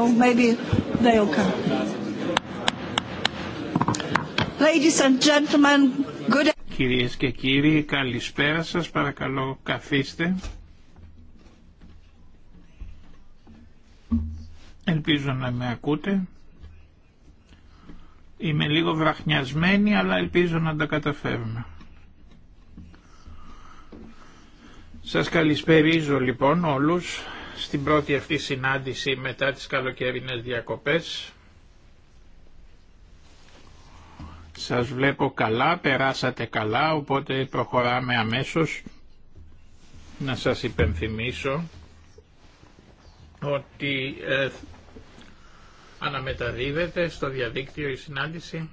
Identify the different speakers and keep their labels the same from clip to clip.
Speaker 1: Oh, maybe they'll come. Ladies and gentlemen, good
Speaker 2: e- Κυρίες και κύριοι, καλησπέρα σας. Παρακαλώ, καθίστε. Ελπίζω να με ακούτε. Είμαι λίγο βραχνιασμένη, αλλά ελπίζω να τα καταφέρουμε. Σας καλησπερίζω λοιπόν όλους στην πρώτη αυτή συνάντηση μετά τις καλοκαιρινές διακοπές. Σας βλέπω καλά, περάσατε καλά, οπότε προχωράμε αμέσως να σας υπενθυμίσω ότι ε, αναμεταδίδεται στο διαδίκτυο η συνάντηση.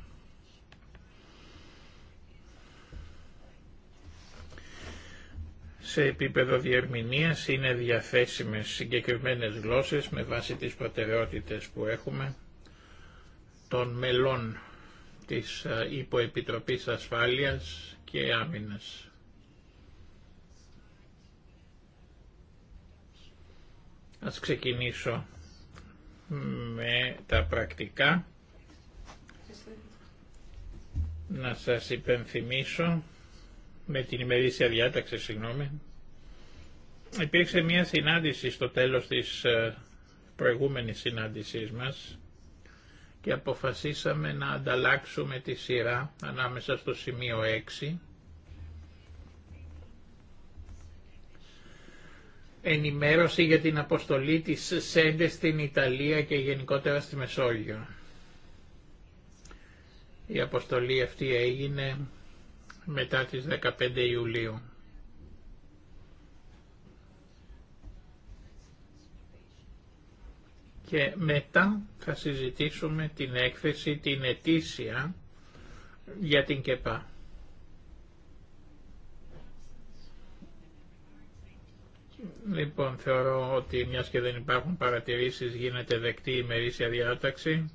Speaker 2: σε επίπεδο διερμηνίας είναι διαθέσιμες συγκεκριμένες γλώσσες με βάση τις προτεραιότητες που έχουμε των μελών της ε, Υποεπιτροπής Ασφάλειας και Άμυνας. Ας ξεκινήσω με τα πρακτικά. Να σας υπενθυμίσω με την ημερήσια διάταξη, συγγνώμη, Υπήρξε μια συνάντηση στο τέλος της ε, προηγούμενης συνάντησής μας και αποφασίσαμε να ανταλλάξουμε τη σειρά ανάμεσα στο σημείο 6 ενημέρωση για την αποστολή της ΣΕΝΤΕ στην Ιταλία και γενικότερα στη Μεσόγειο. Η αποστολή αυτή έγινε μετά τις 15 Ιουλίου. και μετά θα συζητήσουμε την έκθεση, την ετήσια για την ΚΕΠΑ. Λοιπόν, θεωρώ ότι μια και δεν υπάρχουν παρατηρήσεις γίνεται δεκτή η μερίσια διάταξη.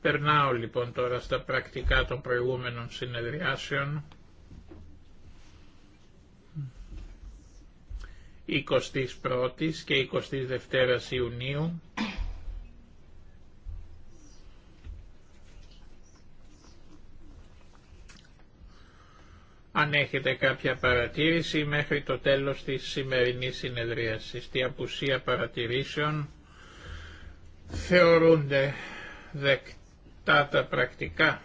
Speaker 2: Περνάω λοιπόν τώρα στα πρακτικά των προηγούμενων συνεδριάσεων. 21ης και 22ης Ιουνίου αν έχετε κάποια παρατήρηση μέχρι το τέλος της σημερινής συνεδρίασης. Τη απουσία παρατηρήσεων θεωρούνται δεκτά τα πρακτικά.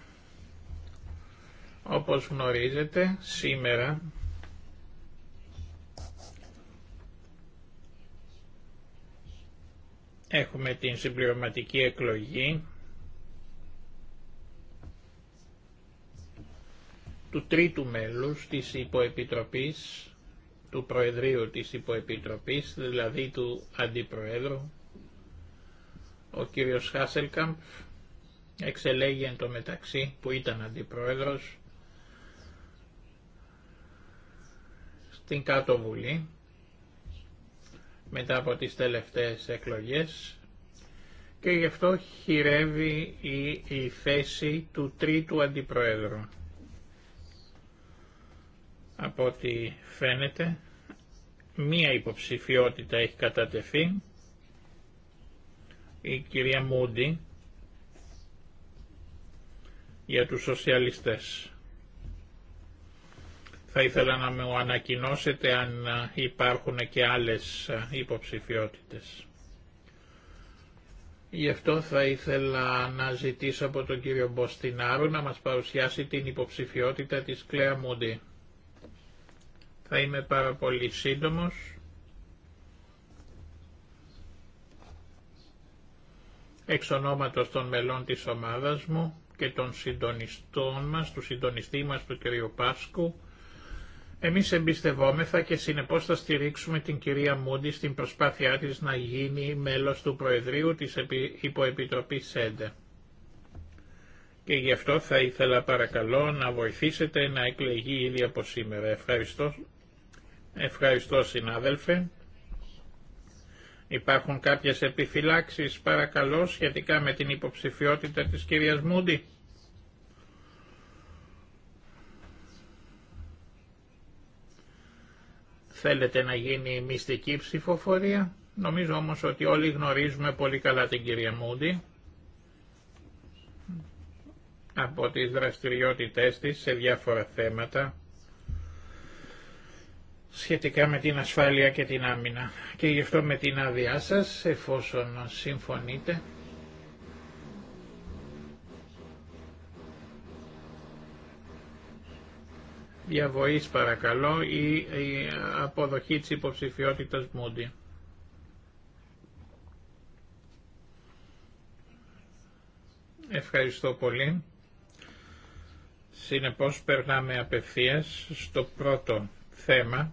Speaker 2: Όπως γνωρίζετε, σήμερα Έχουμε την συμπληρωματική εκλογή του τρίτου μέλους της υποεπιτροπής, του Προεδρείου της Υποεπιτροπής, δηλαδή του Αντιπροέδρου, ο κύριος Χάσελκαμπ, εξελέγει εν το μεταξύ που ήταν Αντιπρόεδρος, στην Κάτω Βουλή, μετά από τις τελευταίες εκλογές και γι' αυτό χειρεύει η, η θέση του τρίτου αντιπροέδρου. Από ό,τι φαίνεται, μία υποψηφιότητα έχει κατατεθεί, η κυρία Μούντι, για τους σοσιαλιστές. Θα ήθελα να μου ανακοινώσετε αν υπάρχουν και άλλες υποψηφιότητες. Γι' αυτό θα ήθελα να ζητήσω από τον κύριο Μποστινάρου να μας παρουσιάσει την υποψηφιότητα της Κλέα Μούντι. Θα είμαι πάρα πολύ σύντομος. Εξ ονόματος των μελών της ομάδας μου και των συντονιστών μας, του συντονιστή μας του κ. Πάσκου, εμείς εμπιστευόμεθα και συνεπώς θα στηρίξουμε την κυρία Μούντι στην προσπάθειά της να γίνει μέλος του Προεδρείου της Υποεπιτροπής ΣΕΝΤΕ. Και γι' αυτό θα ήθελα παρακαλώ να βοηθήσετε να εκλεγεί ήδη από σήμερα. Ευχαριστώ, ευχαριστώ συνάδελφε. Υπάρχουν κάποιες επιφυλάξεις παρακαλώ σχετικά με την υποψηφιότητα της κυρίας Μούντι. Θέλετε να γίνει μυστική ψηφοφορία. Νομίζω όμως ότι όλοι γνωρίζουμε πολύ καλά την κυρία Μούντι από τις δραστηριότητές της σε διάφορα θέματα σχετικά με την ασφάλεια και την άμυνα. Και γι' αυτό με την άδειά σας, εφόσον συμφωνείτε, διαβοής παρακαλώ ή η αποδοχή της υποψηφιότητας Μούντι. Ευχαριστώ πολύ. Συνεπώς περνάμε απευθείας στο πρώτο θέμα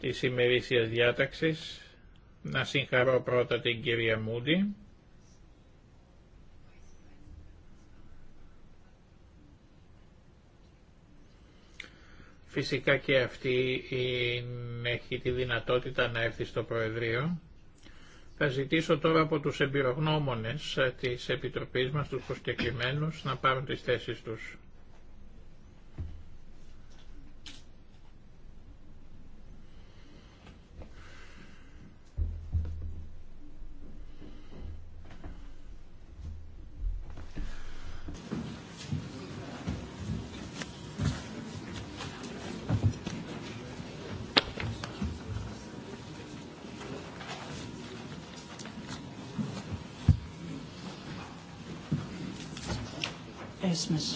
Speaker 2: της ημερήσιας διάταξης. Να συγχαρώ πρώτα την κυρία Μούντι Φυσικά και αυτή έχει τη δυνατότητα να έρθει στο Προεδρείο. Θα ζητήσω τώρα από τους εμπειρογνώμονες της Επιτροπής μας, τους προσκεκλημένους, να πάρουν τις θέσεις τους.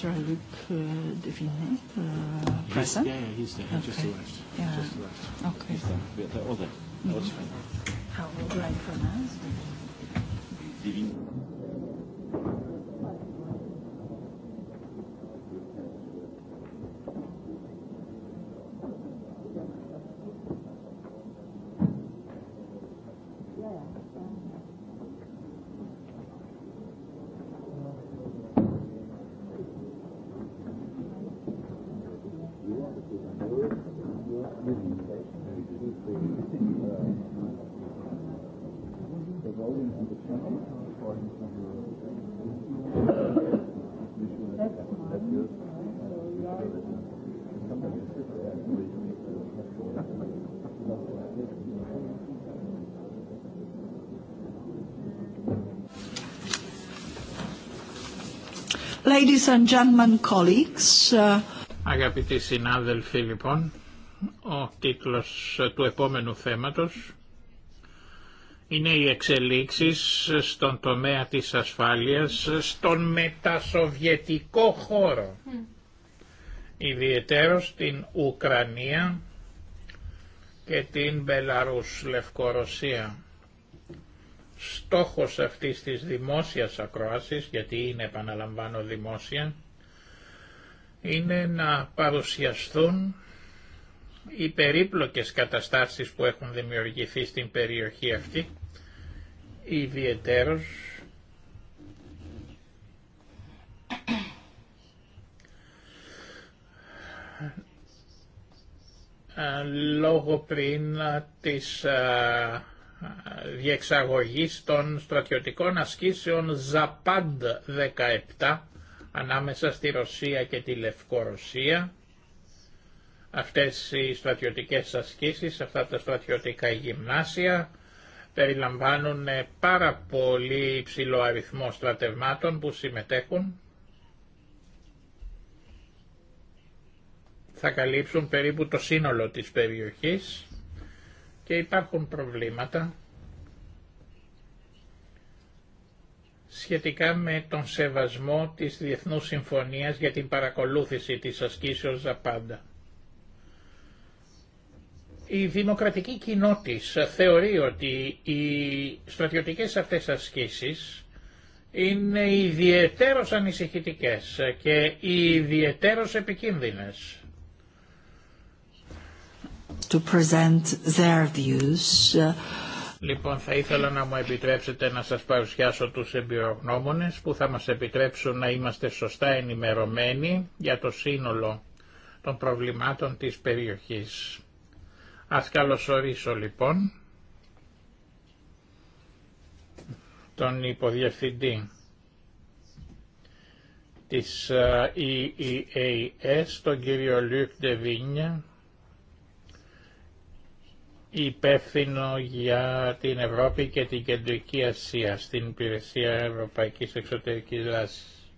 Speaker 1: Mr. Luc Devine
Speaker 3: present? Yeah, he's there. Just arrived. Okay. How Devine.
Speaker 1: Uh,
Speaker 2: Αγαπητοί συνάδελφοι, λοιπόν, ο τίτλος του επόμενου θέματος είναι οι εξελίξεις στον τομέα της ασφάλειας στον μετασοβιετικό χώρο. Mm. Ιδιαιτέρως στην Ουκρανία και την Μπελαρούς, Λευκορωσία στόχος αυτής της δημόσιας ακρόασης, γιατί είναι επαναλαμβάνω δημόσια, είναι να παρουσιαστούν οι περίπλοκες καταστάσεις που έχουν δημιουργηθεί στην περιοχή αυτή, ιδιαιτέρως λόγω πριν ε, της ε, διεξαγωγής των στρατιωτικών ασκήσεων Ζαπάντ 17 ανάμεσα στη Ρωσία και τη Λευκορωσία. Αυτές οι στρατιωτικές ασκήσεις, αυτά τα στρατιωτικά γυμνάσια περιλαμβάνουν πάρα πολύ υψηλό αριθμό στρατευμάτων που συμμετέχουν. Θα καλύψουν περίπου το σύνολο της περιοχής και υπάρχουν προβλήματα σχετικά με τον σεβασμό της Διεθνούς Συμφωνίας για την παρακολούθηση της ασκήσεως Ζαπάντα. Η δημοκρατική κοινότης θεωρεί ότι οι στρατιωτικές αυτές ασκήσεις είναι ιδιαιτέρως ανησυχητικές και ιδιαιτέρως επικίνδυνες. Λοιπόν, θα ήθελα να μου επιτρέψετε να σας παρουσιάσω τους εμπειρογνώμονες που θα μας επιτρέψουν να είμαστε σωστά ενημερωμένοι για το σύνολο των προβλημάτων της περιοχής. Ας καλωσορίσω λοιπόν τον υποδιευθυντή της EEAS, τον κύριο Λιουκ Ντεβίνια, υπεύθυνο για την Ευρώπη και την Κεντρική Ασία στην Υπηρεσία Ευρωπαϊκής Εξωτερικής Δράσης.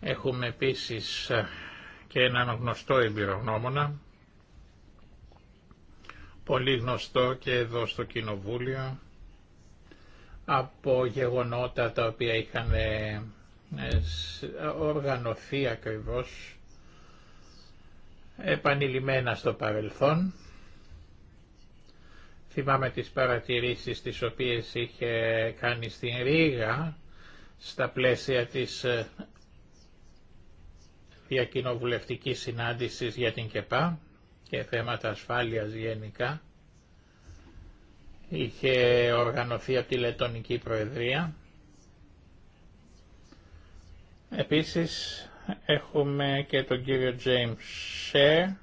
Speaker 2: Έχουμε επίσης ε, και έναν γνωστό εμπειρογνώμονα, πολύ γνωστό και εδώ στο Κοινοβούλιο, από γεγονότα τα οποία είχαν ε, οργανωθεί ακριβώς επανειλημμένα στο παρελθόν Θυμάμαι τις παρατηρήσεις τις οποίες είχε κάνει στην Ρήγα στα πλαίσια της ε, διακοινοβουλευτικής συνάντησης για την ΚΕΠΑ και θέματα ασφάλειας γενικά. Είχε οργανωθεί από τη Λετωνική Προεδρία. Επίσης έχουμε και τον κύριο James Share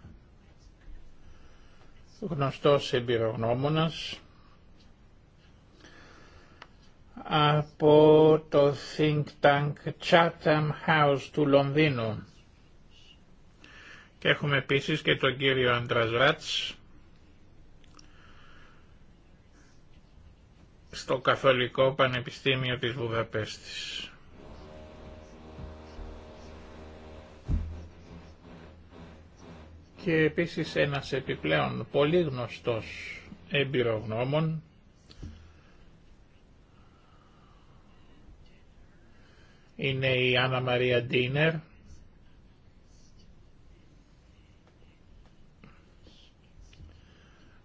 Speaker 2: γνωστός εμπειρογνώμονας από το Think Tank Chatham House του Λονδίνου. Και έχουμε επίσης και τον κύριο Ράτς στο Καθολικό Πανεπιστήμιο της Βουδαπέστης. και επίσης ένας επιπλέον πολύ γνωστός εμπειρογνώμων είναι η Άννα Μαρία Ντίνερ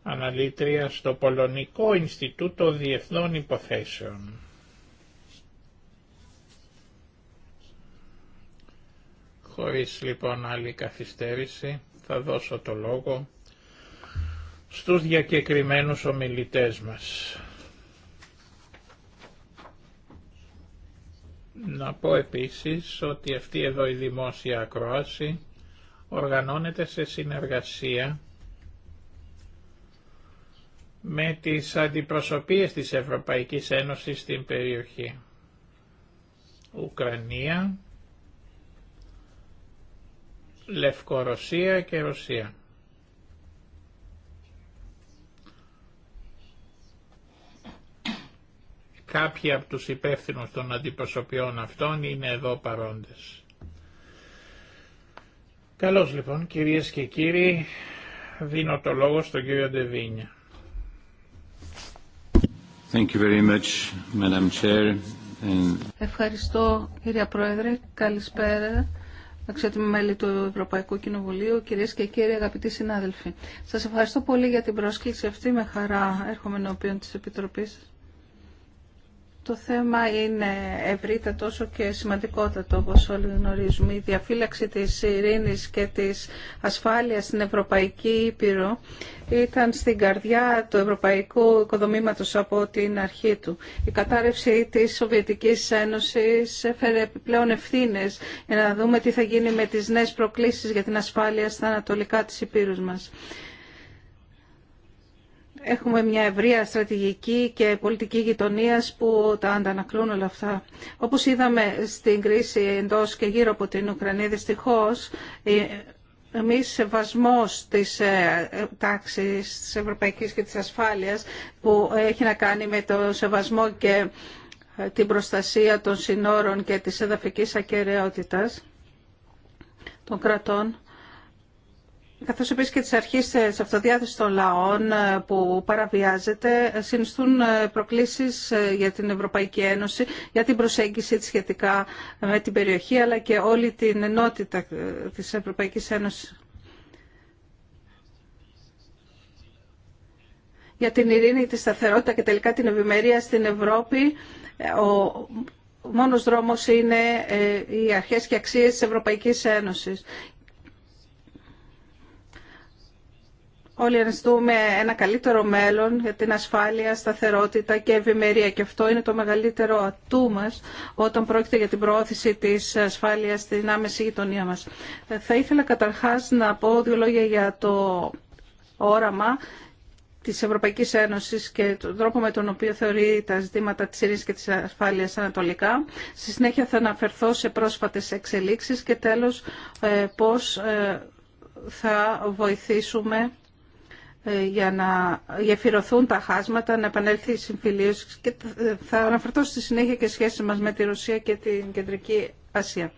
Speaker 2: αναλύτρια στο Πολωνικό Ινστιτούτο Διεθνών Υποθέσεων. Χωρίς λοιπόν άλλη καθυστέρηση θα δώσω το λόγο στους διακεκριμένους ομιλητές μας. Να πω επίσης ότι αυτή εδώ η δημόσια ακρόαση οργανώνεται σε συνεργασία με τις αντιπροσωπείες της Ευρωπαϊκής Ένωσης στην περιοχή. Ουκρανία, Λευκορωσία και Ρωσία. Κάποιοι από τους υπεύθυνους των αντιπροσωπιών αυτών είναι εδώ παρόντες. Καλώς λοιπόν κυρίες και κύριοι, δίνω το λόγο στον κύριο Ντεβίνια. Thank you very much, Madam Chair.
Speaker 1: Ευχαριστώ κύριε Πρόεδρε, καλησπέρα αξιότιμη μέλη του Ευρωπαϊκού Κοινοβουλίου, κυρίες και κύριοι αγαπητοί συνάδελφοι. Σας ευχαριστώ πολύ για την πρόσκληση αυτή. Με χαρά έρχομαι ενώπιον της Επιτροπής το θέμα είναι ευρύτατο όσο και σημαντικότατο όπως όλοι γνωρίζουμε. Η διαφύλαξη της ειρήνης και της ασφάλειας στην Ευρωπαϊκή Ήπειρο ήταν στην καρδιά του ευρωπαϊκού οικοδομήματος από την αρχή του. Η κατάρρευση της Σοβιετικής Ένωσης έφερε επιπλέον ευθύνε για να δούμε τι θα γίνει με τις νέες προκλήσεις για την ασφάλεια στα ανατολικά της Ήπειρου μας. Έχουμε μια ευρεία στρατηγική και πολιτική γειτονία που τα αντανακλούν όλα αυτά. Όπως είδαμε στην κρίση εντός και γύρω από την Ουκρανία, δυστυχώς ε, μη σεβασμός της ε, τάξης της Ευρωπαϊκής και της ασφάλειας που έχει να κάνει με το σεβασμό και ε, την προστασία των συνόρων και της εδαφικής ακεραιότητας των κρατών Καθώ επίσης και τι αρχές τη αυτοδιάθεση των λαών ε, που παραβιάζεται, ε, συνιστούν ε, προκλήσεις για την Ευρωπαϊκή Ένωση, για την προσέγγιση της σχετικά με την περιοχή, αλλά και όλη την ενότητα της Ευρωπαϊκής Ένωσης. Για την ειρήνη, τη σταθερότητα και τελικά την ευημερία στην Ευρώπη, ο μόνος δρόμος είναι οι αρχές και αξίες της Ευρωπαϊκής Ένωσης. όλοι ενιστούμε ένα καλύτερο μέλλον για την ασφάλεια, σταθερότητα και ευημερία. Και αυτό είναι το μεγαλύτερο ατού μας όταν πρόκειται για την προώθηση της ασφάλειας στην άμεση γειτονία μας. Θα ήθελα καταρχάς να πω δύο λόγια για το όραμα της Ευρωπαϊκής Ένωσης και τον τρόπο με τον οποίο θεωρεί τα ζητήματα της ειρήνης και της ασφάλειας ανατολικά. Στη συνέχεια θα αναφερθώ σε πρόσφατες εξελίξεις και τέλος ε, πώς ε, θα βοηθήσουμε ε, για να γεφυρωθούν τα χάσματα, να επανέλθει η συμφιλίωση και θα αναφερθώ στη συνέχεια και σχέση μας με τη Ρωσία και την Κεντρική Ασία.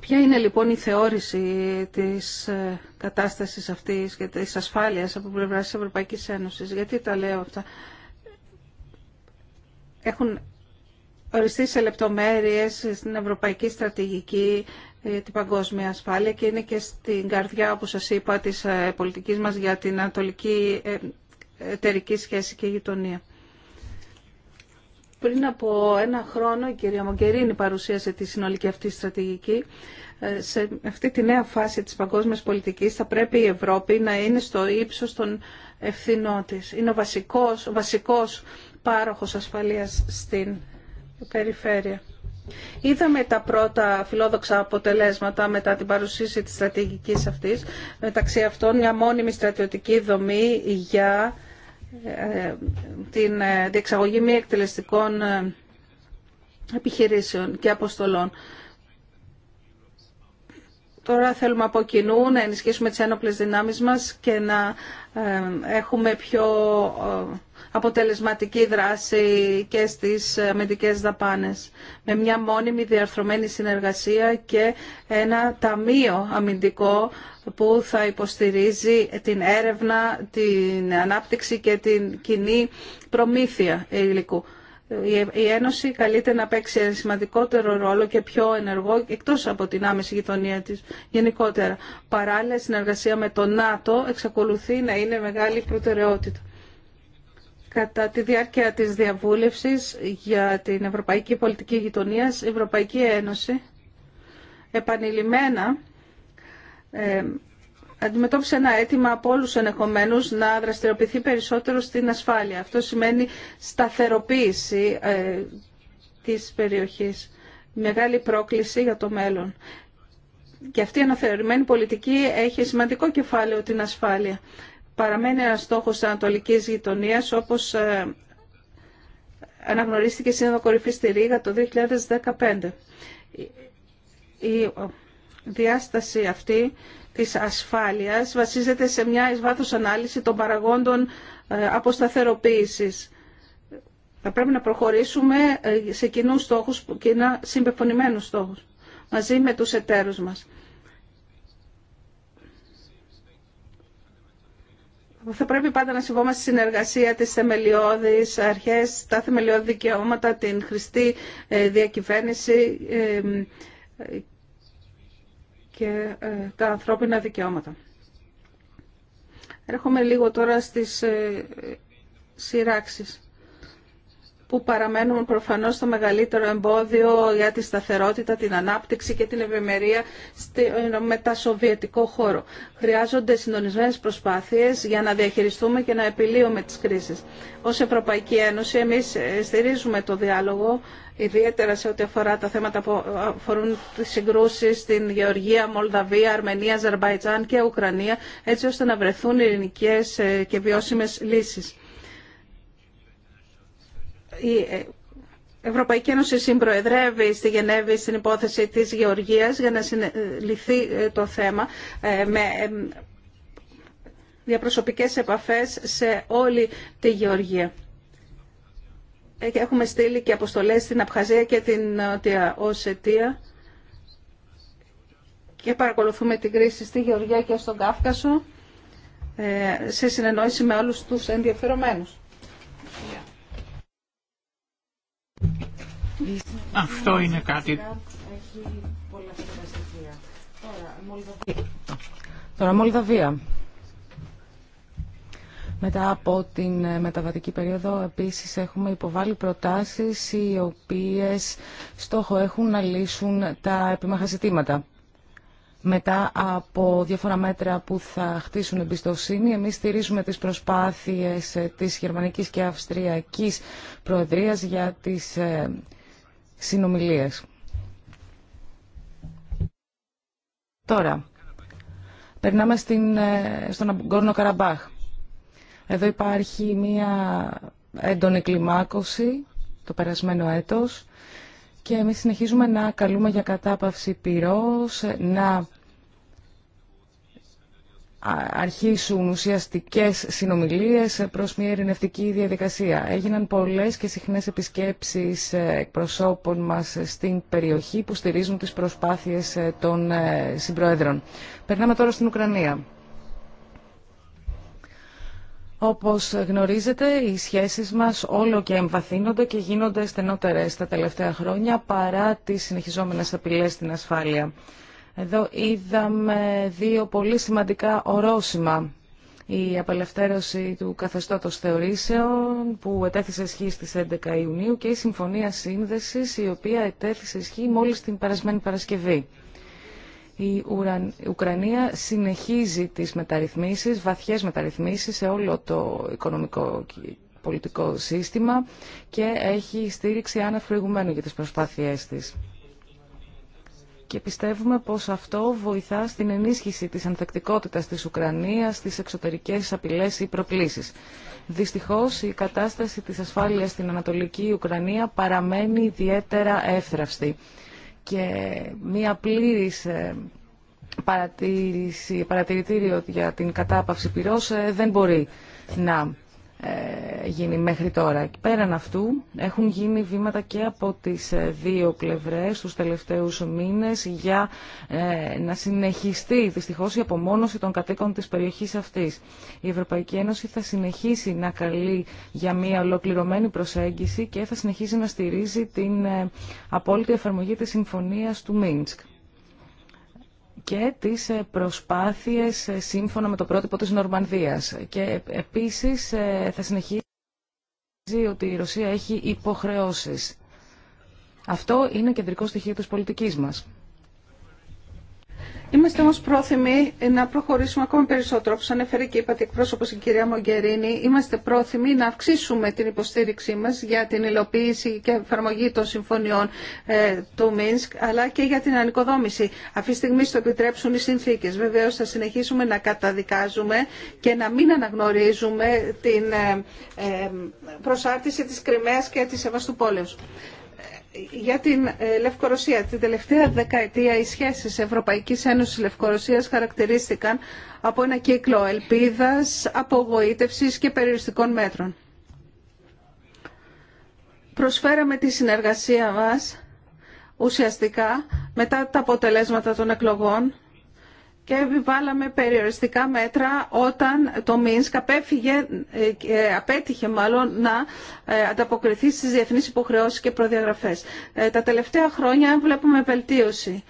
Speaker 1: Ποια είναι λοιπόν η θεώρηση της ε, κατάστασης αυτής και της ασφάλειας από πλευράς της Ευρωπαϊκής Ένωσης. Γιατί τα λέω αυτά. Έχουν οριστεί σε λεπτομέρειες στην Ευρωπαϊκή Στρατηγική ε, την παγκόσμια ασφάλεια και είναι και στην καρδιά, όπως σας είπα, της ε, πολιτικής μας για την ανατολική ε, εταιρική σχέση και γειτονία. Πριν από ένα χρόνο η κυρία Μογκερίνη παρουσίασε τη συνολική αυτή στρατηγική. Σε αυτή τη νέα φάση της παγκόσμιας πολιτικής θα πρέπει η Ευρώπη να είναι στο ύψος των ευθυνών τη. Είναι ο βασικός, ο βασικός πάροχος ασφαλείας στην περιφέρεια. Είδαμε τα πρώτα φιλόδοξα αποτελέσματα μετά την παρουσίαση της στρατηγικής αυτής, μεταξύ αυτών μια μόνιμη στρατιωτική δομή για ε, την ε, διεξαγωγή μη εκτελεστικών ε, επιχειρήσεων και αποστολών. Τώρα θέλουμε από κοινού να ενισχύσουμε τις ένοπλες δυνάμεις μας και να έχουμε πιο αποτελεσματική δράση και στις αμυντικές δαπάνες με μια μόνιμη διαρθρωμένη συνεργασία και ένα ταμείο αμυντικό που θα υποστηρίζει την έρευνα, την ανάπτυξη και την κοινή προμήθεια υλικού. Η Ένωση καλείται να παίξει ένα σημαντικότερο ρόλο και πιο ενεργό εκτός από την άμεση γειτονία της γενικότερα. Παράλληλα, η συνεργασία με το ΝΑΤΟ εξακολουθεί να είναι μεγάλη προτεραιότητα. Κατά τη διάρκεια της διαβούλευσης για την Ευρωπαϊκή Πολιτική Γειτονίας, η Ευρωπαϊκή Ένωση επανειλημμένα ε, αντιμετώπισε ένα αίτημα από όλους ενεχομένους να δραστηριοποιηθεί περισσότερο στην ασφάλεια. Αυτό σημαίνει σταθεροποίηση ε, της περιοχής. Μεγάλη πρόκληση για το μέλλον. Και αυτή η αναθεωρημένη πολιτική έχει σημαντικό κεφάλαιο την ασφάλεια παραμένει ένας στόχος ανατολική γειτονία, όπω όπως ε, αναγνωρίστηκε σύνοδο κορυφή στη Ρήγα το 2015. Η διάσταση αυτή της ασφάλειας βασίζεται σε μια ει βάθος ανάλυση των παραγόντων ε, αποσταθεροποίηση. Θα πρέπει να προχωρήσουμε ε, σε κοινούς στόχους, κοινά συμπεφωνημένους στόχους, μαζί με τους εταίρους μας. θα πρέπει πάντα να συμβόμαστε στη συνεργασία τη θεμελιώδεις αρχές, τα θεμελιώδη δικαιώματα, την χρηστή ε, διακυβέρνηση ε, και ε, τα ανθρώπινα δικαιώματα. Έρχομαι λίγο τώρα στις σειράξεις που παραμένουν προφανώς το μεγαλύτερο εμπόδιο για τη σταθερότητα, την ανάπτυξη και την ευημερία στο ε, μετασοβιετικό χώρο. Χρειάζονται συντονισμένες προσπάθειες για να διαχειριστούμε και να επιλύουμε τις κρίσεις. Ως Ευρωπαϊκή Ένωση εμείς ε, στηρίζουμε το διάλογο ιδιαίτερα σε ό,τι αφορά τα θέματα που αφορούν τις συγκρούσεις στην Γεωργία, Μολδαβία, Αρμενία, Αζερβαϊτζάν και Ουκρανία, έτσι ώστε να βρεθούν ειρηνικές ε, και βιώσιμες λύσεις η Ευρωπαϊκή Ένωση συμπροεδρεύει στη Γενέβη στην υπόθεση της Γεωργίας για να συνεληθεί ε, το θέμα ε, με ε, διαπροσωπικές επαφές σε όλη τη Γεωργία. Έχουμε στείλει και αποστολές στην Απχαζία και την Νότια Οσετία και παρακολουθούμε την κρίση στη Γεωργία και στον Κάφκασο σε συνεννόηση με όλους τους ενδιαφερομένους.
Speaker 4: Αυτό είναι κάτι... Τώρα, Μολδαβία. Μετά από την μεταβατική περίοδο επίσης έχουμε υποβάλει προτάσεις οι οποίες στόχο έχουν να λύσουν τα επιμάχα Μετά από διάφορα μέτρα που θα χτίσουν εμπιστοσύνη, εμείς στηρίζουμε τις προσπάθειες της Γερμανικής και Αυστριακής Προεδρίας για τις ε, συνομιλίες. Τώρα, περνάμε στην, ε, στον Αγκόρνο Καραμπάχ. Εδώ υπάρχει μία έντονη κλιμάκωση το περασμένο έτος και εμείς συνεχίζουμε να καλούμε για κατάπαυση πυρός, να αρχίσουν ουσιαστικές συνομιλίες προς μια ειρηνευτική διαδικασία. Έγιναν πολλές και συχνές επισκέψεις ε, εκπροσώπων μας στην περιοχή που στηρίζουν τις προσπάθειες ε, των ε, συμπροέδρων. Περνάμε τώρα στην Ουκρανία. Όπως γνωρίζετε, οι σχέσεις μας όλο και εμβαθύνονται και γίνονται στενότερες τα τελευταία χρόνια παρά τις συνεχιζόμενες απειλέ στην ασφάλεια. Εδώ είδαμε δύο πολύ σημαντικά ορόσημα. Η απελευθέρωση του καθεστώτος θεωρήσεων που ετέθησε ισχύ στις 11 Ιουνίου και η Συμφωνία Σύνδεσης η οποία ετέθησε ισχύ μόλις την περασμένη Παρασκευή. Η Ουκρανία συνεχίζει τις μεταρρυθμίσεις, βαθιές μεταρρυθμίσεις σε όλο το οικονομικό και πολιτικό σύστημα και έχει στήριξη άνευ για τις προσπάθειές της και πιστεύουμε πως αυτό βοηθά στην ενίσχυση της ανθεκτικότητας της Ουκρανίας στις εξωτερικές απειλές ή προκλήσεις. Δυστυχώς, η κατάσταση της ασφάλειας στην Ανατολική Ουκρανία παραμένει ιδιαίτερα εύθραυστη και μία πλήρης ε, παρατηρητήριο για την κατάπαυση πυρός ε, δεν μπορεί να ε, γίνει μέχρι τώρα. Πέραν αυτού έχουν γίνει βήματα και από τις ε, δύο πλευρές τους τελευταίους μήνες για ε, να συνεχιστεί δυστυχώς η απομόνωση των κατοίκων της περιοχής αυτής. Η Ευρωπαϊκή Ένωση θα συνεχίσει να καλεί για μια ολοκληρωμένη προσέγγιση και θα συνεχίσει να στηρίζει την απόλυτη εφαρμογή της συμφωνίας του Μίνσκ και τις ε, προσπάθειες ε, σύμφωνα με το πρότυπο της Νορμανδίας. Και ε, επίσης θα συνεχίσει ότι η Ρωσία έχει υποχρεώσεις. Αυτό είναι κεντρικό στοιχείο της πολιτικής μας.
Speaker 1: Είμαστε όμω πρόθυμοι να προχωρήσουμε ακόμα περισσότερο. Όπω ανέφερε και είπατε εκπρόσωπο η κυρία Μογκερίνη, είμαστε πρόθυμοι να αυξήσουμε την υποστήριξή μα για την υλοποίηση και εφαρμογή των συμφωνιών ε, του Μίνσκ, αλλά και για την ανοικοδόμηση. Αυτή τη στιγμή στο επιτρέψουν οι συνθήκε. Βεβαίω θα συνεχίσουμε να καταδικάζουμε και να μην αναγνωρίζουμε την ε, ε προσάρτηση τη Κρυμαία και τη Σεβαστουπόλεω για την ε, Λευκορωσία. Την τελευταία δεκαετία οι σχέσεις Ευρωπαϊκής Ένωσης Λευκορωσίας χαρακτηρίστηκαν από ένα κύκλο ελπίδας, απογοήτευσης και περιοριστικών μέτρων. Προσφέραμε τη συνεργασία μας ουσιαστικά μετά τα αποτελέσματα των εκλογών και επιβάλαμε περιοριστικά μέτρα όταν το Μίνσκ απέφυγε, ε, απέτυχε μάλλον να ε, ανταποκριθεί στις διεθνείς υποχρεώσεις και προδιαγραφές. Ε, τα τελευταία χρόνια βλέπουμε βελτίωση.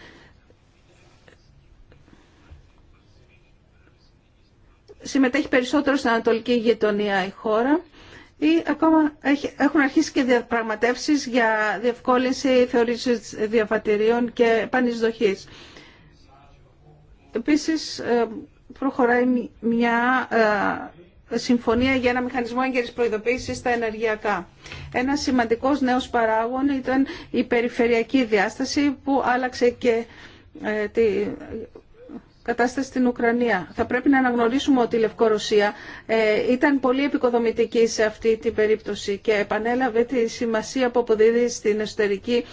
Speaker 1: Συμμετέχει περισσότερο στην ανατολική γειτονία η χώρα ή ακόμα έχουν αρχίσει και διαπραγματεύσεις για διευκόλυνση θεωρήσεις διαβατηρίων και πανεισδοχής. Επίσης ε, προχωράει μια ε, συμφωνία για ένα μηχανισμό έγκαιρης προειδοποίησης στα ενεργειακά. Ένα σημαντικός νέος παράγων ήταν η περιφερειακή διάσταση που άλλαξε και ε, τη κατάσταση στην Ουκρανία. Θα πρέπει να αναγνωρίσουμε ότι η Λευκορωσία ήταν πολύ επικοδομητική σε αυτή την περίπτωση και επανέλαβε τη σημασία που αποδίδει στην εσωτερική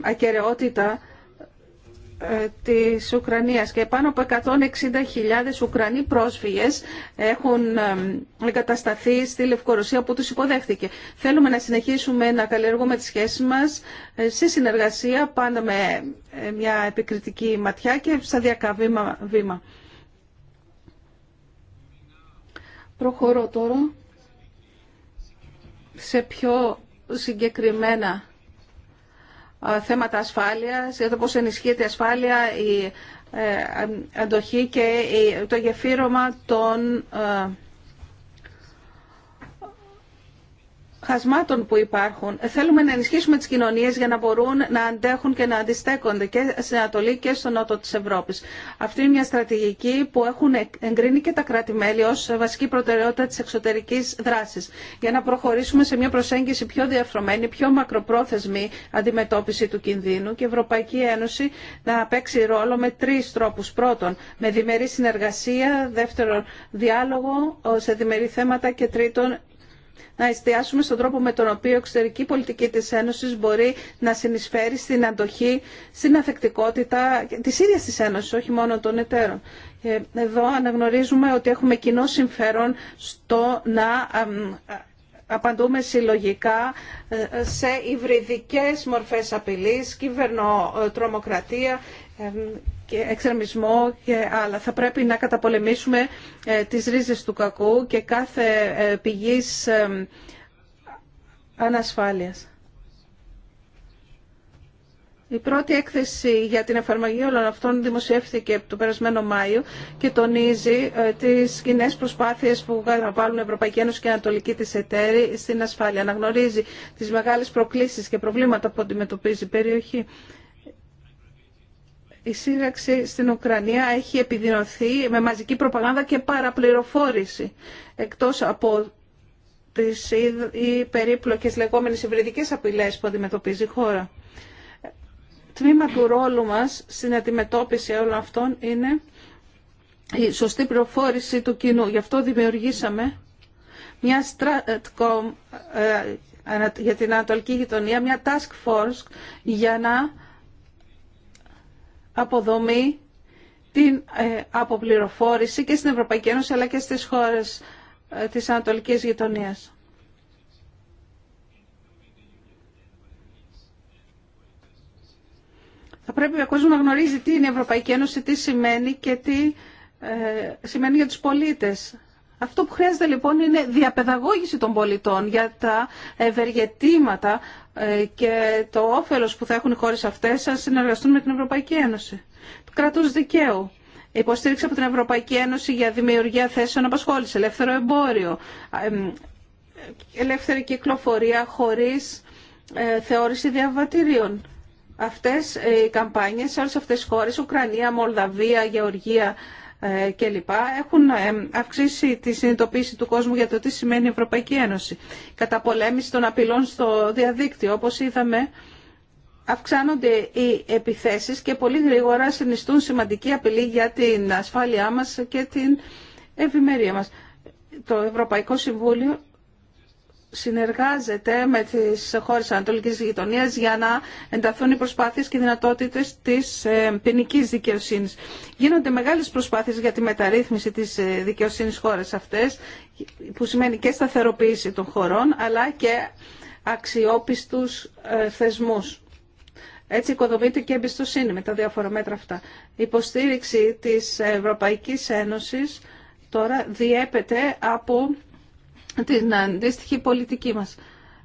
Speaker 1: ακαιρεότητα ε, της Ουκρανίας και πάνω από 160.000 Ουκρανοί πρόσφυγες έχουν ε, εγκατασταθεί στη Λευκορωσία που τους υποδέχθηκε. Θέλουμε να συνεχίσουμε να καλλιεργούμε τις σχέσεις μας ε, σε συνεργασία πάντα με μια επικριτική ματιά και σταδιακά βήμα-βήμα. Προχωρώ τώρα σε πιο συγκεκριμένα θέματα ασφάλειας, για το πώς ενισχύεται η ασφάλεια, η ε, αντοχή και το γεφύρωμα των ε, χασμάτων που υπάρχουν. Θέλουμε να ενισχύσουμε τις κοινωνίες για να μπορούν να αντέχουν και να αντιστέκονται και στην Ανατολή και στο Νότο της Ευρώπης. Αυτή είναι μια στρατηγική που έχουν εγκρίνει και τα κράτη-μέλη ως βασική προτεραιότητα της εξωτερικής δράσης για να προχωρήσουμε σε μια προσέγγιση πιο διαφρομένη, πιο μακροπρόθεσμη αντιμετώπιση του κινδύνου και η Ευρωπαϊκή Ένωση να παίξει ρόλο με τρεις τρόπους. Πρώτον, με διμερή συνεργασία, δεύτερον, διάλογο σε διμερή θέματα και τρίτον, να εστιάσουμε στον τρόπο με τον οποίο η εξωτερική πολιτική της Ένωσης μπορεί να συνεισφέρει στην αντοχή, στην αφεκτικότητα της ίδιας της Ένωσης, όχι μόνο των εταίρων. Ε, εδώ αναγνωρίζουμε ότι έχουμε κοινό συμφέρον στο να απαντούμε συλλογικά ε, σε υβριδικές μορφές απειλής, κυβερνοτρομοκρατία, ε, και εξερμισμό και άλλα. Θα πρέπει να καταπολεμήσουμε ε, τις ρίζες του κακού και κάθε ε, πηγής ε, ανασφάλειας. Η πρώτη έκθεση για την εφαρμογή όλων αυτών δημοσιεύθηκε το περασμένο Μάιο και τονίζει τις κοινέ προσπάθειες που βάλουν η Ευρωπαϊκή Ένωση και Ανατολική της εταίρη στην ασφάλεια. Αναγνωρίζει τις μεγάλες προκλήσεις και προβλήματα που αντιμετωπίζει η περιοχή η σύραξη στην Ουκρανία έχει επιδεινωθεί με μαζική προπαγάνδα και παραπληροφόρηση. Εκτός από τις ή περίπλοκες λεγόμενες υβριδικές απειλές που αντιμετωπίζει χώρα. Τμήμα του ρόλου μας στην αντιμετώπιση όλων αυτών είναι η σωστή πληροφόρηση του κοινού. Γι' αυτό δημιουργήσαμε μια ε, για την Ανατολική Γειτονία, μια task force για να αποδομή, την ε, αποπληροφόρηση και στην Ευρωπαϊκή Ένωση αλλά και στις χώρες ε, της Ανατολικής Γειτονίας. Θα πρέπει ο κόσμος να γνωρίζει τι είναι η Ευρωπαϊκή Ένωση, τι σημαίνει και τι ε, σημαίνει για τους πολίτες. Αυτό που χρειάζεται λοιπόν είναι διαπαιδαγώγηση των πολιτών για τα ευεργετήματα ε, και το όφελος που θα έχουν οι χώρες αυτές να συνεργαστούν με την Ευρωπαϊκή Ένωση. Το κράτος δικαίου. Υποστήριξη από την Ευρωπαϊκή Ένωση για δημιουργία θέσεων απασχόληση, ελεύθερο εμπόριο, ελεύθερη κυκλοφορία χωρίς ε, θεώρηση διαβατηρίων. Αυτές ε, οι καμπάνιες σε όλες αυτές τις χώρες, Ουκρανία, Μολδαβία, Γεωργία, ε, κλπ. έχουν ε, αυξήσει τη συνειδητοποίηση του κόσμου για το τι σημαίνει η Ευρωπαϊκή Ένωση. Κατά πολέμηση των απειλών στο διαδίκτυο, όπως είδαμε, αυξάνονται οι επιθέσεις και πολύ γρήγορα συνιστούν σημαντική απειλή για την ασφάλειά μας και την ευημερία μας. Το Ευρωπαϊκό Συμβούλιο συνεργάζεται με τις χώρες Ανατολικής Γειτονίας για να ενταθούν οι προσπάθειες και οι δυνατότητες της ε, ποινική δικαιοσύνης. Γίνονται μεγάλες προσπάθειες για τη μεταρρύθμιση της ε, δικαιοσύνης χώρες αυτές, που σημαίνει και σταθεροποίηση των χωρών, αλλά και αξιόπιστους ε, θεσμούς. Έτσι οικοδομείται και εμπιστοσύνη με τα διάφορα μέτρα αυτά. Η υποστήριξη της Ευρωπαϊκής Ένωσης τώρα διέπεται από την αντίστοιχη πολιτική μας.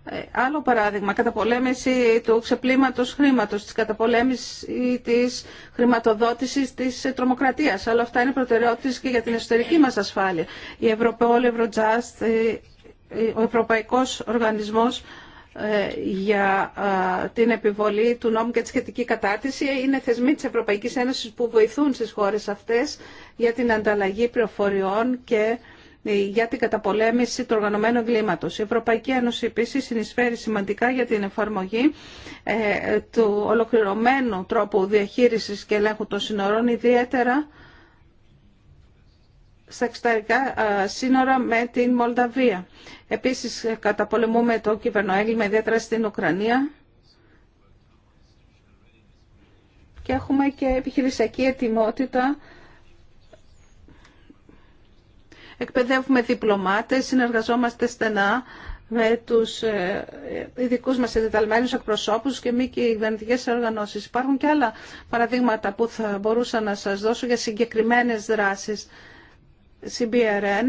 Speaker 1: Ε, άλλο παράδειγμα, καταπολέμηση του ξεπλήματος χρήματος, της καταπολέμηση της χρηματοδότησης της τρομοκρατίας. Όλα αυτά είναι προτεραιότητες και για την εσωτερική μας ασφάλεια. Η Ευρωπαϊκή ο Ευρωπαϊκός Οργανισμός ε, για ε, την επιβολή του νόμου και τη σχετική κατάρτιση είναι θεσμοί της Ευρωπαϊκής Ένωσης που βοηθούν στις χώρες αυτές για την ανταλλαγή πληροφοριών και για την καταπολέμηση του οργανωμένου εγκλήματος. Η Ευρωπαϊκή Ένωση επίσης συνεισφέρει σημαντικά για την εφαρμογή ε, του ολοκληρωμένου τρόπου διαχείρισης και ελέγχου των σύνορων, ιδιαίτερα στα εξωτερικά ε, σύνορα με την Μολδαβία. Επίσης καταπολεμούμε το κυβερνοέγκλημα ιδιαίτερα στην Ουκρανία και έχουμε και επιχειρησιακή ετοιμότητα εκπαιδεύουμε διπλωμάτες, συνεργαζόμαστε στενά με τους ε, ε, ειδικού μας εντεταλμένους εκπροσώπους και μη κυβερνητικές οργανώσεις. Υπάρχουν και άλλα παραδείγματα που θα μπορούσα να σας δώσω για συγκεκριμένες δράσεις. CBRN,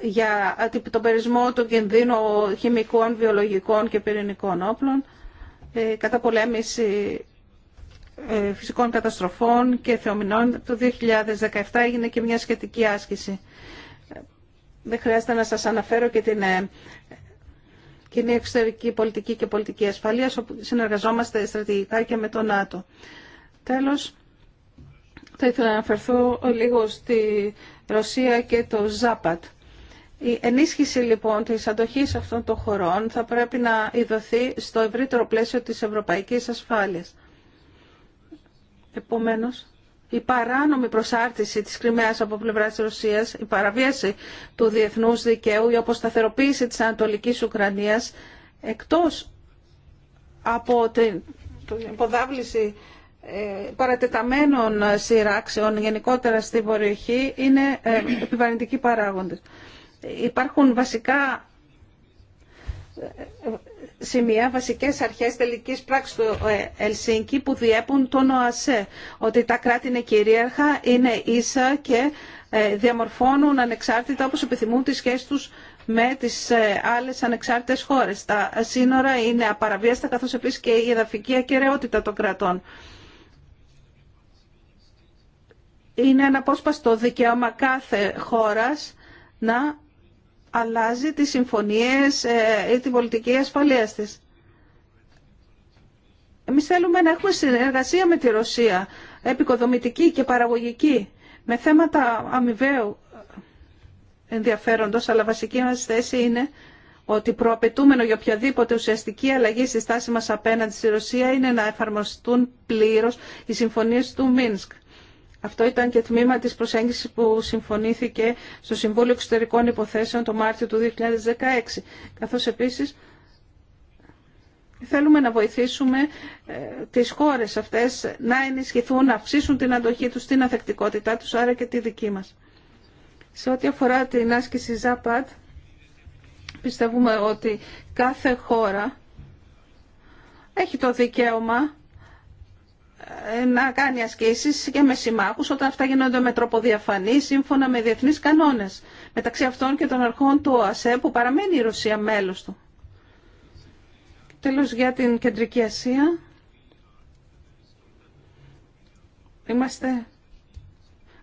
Speaker 1: για τον περισμό του κινδύνου χημικών, βιολογικών και πυρηνικών όπλων, ε, καταπολέμηση ε, φυσικών καταστροφών και θεομηνών. Το 2017 έγινε και μια σχετική άσκηση. Δεν χρειάζεται να σας αναφέρω και την ε, κοινή εξωτερική πολιτική και πολιτική ασφαλείας, όπου συνεργαζόμαστε στρατηγικά και με το ΝΑΤΟ. Τέλος, θα ήθελα να αναφερθώ λίγο στη Ρωσία και το ΖΑΠΑΤ. Η ενίσχυση λοιπόν της αντοχής αυτών των χωρών θα πρέπει να ειδωθεί στο ευρύτερο πλαίσιο της ευρωπαϊκής ασφάλειας. Επομένως, η παράνομη προσάρτηση της Κρυμαία από πλευρά τη Ρωσίας, η παραβίαση του διεθνούς δικαίου, η αποσταθεροποίηση της Ανατολική Ουκρανίας, εκτός από την υποδάβληση ε, παρατεταμένων σειράξεων γενικότερα στην περιοχή, είναι ε, επιβαρυντικοί παράγοντες. Υπάρχουν βασικά ε, σημεία, βασικές αρχές τελική πράξης του ε, Ελσίνκη που διέπουν τον ΟΑΣΕ. Ότι τα κράτη είναι κυρίαρχα, είναι ίσα και ε, διαμορφώνουν ανεξάρτητα όπως επιθυμούν τις σχέσει του με τις ε, άλλες ανεξάρτητες χώρες. Τα σύνορα είναι απαραβίαστα καθώς επίσης και η εδαφική ακαιρεότητα των κρατών. Είναι αναπόσπαστο δικαίωμα κάθε χώρας να αλλάζει τις συμφωνίες ε, ή την πολιτική ασφαλείας της. Εμείς θέλουμε να έχουμε συνεργασία με τη Ρωσία, επικοδομητική και παραγωγική, με θέματα αμοιβαίου ενδιαφέροντος, αλλά βασική μας θέση είναι ότι προαπαιτούμενο για οποιαδήποτε ουσιαστική αλλαγή στη στάση μας απέναντι στη Ρωσία είναι να εφαρμοστούν πλήρως οι συμφωνίες του Μίνσκ. Αυτό ήταν και τμήμα της προσέγγισης που συμφωνήθηκε στο Συμβούλιο Εξωτερικών Υποθέσεων το Μάρτιο του 2016, καθώς επίσης θέλουμε να βοηθήσουμε ε, τις χώρες αυτές να ενισχυθούν, να αυξήσουν την αντοχή τους, την αθεκτικότητά τους, άρα και τη δική μας. Σε ό,τι αφορά την άσκηση ΖΑΠΑΤ, πιστεύουμε ότι κάθε χώρα έχει το δικαίωμα ε, να κάνει ασκήσεις και με συμμάχους όταν αυτά γίνονται με τρόπο διαφανή σύμφωνα με διεθνείς κανόνες μεταξύ αυτών και των αρχών του ΟΑΣΕ που παραμένει η Ρωσία μέλος του. Τέλος για την Κεντρική Ασία. Είμαστε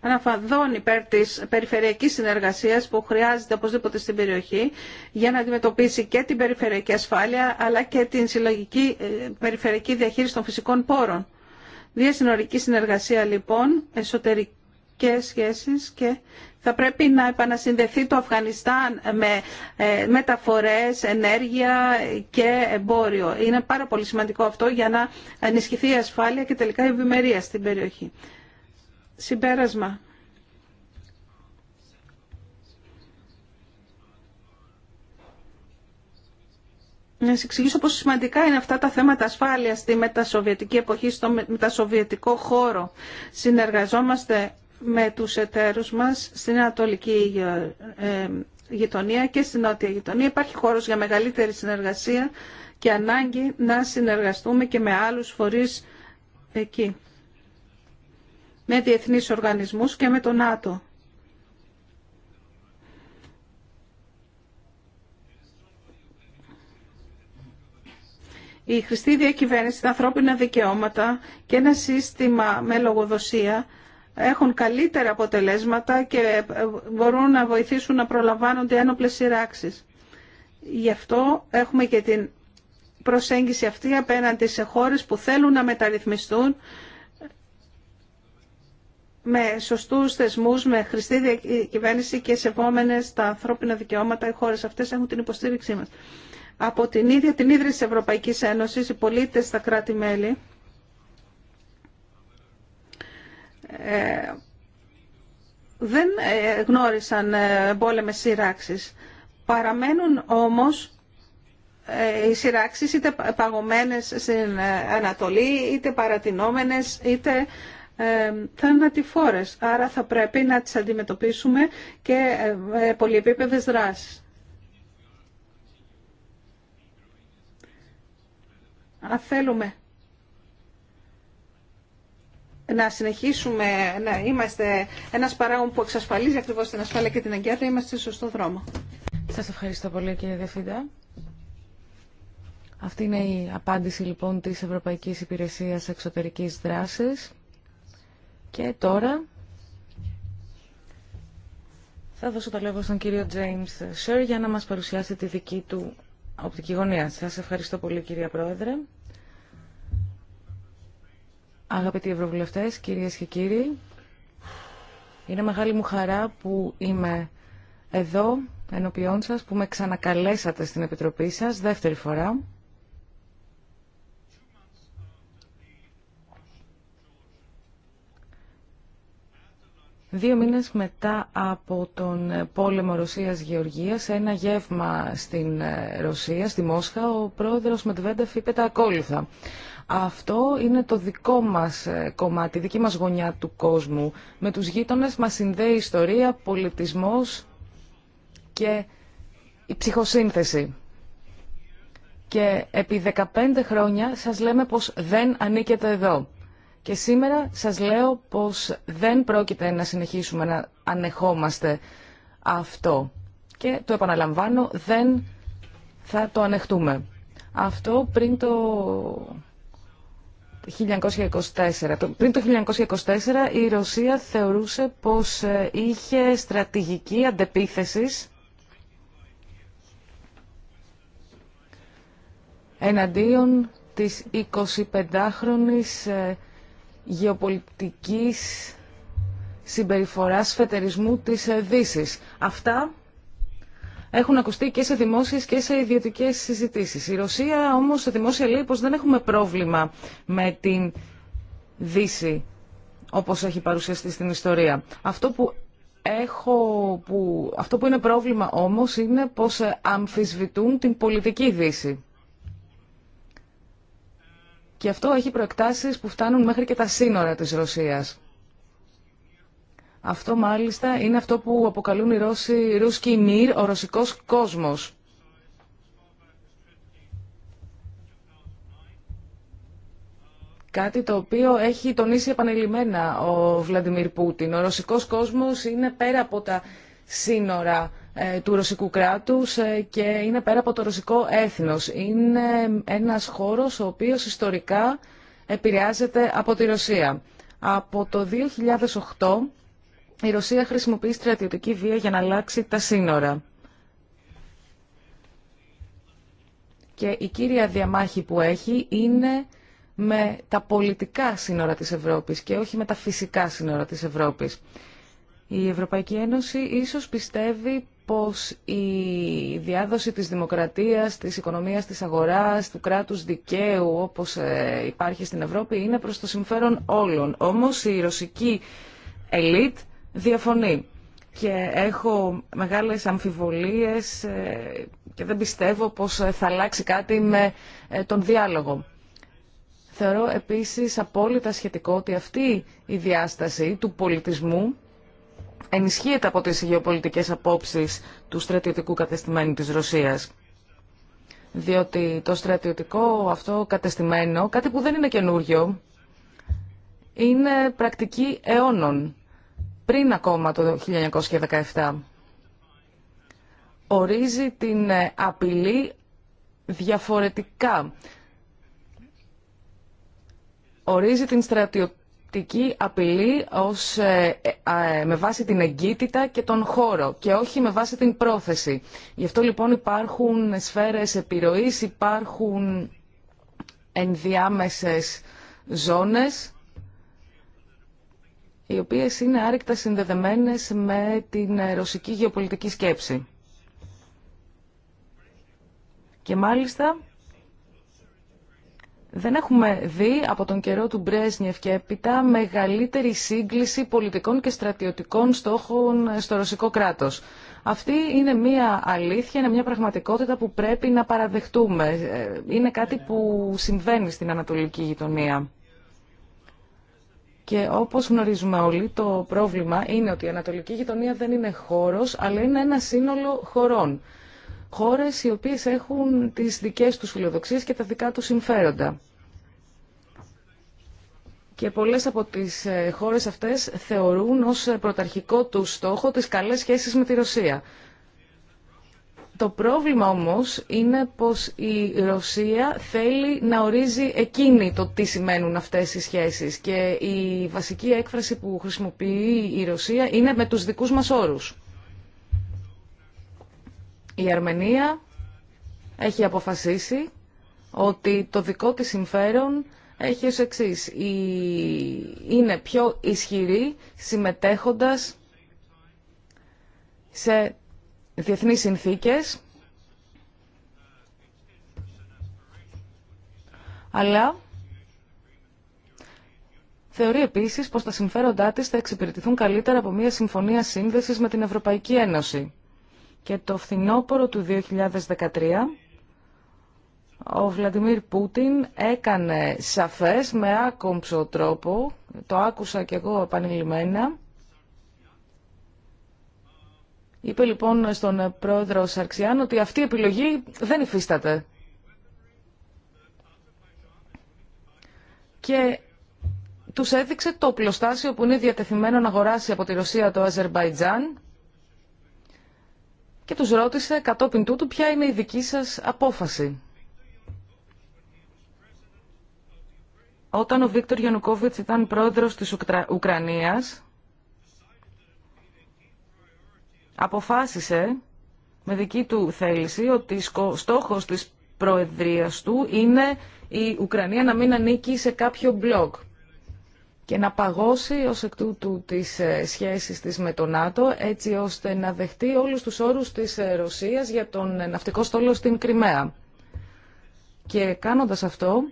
Speaker 1: αναφαδόν υπέρ της περιφερειακής συνεργασίας που χρειάζεται οπωσδήποτε στην περιοχή για να αντιμετωπίσει και την περιφερειακή ασφάλεια αλλά και την συλλογική ε, περιφερειακή διαχείριση των φυσικών πόρων. Διασυνορική συνεργασία λοιπόν, εσωτερικές σχέσεις και θα πρέπει να επανασυνδεθεί το Αφγανιστάν με ε, μεταφορές, ενέργεια και εμπόριο. Είναι πάρα πολύ σημαντικό αυτό για να ενισχυθεί η ασφάλεια και τελικά η ευημερία στην περιοχή. Συμπέρασμα. να σα εξηγήσω πόσο σημαντικά είναι αυτά τα θέματα ασφάλειας στη μετασοβιετική εποχή, στο μετασοβιετικό χώρο. Συνεργαζόμαστε με τους εταίρους μας στην Ανατολική ε, γειτονία και στην Νότια γειτονία. Υπάρχει χώρος για μεγαλύτερη συνεργασία και ανάγκη να συνεργαστούμε και με άλλους φορείς εκεί. Με διεθνείς οργανισμούς και με τον ΝΑΤΟ. η χρηστή διακυβέρνηση, τα ανθρώπινα δικαιώματα και ένα σύστημα με λογοδοσία έχουν καλύτερα αποτελέσματα και μπορούν να βοηθήσουν να προλαμβάνονται ένοπλες σειράξεις. Γι' αυτό έχουμε και την προσέγγιση αυτή απέναντι σε χώρες που θέλουν να μεταρρυθμιστούν με σωστούς θεσμούς, με χρηστή διακυβέρνηση και σεβόμενες τα ανθρώπινα δικαιώματα. Οι χώρες αυτές έχουν την υποστήριξή μας από την ίδια την ίδρυση Ευρωπαϊκής Ένωσης, οι πολίτες στα κράτη-μέλη, ε, δεν ε, γνώρισαν ε, πόλεμες σειράξεις. Παραμένουν όμως οι σειράξεις είτε παγωμένες στην Ανατολή, είτε παρατηνόμενες, είτε θανατηφόρες. Άρα θα πρέπει να τις αντιμετωπίσουμε και πολυεπίπεδες δράσεις. αν θέλουμε να συνεχίσουμε να είμαστε ένας παράγον που εξασφαλίζει ακριβώς την ασφάλεια και
Speaker 4: την θα είμαστε στο σωστό δρόμο. Σας ευχαριστώ πολύ κύριε Δεφίδα. Αυτή είναι η απάντηση λοιπόν της Ευρωπαϊκής Υπηρεσίας Εξωτερικής Δράσης. Και τώρα θα δώσω το λόγο στον κύριο James Σέρ για να μας παρουσιάσει τη δική του οπτική γωνία. Σας ευχαριστώ πολύ κυρία Πρόεδρε. Αγαπητοί Ευρωβουλευτές, κυρίες και κύριοι, είναι μεγάλη μου χαρά που είμαι εδώ ενώπιόν σας, που με ξανακαλέσατε στην Επιτροπή σας δεύτερη φορά. Δύο μήνες μετά από τον πόλεμο Ρωσίας-Γεωργίας, σε ένα γεύμα στην ε, Ρωσία, στη Μόσχα, ο πρόεδρος Μετβέντεφ είπε τα ακόλουθα. Αυτό είναι το δικό μας ε, κομμάτι, δική μας γωνιά του κόσμου. Με τους γείτονες μας συνδέει ιστορία, πολιτισμός και η ψυχοσύνθεση. Και επί 15 χρόνια σας λέμε πως δεν ανήκετε εδώ. Και σήμερα σας λέω πως δεν πρόκειται να συνεχίσουμε να ανεχόμαστε αυτό. Και το επαναλαμβάνω, δεν θα το ανεχτούμε. Αυτό πριν το 1924. Πριν το 1924 η Ρωσία θεωρούσε πως ε, είχε στρατηγική αντεπίθεση εναντίον της 25χρονης γεωπολιτικής συμπεριφοράς φετερισμού της ε, Δύσης. Αυτά έχουν ακουστεί και σε δημόσιες και σε ιδιωτικές συζητήσεις. Η Ρωσία όμως σε δημόσια λέει πως δεν έχουμε πρόβλημα με την Δύση όπως έχει παρουσιαστεί στην ιστορία. Αυτό που έχω, που, αυτό που είναι πρόβλημα όμως είναι πως ε, αμφισβητούν την πολιτική Δύση. Και αυτό έχει προεκτάσεις που φτάνουν μέχρι και τα σύνορα της Ρωσίας. Αυτό μάλιστα είναι αυτό που αποκαλούν οι Ρώσοι «Ρούσκι Μύρ», ο ρωσικός κόσμος. Κάτι το οποίο έχει τονίσει επανειλημμένα ο Βλαντιμίρ Πούτιν. Ο ρωσικός κόσμος είναι πέρα από τα σύνορα ε, του ρωσικού κράτους ε, και είναι πέρα από το ρωσικό έθνος. Είναι ένας χώρος ο οποίος ιστορικά επηρεάζεται από τη Ρωσία. Από το 2008 η Ρωσία χρησιμοποιεί στρατιωτική βία για να αλλάξει τα σύνορα. Και η κύρια διαμάχη που έχει είναι με τα πολιτικά σύνορα της Ευρώπης και όχι με τα φυσικά σύνορα της Ευρώπης. Η Ευρωπαϊκή Ένωση ίσως πιστεύει πως η διάδοση της δημοκρατίας, της οικονομίας, της αγοράς, του κράτους δικαίου όπως ε, υπάρχει στην Ευρώπη είναι προς το συμφέρον όλων. Όμως η ρωσική ελίτ διαφωνεί και έχω μεγάλες αμφιβολίες ε, και δεν πιστεύω πως ε, θα αλλάξει κάτι με τον διάλογο. Θεωρώ επίσης απόλυτα σχετικό ότι αυτή η διάσταση του πολιτισμού ενισχύεται από τις γεωπολιτικές απόψεις του στρατιωτικού κατεστημένου της Ρωσίας. Διότι το στρατιωτικό αυτό κατεστημένο, κάτι που δεν είναι καινούριο, είναι πρακτική αιώνων, πριν ακόμα το 1917. Ορίζει την ε, απειλή διαφορετικά. Ορίζει την στρατιωτική πραγματική απειλή ως, ε, ε, ε, με βάση την εγκύτητα και τον χώρο και όχι με βάση την πρόθεση. Γι' αυτό λοιπόν υπάρχουν σφαίρες επιρροής, υπάρχουν ενδιάμεσες ζώνες οι οποίες είναι άρρηκτα συνδεδεμένες με την ρωσική γεωπολιτική σκέψη. Και μάλιστα δεν έχουμε δει από τον καιρό του Μπρέσνιεφ και έπειτα μεγαλύτερη σύγκληση πολιτικών και στρατιωτικών στόχων στο ρωσικό κράτος. Αυτή είναι μια αλήθεια, είναι μια πραγματικότητα που πρέπει να παραδεχτούμε. Είναι κάτι που συμβαίνει στην Ανατολική γειτονία. Και όπως γνωρίζουμε όλοι, το πρόβλημα είναι ότι η Ανατολική γειτονία δεν είναι χώρος, αλλά είναι ένα σύνολο χωρών χώρες οι οποίες έχουν τις δικές τους φιλοδοξίες και τα δικά τους συμφέροντα. Και πολλές από τις ε, χώρες αυτές θεωρούν ως ε, πρωταρχικό του στόχο τις καλές σχέσεις με τη Ρωσία. Το πρόβλημα όμως είναι πως η Ρωσία θέλει να ορίζει εκείνη το τι σημαίνουν αυτές οι σχέσεις και η βασική έκφραση που χρησιμοποιεί η Ρωσία είναι με τους δικούς μας όρους. Η Αρμενία έχει αποφασίσει ότι το δικό της συμφέρον έχει ως εξής. Είναι πιο ισχυρή συμμετέχοντας σε διεθνείς συνθήκες, αλλά θεωρεί επίσης πως τα συμφέροντά της θα εξυπηρετηθούν καλύτερα από μια συμφωνία σύνδεσης με την Ευρωπαϊκή Ένωση και το φθινόπωρο του 2013 ο Βλαντιμίρ Πούτιν έκανε σαφές με άκομψο τρόπο, το άκουσα και εγώ επανειλημμένα, Είπε λοιπόν στον πρόεδρο Σαρξιάν ότι αυτή η επιλογή δεν υφίσταται. Και τους έδειξε το πλωστάσιο που είναι διατεθειμένο να αγοράσει από τη Ρωσία το Αζερμπαϊτζάν και τους ρώτησε κατόπιν τούτου ποια είναι η δική σας απόφαση. Όταν ο Βίκτορ Γιανουκόβιτς ήταν πρόεδρος της Ουκρανίας, αποφάσισε με δική του θέληση ότι στόχος της προεδρίας του είναι η Ουκρανία να μην ανήκει σε κάποιο μπλοκ και να παγώσει ως εκ τούτου τις ε, σχέσεις της με το ΝΑΤΟ έτσι ώστε να δεχτεί όλους τους όρους της ε, Ρωσίας για τον ε, ναυτικό στόλο στην Κρυμαία. Και κάνοντας αυτό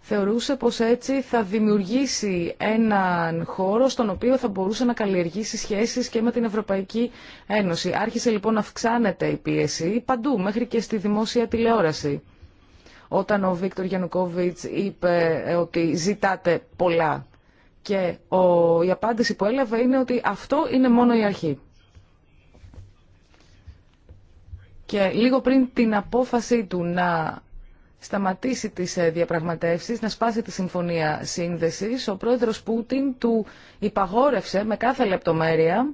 Speaker 4: θεωρούσε πως έτσι θα δημιουργήσει έναν χώρο στον οποίο θα μπορούσε να καλλιεργήσει σχέσεις και με την Ευρωπαϊκή Ένωση. Άρχισε λοιπόν να αυξάνεται η πίεση παντού μέχρι και στη δημόσια τηλεόραση όταν ο Βίκτορ Γιαννουκόβιτς είπε ε, ότι ζητάτε πολλά και ο, η απάντηση που έλαβε είναι ότι αυτό είναι μόνο η αρχή. Και λίγο πριν την απόφαση του να σταματήσει τις ε, διαπραγματεύσεις, να σπάσει τη συμφωνία σύνδεσης, ο πρόεδρος Πούτιν του υπαγόρευσε με κάθε λεπτομέρεια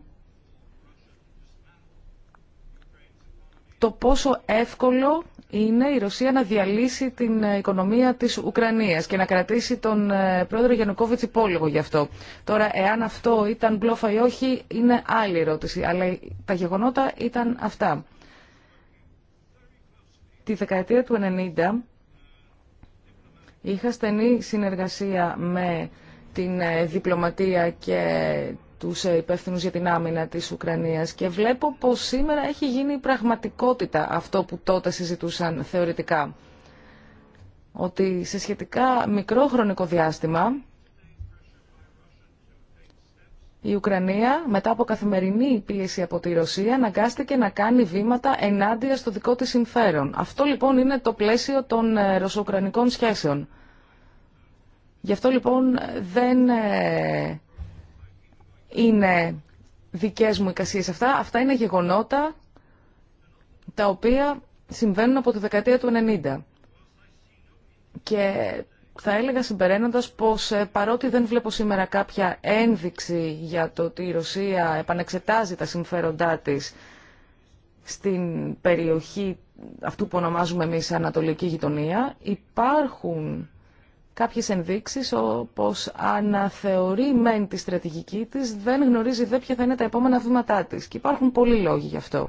Speaker 4: το πόσο εύκολο είναι η Ρωσία να διαλύσει την οικονομία της Ουκρανίας και να κρατήσει τον ε, πρόεδρο Γιανουκόβιτς υπόλογο γι' αυτό. Τώρα, εάν αυτό ήταν μπλόφα ή όχι, είναι άλλη ερώτηση, αλλά τα γεγονότα ήταν αυτά. Τη δεκαετία του 90 είχα στενή συνεργασία με την ε, διπλωματία και του ε, υπεύθυνου για την άμυνα της Ουκρανίας και βλέπω πω σήμερα έχει γίνει πραγματικότητα αυτό που τότε συζητούσαν θεωρητικά. Ότι σε σχετικά μικρό χρονικό διάστημα η Ουκρανία μετά από καθημερινή πίεση από τη Ρωσία αναγκάστηκε να κάνει βήματα ενάντια στο δικό της συμφέρον. Αυτό λοιπόν είναι το πλαίσιο των ε, ρωσοουκρανικών σχέσεων. Γι' αυτό λοιπόν δεν ε, είναι δικές μου εικασίες αυτά. Αυτά είναι γεγονότα τα οποία συμβαίνουν από τη δεκαετία του 90. Και θα έλεγα συμπεραίνοντας πως ε, παρότι δεν βλέπω σήμερα κάποια ένδειξη για το ότι η Ρωσία επανεξετάζει τα συμφέροντά της στην περιοχή αυτού που ονομάζουμε εμείς Ανατολική Γειτονία, υπάρχουν κάποιες ενδείξεις όπως αναθεωρεί μεν τη στρατηγική της, δεν γνωρίζει δε ποια θα είναι τα επόμενα βήματά της. Και υπάρχουν πολλοί λόγοι γι' αυτό.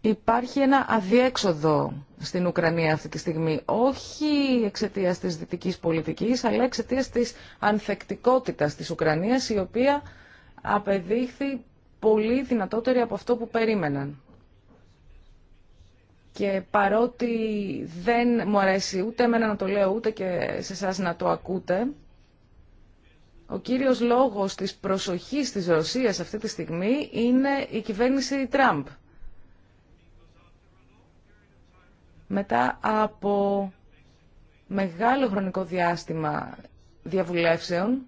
Speaker 4: Υπάρχει ένα αδιέξοδο στην Ουκρανία αυτή τη στιγμή, όχι εξαιτία της δυτικής πολιτικής, αλλά εξαιτία της ανθεκτικότητας της Ουκρανίας, η οποία απεδείχθη πολύ δυνατότερη από αυτό που περίμεναν. Και παρότι δεν μου αρέσει ούτε εμένα να το λέω ούτε και σε εσά να το ακούτε, ο κύριος λόγος της προσοχής της Ρωσίας αυτή τη στιγμή είναι η κυβέρνηση Τραμπ. Μετά από μεγάλο χρονικό διάστημα διαβουλεύσεων,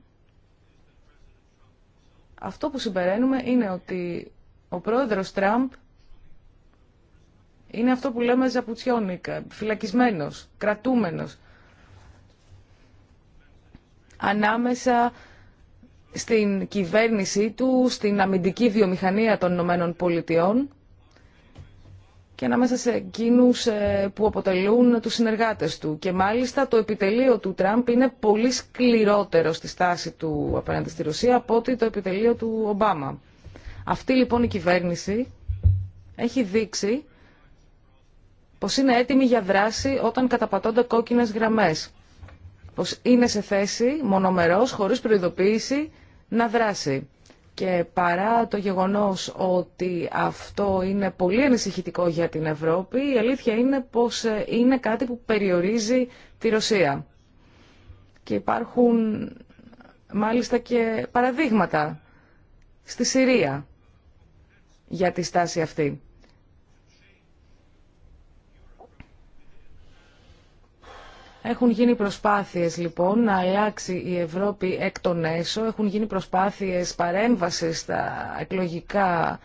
Speaker 4: αυτό που συμπεραίνουμε είναι ότι ο πρόεδρος Τραμπ είναι αυτό που λέμε ζαπουτσιόνικα, φυλακισμένος, κρατούμενος. Ανάμεσα στην κυβέρνησή του, στην αμυντική βιομηχανία των Ηνωμένων Πολιτειών και ανάμεσα σε εκείνου ε, που αποτελούν τους συνεργάτες του. Και μάλιστα το επιτελείο του Τραμπ είναι πολύ σκληρότερο στη στάση του απέναντι στη Ρωσία από ότι το επιτελείο του Ομπάμα. Αυτή λοιπόν η κυβέρνηση έχει δείξει πως είναι έτοιμοι για δράση όταν καταπατώνται κόκκινες γραμμές, πως είναι σε θέση μονομερός, χωρίς προειδοποίηση, να δράσει. Και παρά το γεγονός ότι αυτό είναι πολύ ανησυχητικό για την Ευρώπη, η αλήθεια είναι πως ε, είναι κάτι που περιορίζει τη Ρωσία. Και υπάρχουν μάλιστα και παραδείγματα στη Συρία για τη στάση αυτή. Έχουν γίνει προσπάθειες λοιπόν να αλλάξει η Ευρώπη εκ των έσω, έχουν γίνει προσπάθειες παρέμβασης στα εκλογικά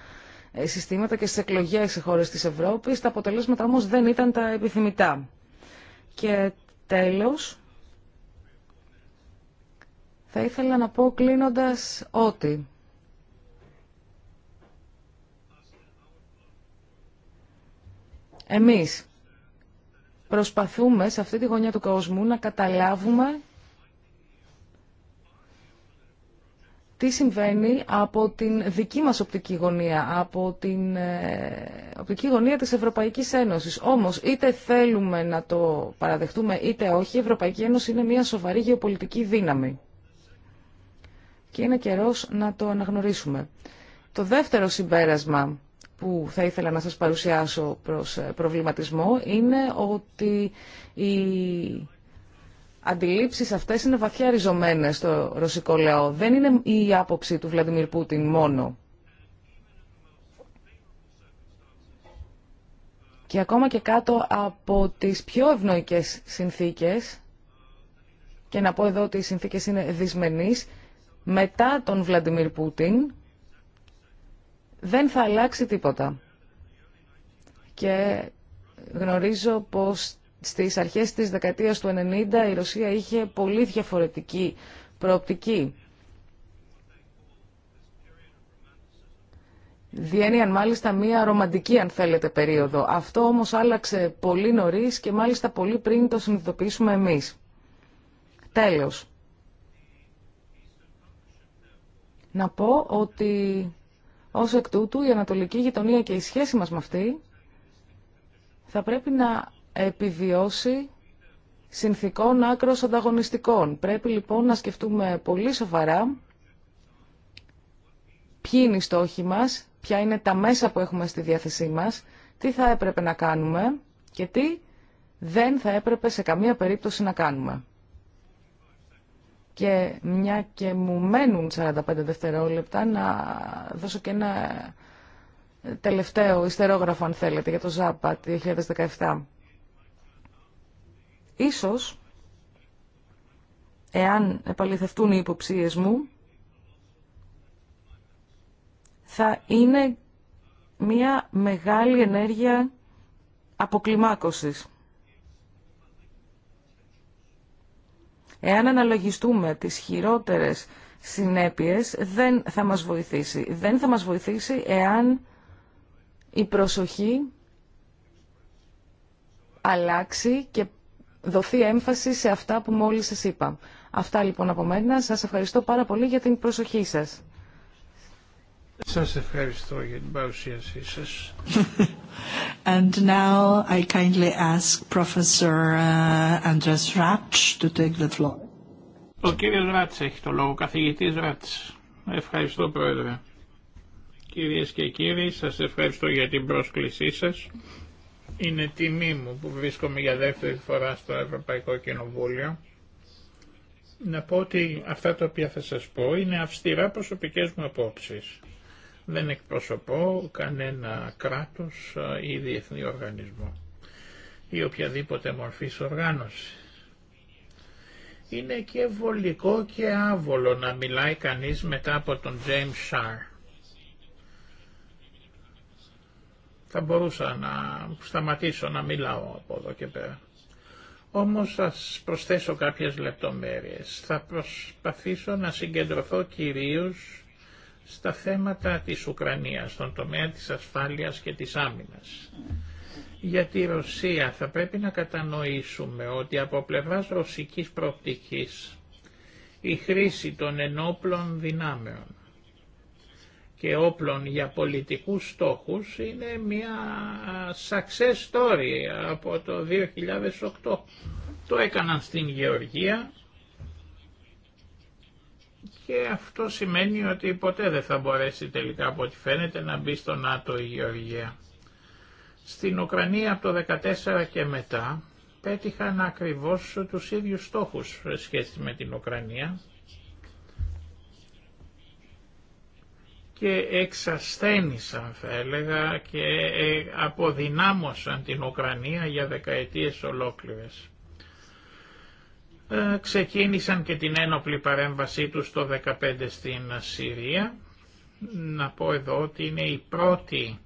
Speaker 4: ε, συστήματα και στις εκλογές σε χώρες της Ευρώπης, τα αποτελέσματα όμως δεν ήταν τα επιθυμητά. Και τέλος, θα ήθελα να πω κλείνοντας ότι... Εμείς, προσπαθούμε σε αυτή τη γωνιά του κόσμου να καταλάβουμε τι συμβαίνει από την δική μας οπτική γωνία, από την ε, οπτική γωνία της Ευρωπαϊκής Ένωσης. Όμως, είτε θέλουμε να το παραδεχτούμε είτε όχι, η Ευρωπαϊκή Ένωση είναι μια σοβαρή γεωπολιτική δύναμη. Και είναι καιρός να το αναγνωρίσουμε. Το δεύτερο συμπέρασμα που θα ήθελα να σας παρουσιάσω προς ε, προβληματισμό είναι ότι οι αντιλήψεις αυτές είναι βαθιά ριζωμένες στο ρωσικό λαό. Δεν είναι η άποψη του Βλαντιμίρ Πούτιν μόνο. Και ακόμα και κάτω από τις πιο ευνοϊκές συνθήκες, και να πω εδώ ότι οι συνθήκες είναι δυσμενείς, μετά τον Βλαντιμίρ Πούτιν, δεν θα αλλάξει τίποτα. Και γνωρίζω πως στις αρχές της δεκαετίας του 90 η Ρωσία είχε πολύ διαφορετική προοπτική. αν μάλιστα μία ρομαντική αν θέλετε περίοδο. Αυτό όμως άλλαξε πολύ νωρίς και μάλιστα πολύ πριν το συνειδητοποιήσουμε εμείς. Τέλος. Να πω ότι Ω εκ τούτου, η ανατολική γειτονία και η σχέση μας με αυτή θα πρέπει να επιβιώσει συνθήκων άκρο ανταγωνιστικών. Πρέπει λοιπόν να σκεφτούμε πολύ σοβαρά ποιοι είναι οι στόχοι μας, ποια είναι τα μέσα που έχουμε στη διάθεσή μας, τι θα έπρεπε να κάνουμε και τι δεν θα έπρεπε σε καμία περίπτωση να κάνουμε. Και μια και μου μένουν 45 δευτερόλεπτα να δώσω και ένα τελευταίο ιστερόγραφο αν θέλετε για το ΖΑΠΑ 2017. Ίσως, εάν επαληθευτούν οι υποψίες μου, θα είναι μια μεγάλη ενέργεια αποκλιμάκωσης. Εάν αναλογιστούμε τις χειρότερες συνέπειες, δεν θα μας βοηθήσει. Δεν θα μας βοηθήσει εάν η προσοχή αλλάξει και δοθεί έμφαση σε αυτά που μόλις σας είπα. Αυτά λοιπόν από μένα. Σας ευχαριστώ πάρα πολύ για την προσοχή σας.
Speaker 2: Σας ευχαριστώ για την παρουσίασή σας.
Speaker 1: And now I kindly ask Professor uh, Andres to
Speaker 2: take Ο κύριος Ράτς έχει το λόγο, καθηγητής Ράτς. Ευχαριστώ Πρόεδρε. Κυρίες και κύριοι, σας ευχαριστώ για την πρόσκλησή σας. Είναι τιμή μου που βρίσκομαι για δεύτερη φορά στο Ευρωπαϊκό Κοινοβούλιο. Να πω ότι αυτά τα οποία θα σας πω είναι αυστηρά προσωπικές μου απόψεις. Δεν εκπροσωπώ κανένα κράτος ή διεθνή οργανισμό ή οποιαδήποτε μορφη οργάνωση. Είναι και βολικό και άβολο να μιλάει κανείς μετά από τον James Σαρ. Θα μπορούσα να σταματήσω να μιλάω από εδώ και πέρα. Όμως θα προσθέσω κάποιες λεπτομέρειες. Θα προσπαθήσω να συγκεντρωθώ κυρίως στα θέματα της Ουκρανίας, στον τομέα της ασφάλειας και της άμυνας. Γιατί η Ρωσία θα πρέπει να κατανοήσουμε ότι από πλευράς ρωσικής προοπτικής η χρήση των ενόπλων δυνάμεων και όπλων για πολιτικούς στόχους είναι μια success story από το 2008. Το έκαναν στην Γεωργία και αυτό σημαίνει ότι ποτέ δεν θα μπορέσει τελικά από ό,τι φαίνεται να μπει στο ΝΑΤΟ η Γεωργία. Στην Ουκρανία από το 2014 και μετά πέτυχαν ακριβώς τους ίδιους στόχους σε σχέση με την Ουκρανία και εξασθένησαν θα έλεγα και ε, αποδυνάμωσαν την Ουκρανία για δεκαετίες ολόκληρες. Ε, ξεκίνησαν και την ένοπλη παρέμβασή τους το 2015 στην Συρία. Να πω εδώ ότι είναι η πρώτη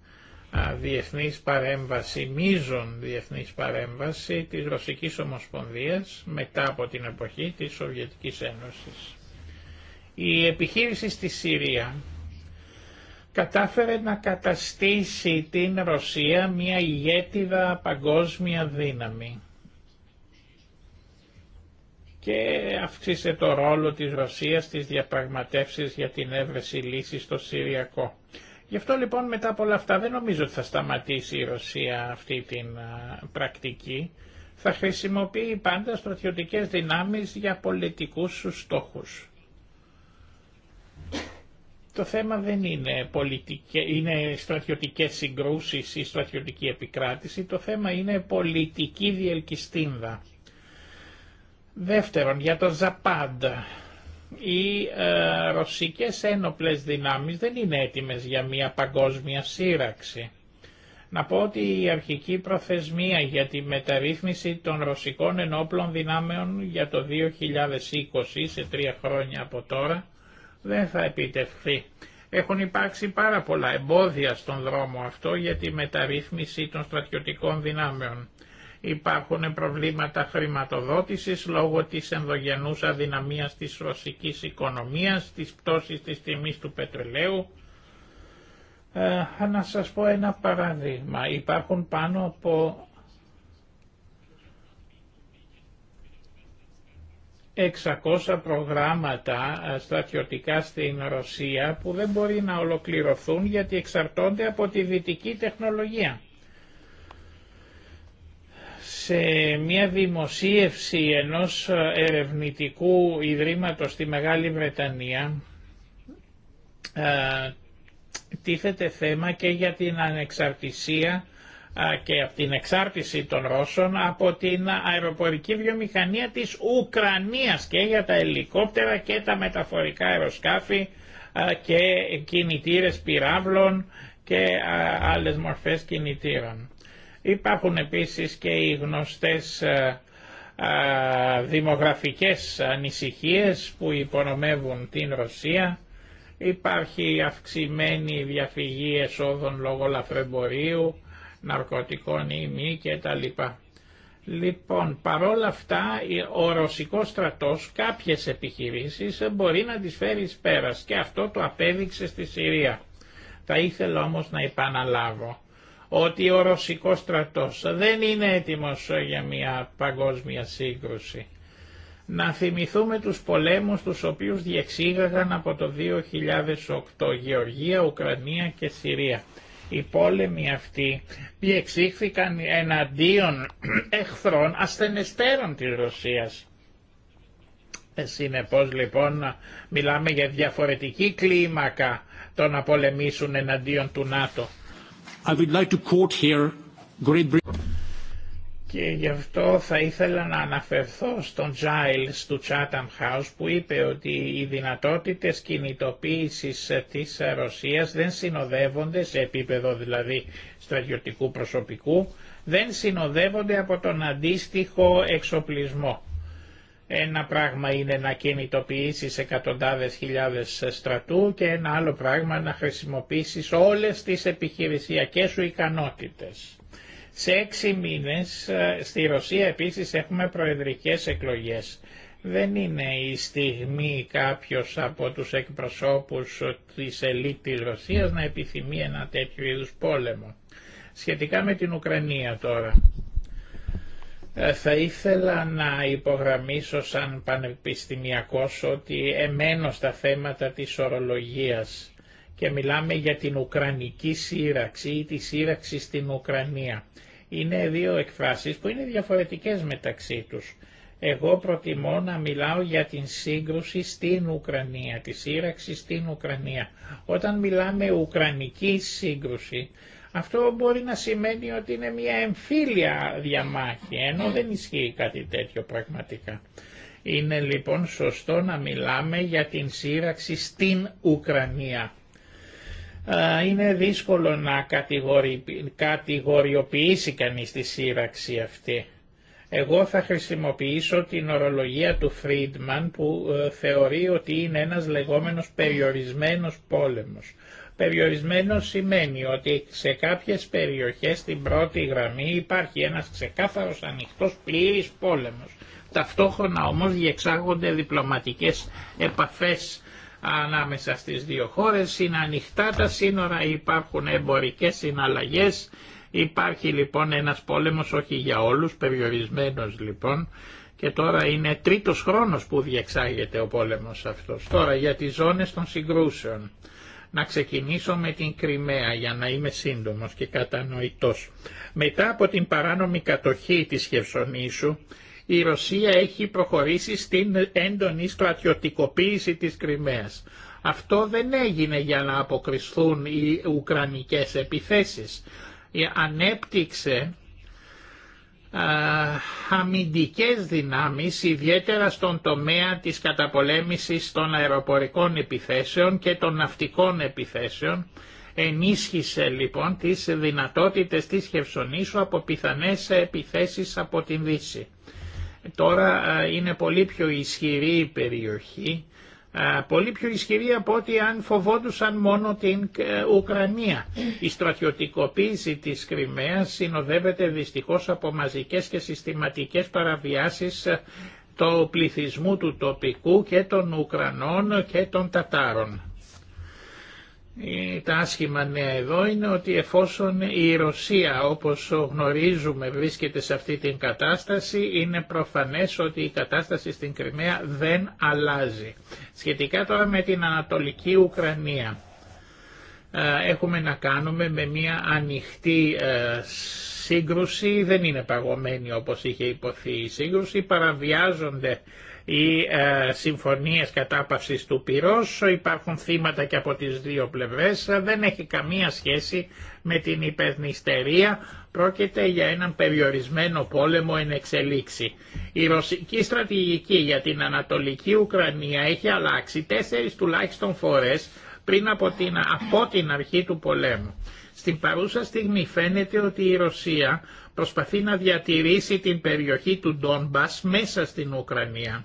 Speaker 2: διεθνής παρέμβαση, μίζων διεθνής παρέμβαση της Ρωσικής Ομοσπονδίας μετά από την εποχή της Σοβιετικής Ένωσης. Η επιχείρηση στη Συρία κατάφερε να καταστήσει την Ρωσία μια ηγέτιδα παγκόσμια δύναμη και αύξησε το ρόλο της Ρωσίας στις διαπραγματεύσεις για την έβρεση λύση στο Συριακό. Γι' αυτό λοιπόν μετά από όλα αυτά δεν νομίζω ότι θα σταματήσει η Ρωσία αυτή την πρακτική. Θα χρησιμοποιεί πάντα στρατιωτικές δυνάμεις για πολιτικούς στόχους. Το θέμα δεν είναι, πολιτικέ, είναι στρατιωτικές συγκρούσεις ή στρατιωτική επικράτηση, το θέμα είναι πολιτική διελκυστίνδα. Δεύτερον, για το Ζαπάντα. Οι ε, ρωσικές ένοπλες δυνάμεις δεν είναι έτοιμες για μια παγκόσμια σύραξη. Να πω ότι η αρχική προθεσμία για τη μεταρρύθμιση των ρωσικών ενόπλων δυνάμεων για το 2020 σε τρία χρόνια από τώρα δεν θα επιτευχθεί. Έχουν υπάρξει πάρα πολλά εμπόδια στον δρόμο αυτό για τη μεταρρύθμιση των στρατιωτικών δυνάμεων. Υπάρχουν προβλήματα χρηματοδότησης λόγω της ενδογενούς αδυναμίας της ρωσικής οικονομίας, της πτώσης της τιμής του πετρελαίου. Ε, να σας πω ένα παράδειγμα. Υπάρχουν πάνω από 600 προγράμματα ε, στρατιωτικά στην Ρωσία που δεν μπορεί να ολοκληρωθούν γιατί εξαρτώνται από τη δυτική τεχνολογία σε μια δημοσίευση ενός ερευνητικού ιδρύματος στη Μεγάλη Βρετανία ε, τίθεται θέμα και για την ανεξαρτησία ε, και από την εξάρτηση των Ρώσων από την αεροπορική βιομηχανία της Ουκρανίας και για τα ελικόπτερα και τα μεταφορικά αεροσκάφη ε, και κινητήρες πυράβλων και άλλες μορφές κινητήρων. Υπάρχουν επίσης και οι γνωστές ε, ε, δημογραφικές ανησυχίες που υπονομεύουν την Ρωσία. Υπάρχει αυξημένη διαφυγή εσόδων λόγω λαθρεμπορίου, ναρκωτικών ή μη κτλ. Λοιπόν, παρόλα αυτά ο ρωσικός στρατός κάποιες επιχειρήσεις μπορεί να τις φέρει πέρας και αυτό το απέδειξε στη Συρία. Θα ήθελα όμως να επαναλάβω ότι ο ρωσικός στρατός δεν είναι έτοιμος για μια παγκόσμια σύγκρουση. Να θυμηθούμε τους πολέμους τους οποίους διεξήγαγαν από το 2008 Γεωργία, Ουκρανία και Συρία. Οι πόλεμοι αυτοί διεξήχθηκαν εναντίον εχθρών ασθενεστέρων της Ρωσίας. Ε, συνεπώς λοιπόν μιλάμε για διαφορετική κλίμακα το να πολεμήσουν εναντίον του ΝΑΤΟ. Και γι' αυτό θα ήθελα να αναφερθώ στον Giles του Chatham House που είπε ότι οι δυνατότητες κινητοποίησης της Ρωσίας δεν συνοδεύονται, σε επίπεδο δηλαδή στρατιωτικού προσωπικού, δεν συνοδεύονται από τον αντίστοιχο εξοπλισμό. Ένα πράγμα είναι να κινητοποιήσεις εκατοντάδες χιλιάδες στρατού και ένα άλλο πράγμα να χρησιμοποιήσεις όλες τις επιχειρησιακές σου ικανότητες. Σε έξι μήνες ε, στη Ρωσία επίσης έχουμε προεδρικές εκλογές. Δεν είναι η στιγμή κάποιος από τους εκπροσώπους της ελίτ της Ρωσίας να επιθυμεί ένα τέτοιο είδους πόλεμο. Σχετικά με την Ουκρανία τώρα. Ε, θα ήθελα να υπογραμμίσω σαν πανεπιστημιακός ότι εμένω στα θέματα της ορολογίας και μιλάμε για την Ουκρανική σύραξη ή τη σύραξη στην Ουκρανία. Είναι δύο εκφράσεις που είναι διαφορετικές μεταξύ τους. Εγώ προτιμώ να μιλάω για την σύγκρουση στην Ουκρανία, τη σύραξη στην Ουκρανία. Όταν μιλάμε Ουκρανική σύγκρουση, αυτό μπορεί να σημαίνει ότι είναι μια εμφύλια διαμάχη, ενώ δεν ισχύει κάτι τέτοιο πραγματικά. Είναι λοιπόν σωστό να μιλάμε για την σύραξη στην Ουκρανία. Είναι δύσκολο να κατηγοριοποιήσει κανείς τη σύραξη αυτή. Εγώ θα χρησιμοποιήσω την ορολογία του Φρίντμαν που ε, θεωρεί ότι είναι ένας λεγόμενος περιορισμένος πόλεμος. Περιορισμένο σημαίνει ότι σε κάποιες περιοχές στην πρώτη γραμμή υπάρχει ένας ξεκάθαρος ανοιχτός πλήρης πόλεμος. Ταυτόχρονα όμως διεξάγονται διπλωματικές επαφές ανάμεσα στις δύο χώρες, είναι ανοιχτά τα σύνορα, υπάρχουν εμπορικές συναλλαγές, υπάρχει λοιπόν ένας πόλεμος όχι για όλους, περιορισμένος λοιπόν, και τώρα είναι τρίτος χρόνος που διεξάγεται ο πόλεμος αυτός. Τώρα για τις ζώνες των συγκρούσεων. Να ξεκινήσω με την Κρυμαία για να είμαι σύντομος και κατανοητός. Μετά από την παράνομη κατοχή της Χερσονήσου, η Ρωσία έχει προχωρήσει στην έντονη στρατιωτικοποίηση της Κρυμαίας. Αυτό δεν έγινε για να αποκριστούν οι ουκρανικές επιθέσεις. Ανέπτυξε αμυντικές δυνάμεις ιδιαίτερα στον τομέα της καταπολέμησης των αεροπορικών επιθέσεων και των ναυτικών επιθέσεων ενίσχυσε λοιπόν τις δυνατότητες της Χευσονήσου από πιθανές επιθέσεις από την Δύση. Τώρα είναι πολύ πιο ισχυρή η περιοχή ε, πολύ πιο ισχυρή από ότι αν φοβόντουσαν μόνο την ε, Ουκρανία. Η στρατιωτικοποίηση της Κρυμαίας συνοδεύεται δυστυχώς από μαζικές και συστηματικές παραβιάσεις ε, του πληθυσμού του τοπικού και των Ουκρανών και των Τατάρων. Ε, τα άσχημα νέα εδώ είναι ότι εφόσον η Ρωσία όπως γνωρίζουμε βρίσκεται σε αυτή την κατάσταση είναι προφανές ότι η κατάσταση στην Κρυμαία δεν αλλάζει. Σχετικά τώρα με την Ανατολική Ουκρανία ε, έχουμε να κάνουμε με μια ανοιχτή ε, σύγκρουση, δεν είναι παγωμένη όπως είχε υποθεί η σύγκρουση, παραβιάζονται οι ε, συμφωνίες κατάπαυσης του πυρός, υπάρχουν θύματα και από τις δύο πλευρές, δεν έχει καμία σχέση με την υπερνηστερία, πρόκειται για έναν περιορισμένο πόλεμο εν εξελίξη. Η ρωσική στρατηγική για την Ανατολική Ουκρανία έχει αλλάξει τέσσερις τουλάχιστον φορές πριν από την, από την αρχή του πολέμου. Στην παρούσα στιγμή φαίνεται ότι η Ρωσία προσπαθεί να διατηρήσει την περιοχή του Ντόνμπας μέσα στην Ουκρανία.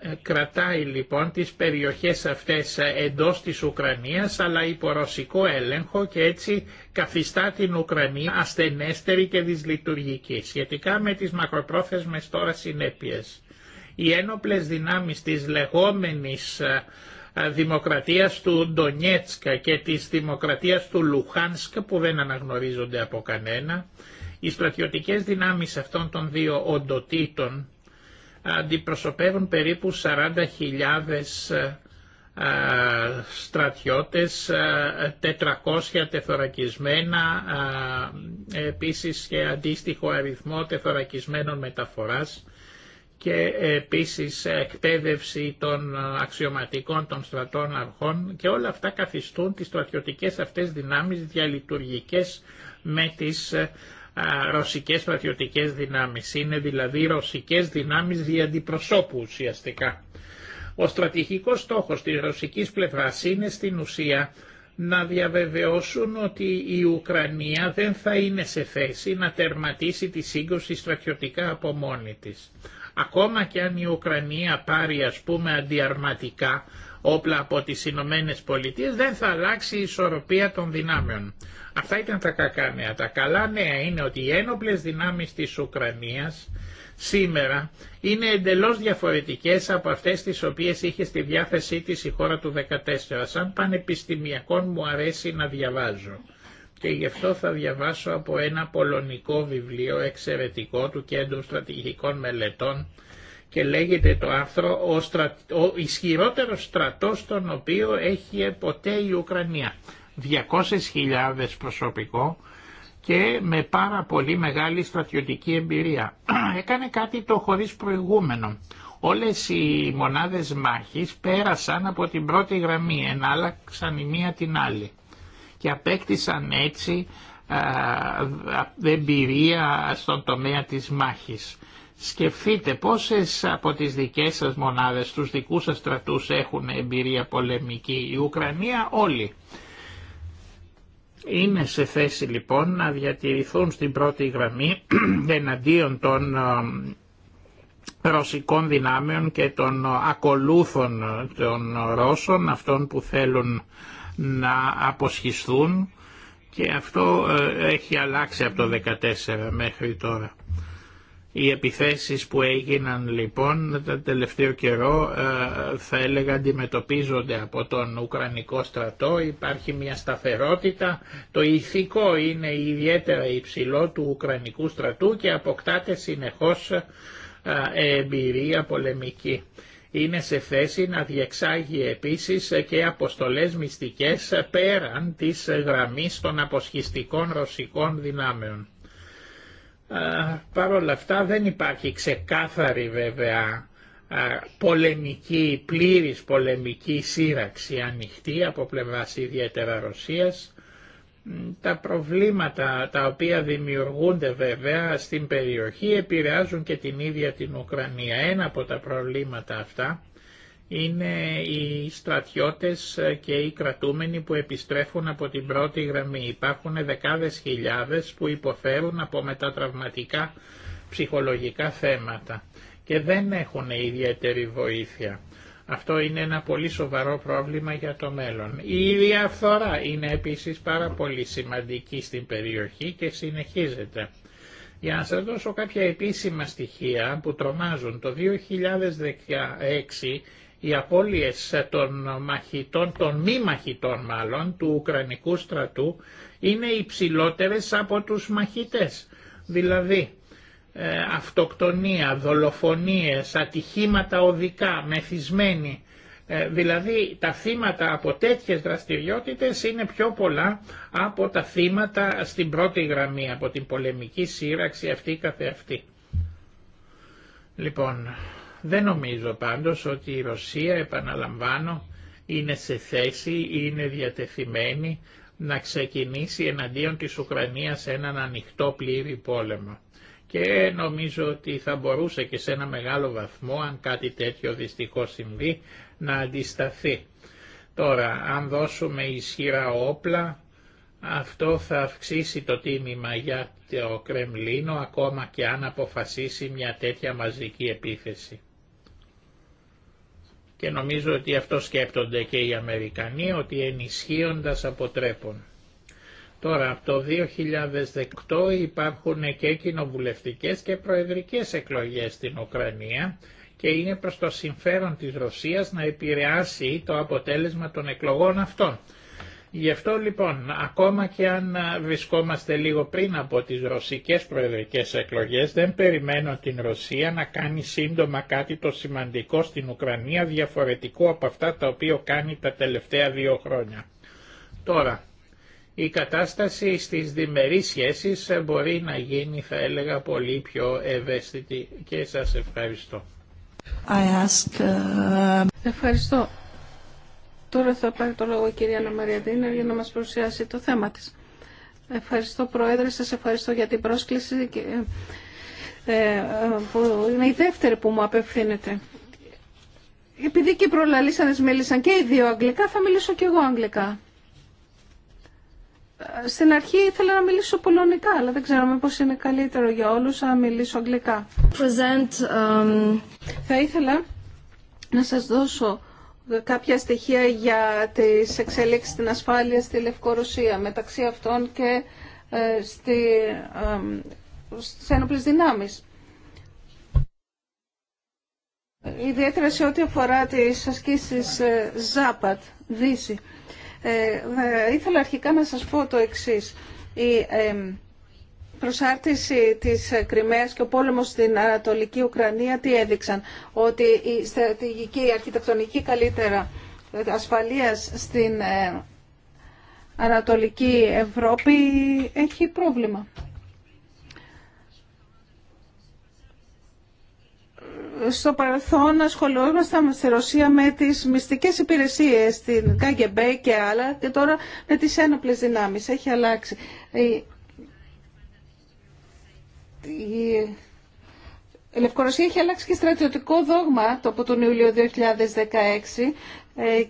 Speaker 2: Ε, κρατάει λοιπόν τις περιοχές αυτές ε, εντός της Ουκρανίας αλλά υπό ρωσικό έλεγχο και έτσι καθιστά την Ουκρανία ασθενέστερη και δυσλειτουργική σχετικά με τις μακροπρόθεσμες τώρα συνέπειες. Οι ένοπλες δυνάμεις της λεγόμενης ε, δημοκρατίας του Ντονιέτσκα και της δημοκρατίας του Λουχάνσκα που δεν αναγνωρίζονται από κανένα, οι στρατιωτικές δυνάμεις αυτών των δύο οντοτήτων αντιπροσωπεύουν περίπου 40.000 ε, ε, στρατιώτες, 400 ε, τεθωρακισμένα, επίσης και αντίστοιχο αριθμό τεθωρακισμένων μεταφοράς και επίσης εκπαίδευση των αξιωματικών των στρατών αρχών και όλα αυτά καθιστούν τις στρατιωτικές αυτές δυνάμεις διαλειτουργικές με τις ρωσικές στρατιωτικές δυνάμεις. Είναι δηλαδή ρωσικές δυνάμεις δι' αντιπροσώπου ουσιαστικά. Ο στρατηγικός στόχος της ρωσικής πλευράς είναι στην ουσία να διαβεβαιώσουν ότι η Ουκρανία δεν θα είναι σε θέση να τερματίσει τη σύγκρουση στρατιωτικά από μόνη της. Ακόμα και αν η Ουκρανία πάρει ας πούμε αντιαρματικά όπλα από τις Ηνωμένε Πολιτείες δεν θα αλλάξει η ισορροπία των δυνάμεων. Αυτά ήταν τα κακά νέα. Τα καλά νέα είναι ότι οι ένοπλες δυνάμεις της Ουκρανίας σήμερα είναι εντελώς διαφορετικές από αυτές τις οποίες είχε στη διάθεσή της η χώρα του 14. Σαν πανεπιστημιακόν μου αρέσει να διαβάζω. Και γι' αυτό θα διαβάσω από ένα πολωνικό βιβλίο εξαιρετικό του Κέντρου Στρατηγικών Μελετών και λέγεται το άρθρο ο, στρα... ο ισχυρότερος στρατός τον οποίο έχει ποτέ η Ουκρανία. 200.000 προσωπικό και με πάρα πολύ μεγάλη στρατιωτική εμπειρία. Έκανε κάτι το χωρίς προηγούμενο. Όλες οι μονάδες μάχης πέρασαν από την πρώτη γραμμή, ενάλλαξαν η μία την άλλη και απέκτησαν έτσι α, εμπειρία στον τομέα της μάχης. Σκεφτείτε πόσες από τις δικές σας μονάδες, τους δικούς σας στρατούς έχουν εμπειρία πολεμική. Η Ουκρανία όλοι. Είναι σε θέση λοιπόν να διατηρηθούν στην πρώτη γραμμή εναντίον των ε, ρωσικών δυνάμεων και των ε, ακολούθων ε, των Ρώσων, αυτών που θέλουν να αποσχιστούν και αυτό έχει αλλάξει από το 2014 μέχρι τώρα. Οι επιθέσεις που έγιναν λοιπόν το τελευταίο καιρό ε, θα έλεγα αντιμετωπίζονται από τον Ουκρανικό στρατό, υπάρχει μια σταθερότητα, το ηθικό είναι ιδιαίτερα υψηλό του Ουκρανικού στρατού και αποκτάται συνεχώς ε, εμπειρία πολεμική. Είναι σε θέση να διεξάγει επίσης και αποστολές μυστικές πέραν της γραμμής των αποσχιστικών ρωσικών δυνάμεων. Παρ' όλα αυτά δεν υπάρχει ξεκάθαρη βέβαια πολεμική, πλήρης πολεμική σύραξη ανοιχτή από πλευράς ιδιαίτερα Ρωσίας. Τα προβλήματα τα οποία δημιουργούνται βέβαια στην περιοχή επηρεάζουν και την ίδια την Ουκρανία. Ένα από τα προβλήματα αυτά είναι οι στρατιώτες και οι κρατούμενοι που επιστρέφουν από την πρώτη γραμμή. Υπάρχουν δεκάδες χιλιάδες που υποφέρουν από μετατραυματικά ψυχολογικά θέματα και δεν έχουν ιδιαίτερη βοήθεια. Αυτό είναι ένα πολύ σοβαρό πρόβλημα για το μέλλον. Η διαφθορά είναι επίσης πάρα πολύ σημαντική στην περιοχή και συνεχίζεται. Για να σας δώσω κάποια επίσημα στοιχεία που τρομάζουν, το 2016 οι απώλειες των μαχητών, των μη μαχητών μάλλον, του Ουκρανικού στρατού είναι υψηλότερες από τους μαχητές. Δηλαδή, ε, αυτοκτονία, δολοφονίες, ατυχήματα οδικά, μεθυσμένοι. Ε, δηλαδή, τα θύματα από τέτοιες δραστηριότητες είναι πιο πολλά από τα θύματα στην πρώτη γραμμή, από την πολεμική σύραξη αυτή καθεαυτή. Λοιπόν, δεν νομίζω πάντως ότι η Ρωσία, επαναλαμβάνω, είναι σε θέση, ή είναι διατεθειμένη να ξεκινήσει εναντίον της Ουκρανίας έναν ανοιχτό πλήρη πόλεμο. Και νομίζω ότι θα μπορούσε και σε ένα μεγάλο βαθμό, αν κάτι τέτοιο δυστυχώς συμβεί, να αντισταθεί. Τώρα, αν δώσουμε ισχυρά όπλα, αυτό θα αυξήσει το τίμημα για το Κρεμλίνο, ακόμα και αν αποφασίσει μια τέτοια μαζική επίθεση και νομίζω ότι αυτό σκέπτονται και οι Αμερικανοί ότι ενισχύοντας αποτρέπουν. Τώρα από το 2018 υπάρχουν και κοινοβουλευτικές και προεδρικές εκλογές στην Ουκρανία και είναι προς το συμφέρον της Ρωσίας να επηρεάσει το αποτέλεσμα των εκλογών αυτών. Γι' αυτό λοιπόν, ακόμα και αν ε, βρισκόμαστε λίγο πριν από τις ρωσικές προεδρικές εκλογές, δεν περιμένω την Ρωσία να κάνει σύντομα κάτι το σημαντικό στην Ουκρανία διαφορετικό από αυτά τα οποία κάνει τα τελευταία δύο χρόνια. Τώρα, η κατάσταση στις διμερείς σχέσεις ε, μπορεί να γίνει, θα έλεγα, πολύ πιο ευαίσθητη και σας ευχαριστώ.
Speaker 1: I ask, ε, Ευχαριστώ. Τώρα θα πάρει το λόγο η κυρία Μαρία Δίνερ για να μας παρουσιάσει το θέμα της. Ευχαριστώ Πρόεδρε, σας ευχαριστώ για την πρόσκληση ε, ε, που είναι η δεύτερη που μου απευθύνεται. Επειδή και οι προλαλήσανες μίλησαν και οι δύο αγγλικά, θα μιλήσω και εγώ αγγλικά. Στην αρχή ήθελα να μιλήσω πολωνικά, αλλά δεν ξέρω πώς είναι καλύτερο για όλους να μιλήσω αγγλικά. Present, um... Θα ήθελα να σας δώσω κάποια στοιχεία για τις εξελίξεις στην ασφάλεια στη Λευκορωσία, μεταξύ αυτών και ε, στη, ε, στις ένοπλες δυνάμεις. Ιδιαίτερα σε ό,τι αφορά τις ασκήσεις ε, ΖΑΠΑΤ, Δύση. ήθελα αρχικά να σας πω το εξής προσάρτηση της Κρυμαίας και ο πόλεμος στην Ανατολική Ουκρανία τι έδειξαν. Ότι η στρατηγική, η αρχιτεκτονική καλύτερα ασφαλείας στην ε, Ανατολική Ευρώπη έχει πρόβλημα. στο παρελθόν ασχολούμασταν στη Ρωσία με τις μυστικές υπηρεσίες, την ΚΑΓΕΜΠΕ και άλλα και τώρα με τις ένοπλες δυνάμεις. Έχει αλλάξει η Λευκορωσία έχει αλλάξει και στρατιωτικό δόγμα το από τον Ιούλιο 2016 ε,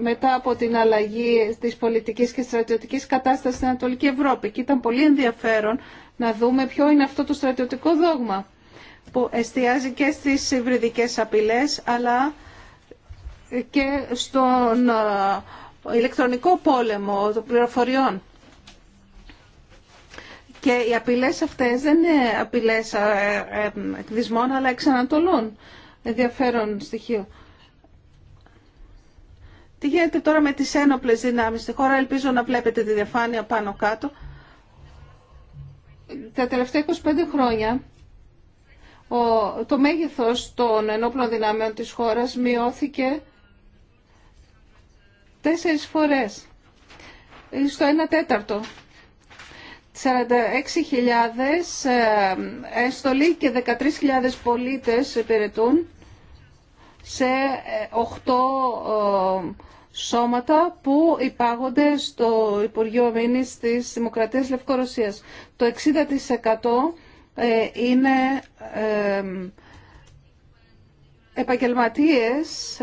Speaker 1: μετά από την αλλαγή της πολιτικής και στρατιωτικής κατάστασης στην Ανατολική Ευρώπη. Και ήταν πολύ ενδιαφέρον να δούμε ποιο είναι αυτό το στρατιωτικό δόγμα που εστιάζει και στις υβριδικές απειλές αλλά και στον ε, ηλεκτρονικό πόλεμο των πληροφοριών. Και οι απειλές αυτές δεν είναι απειλές ε, ε, εκδισμών, αλλά εξανατολών. Ενδιαφέρον στοιχείο. Τι γίνεται τώρα με τις ένοπλες δυνάμεις στη χώρα, ελπίζω να βλέπετε τη διαφάνεια πάνω κάτω. Τα τελευταία 25 χρόνια το μέγεθος των ενόπλων δυνάμεων της χώρας μειώθηκε τέσσερις φορές, στο ένα τέταρτο. 46.000 ε, έστολοι και 13.000 πολίτες υπηρετούν σε 8 ε, ε, σώματα που υπάγονται στο Υπουργείο Αμήνης της Δημοκρατίας Λευκορωσίας. Το 60% είναι επαγγελματίες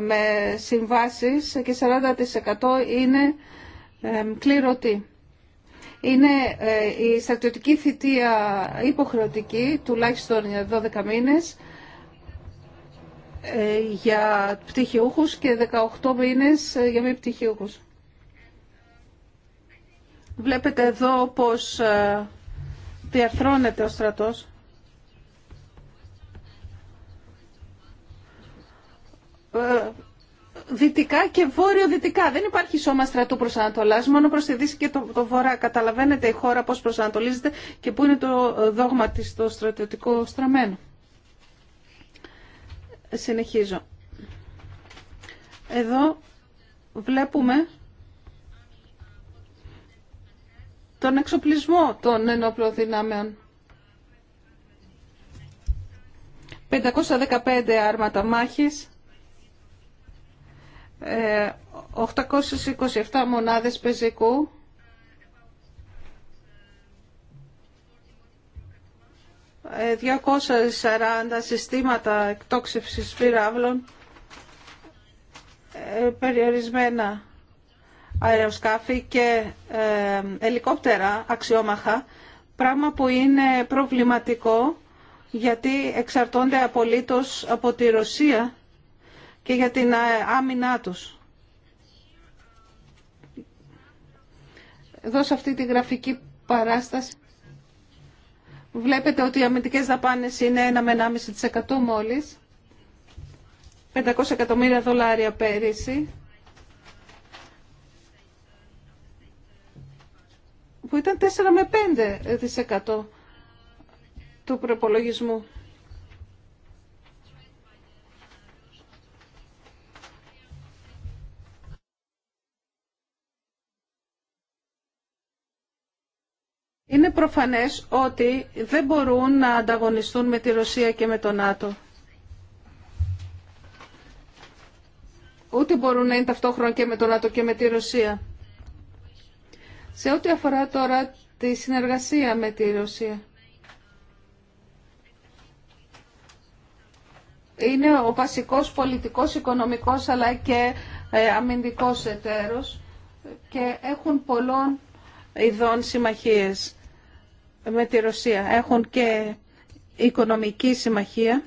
Speaker 1: με συμβάσεις και 40% είναι κληρωτοί είναι ε, η στρατιωτική θητεία υποχρεωτική, τουλάχιστον για 12 μήνες, ε, για πτυχιούχους και 18 μήνες ε, για μη πτυχιούχους. Βλέπετε εδώ πώς διαρθρώνεται ο στρατός δυτικά και βόρειο-δυτικά. Δεν υπάρχει σώμα στρατού προς Ανατολά, μόνο προ τη Δύση και το, το Βορρά. Καταλαβαίνετε η χώρα πώς προσανατολίζεται και πού είναι το ε, δόγμα της το στρατιωτικό στραμμένο. Συνεχίζω. Εδώ βλέπουμε τον εξοπλισμό των ενόπλων δυνάμεων. 515 άρματα μάχης, 827 ε, μονάδες πεζικού 240 ε, συστήματα εκτόξευσης πυράβλων ε, περιορισμένα αεροσκάφη και ελικόπτερα αξιόμαχα, πράγμα που είναι προβληματικό γιατί εξαρτώνται απολύτως από τη Ρωσία και για την ε, άμυνά τους. Εδώ σε αυτή τη γραφική παράσταση βλέπετε ότι οι αμυντικές δαπάνες είναι 1 με 1,5% μόλις. 500 εκατομμύρια δολάρια πέρυσι. Που ήταν 4 με 5% του προπολογισμού. προφανές ότι δεν μπορούν να ανταγωνιστούν με τη Ρωσία και με τον ΝΑΤΟ. Ούτε μπορούν να είναι ταυτόχρονα και με τον ΝΑΤΟ και με τη Ρωσία. Σε ό,τι αφορά τώρα τη συνεργασία με τη Ρωσία. Είναι ο βασικός πολιτικός, οικονομικός αλλά και ε, αμυντικός εταίρος και έχουν πολλών ειδών συμμαχίες με τη Ρωσία. Έχουν και οικονομική συμμαχία.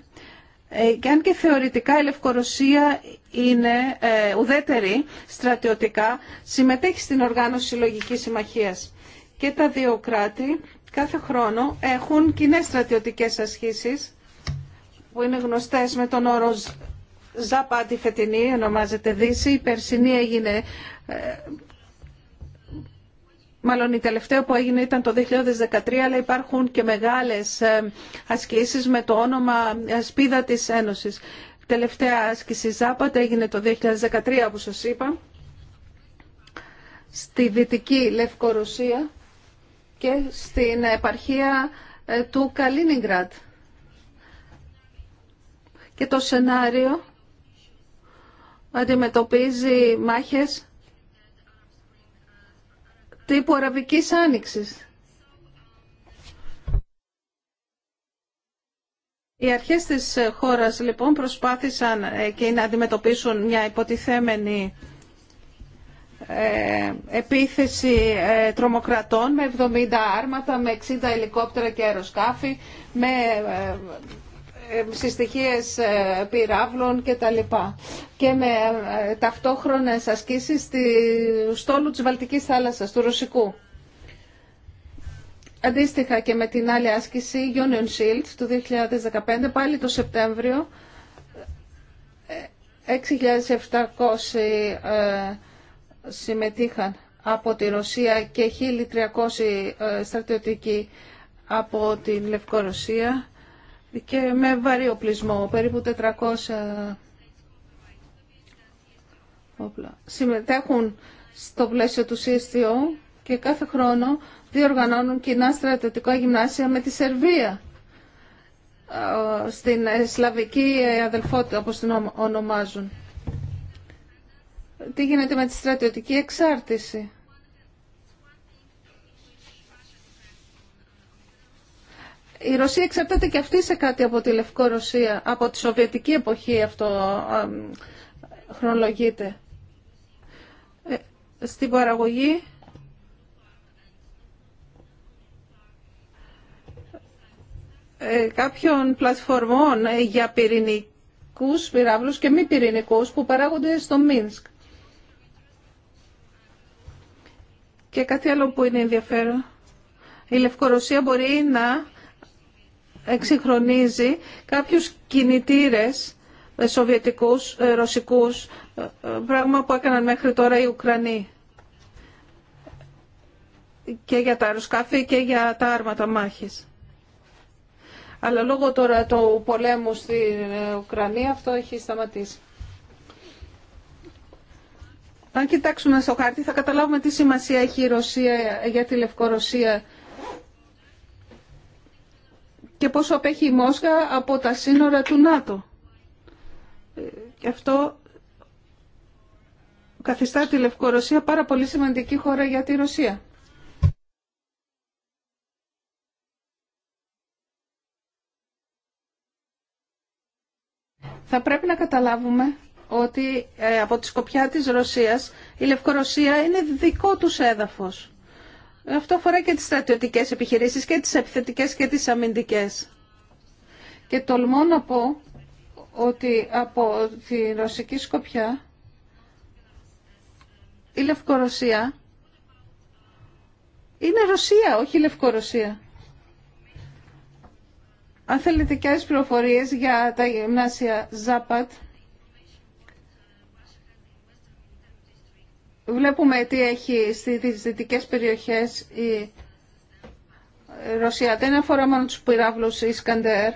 Speaker 1: Ε, και αν και θεωρητικά η Λευκορωσία είναι ε, ουδέτερη στρατιωτικά, συμμετέχει στην οργάνωση συλλογική συμμαχίας. Και τα δύο κράτη κάθε χρόνο έχουν κοινέ στρατιωτικές ασχήσεις που είναι γνωστές με τον όρο Ζάπα φετινή, ονομάζεται Δύση. Η περσινή έγινε ε, Μάλλον η τελευταία που έγινε ήταν το 2013, αλλά υπάρχουν και μεγάλες ε, ασκήσεις με το όνομα ε, Σπίδα της Ένωσης. Τελευταία άσκηση Ζάπατα έγινε το 2013, όπως σας είπα, στη Δυτική Λευκορωσία και στην επαρχία ε, του Καλίνιγκρατ. Και το σενάριο αντιμετωπίζει μάχες τύπου Αραβικής Άνοιξης. Οι αρχές της χώρας λοιπόν προσπάθησαν ε, και να αντιμετωπίσουν μια υποτιθέμενη ε, επίθεση ε, τρομοκρατών με 70 άρματα, με 60 ελικόπτερα και αεροσκάφη, με ε, συστοιχίες ε, πυράβλων και τα λοιπά. Και με ε, ταυτόχρονες ασκήσεις στη στόλου της Βαλτικής θάλασσας, του Ρωσικού. Αντίστοιχα και με την άλλη άσκηση Union Shield του 2015, πάλι το Σεπτέμβριο, 6.700 συμμετείχαν από τη Ρωσία και 1.300 στρατιωτικοί από την Λευκορωσία και με βαρύ οπλισμό, περίπου 400 όπλα. Συμμετέχουν στο πλαίσιο του ΣΥΣΤΙΟ και κάθε χρόνο διοργανώνουν κοινά στρατιωτικά γυμνάσια με τη Σερβία στην σλαβική ε, αδελφότητα όπως την ονομάζουν. Τι γίνεται με τη στρατιωτική εξάρτηση. Η Ρωσία εξαρτάται και αυτή σε κάτι από τη Λευκό-Ρωσία. από τη Σοβιετική εποχή αυτό χρονολογείται. Ε, στην παραγωγή ε, κάποιων πλατφορμών ε, για πυρηνικούς πυράβλους και μη πυρηνικούς που παράγονται στο Μίνσκ. Και κάτι άλλο που είναι ενδιαφέρον. Η Λευκορωσία μπορεί να εξυγχρονίζει κάποιους κινητήρες ε, σοβιετικούς, ε, ρωσικούς, ε, πράγμα που έκαναν μέχρι τώρα οι Ουκρανοί και για τα αεροσκάφη και για τα άρματα μάχης. Αλλά λόγω τώρα του πολέμου στην Ουκρανία αυτό έχει σταματήσει. Αν κοιτάξουμε στο χάρτη θα καταλάβουμε τι σημασία έχει η Ρωσία για τη Λευκορωσία και πόσο απέχει η Μόσχα από τα σύνορα του ΝΑΤΟ. Ε, και αυτό καθιστά τη Λευκορωσία πάρα πολύ σημαντική χώρα για τη Ρωσία. Θα πρέπει να καταλάβουμε ότι ε, από τη σκοπιά της Ρωσίας η Λευκορωσία είναι δικό τους έδαφος. Αυτό αφορά και τις στρατιωτικές επιχειρήσεις και τις επιθετικές και τις αμυντικές. Και τολμώ να πω ότι από τη ρωσική σκοπιά η Λευκορωσία είναι Ρωσία, όχι η Λευκορωσία. Αν θέλετε και άλλες πληροφορίες για τα γυμνάσια Ζάπατ, Βλέπουμε τι έχει στις δυτικές περιοχές η Ρωσία. Δεν αφορά μόνο τους πυράβλους Ισκαντέρ,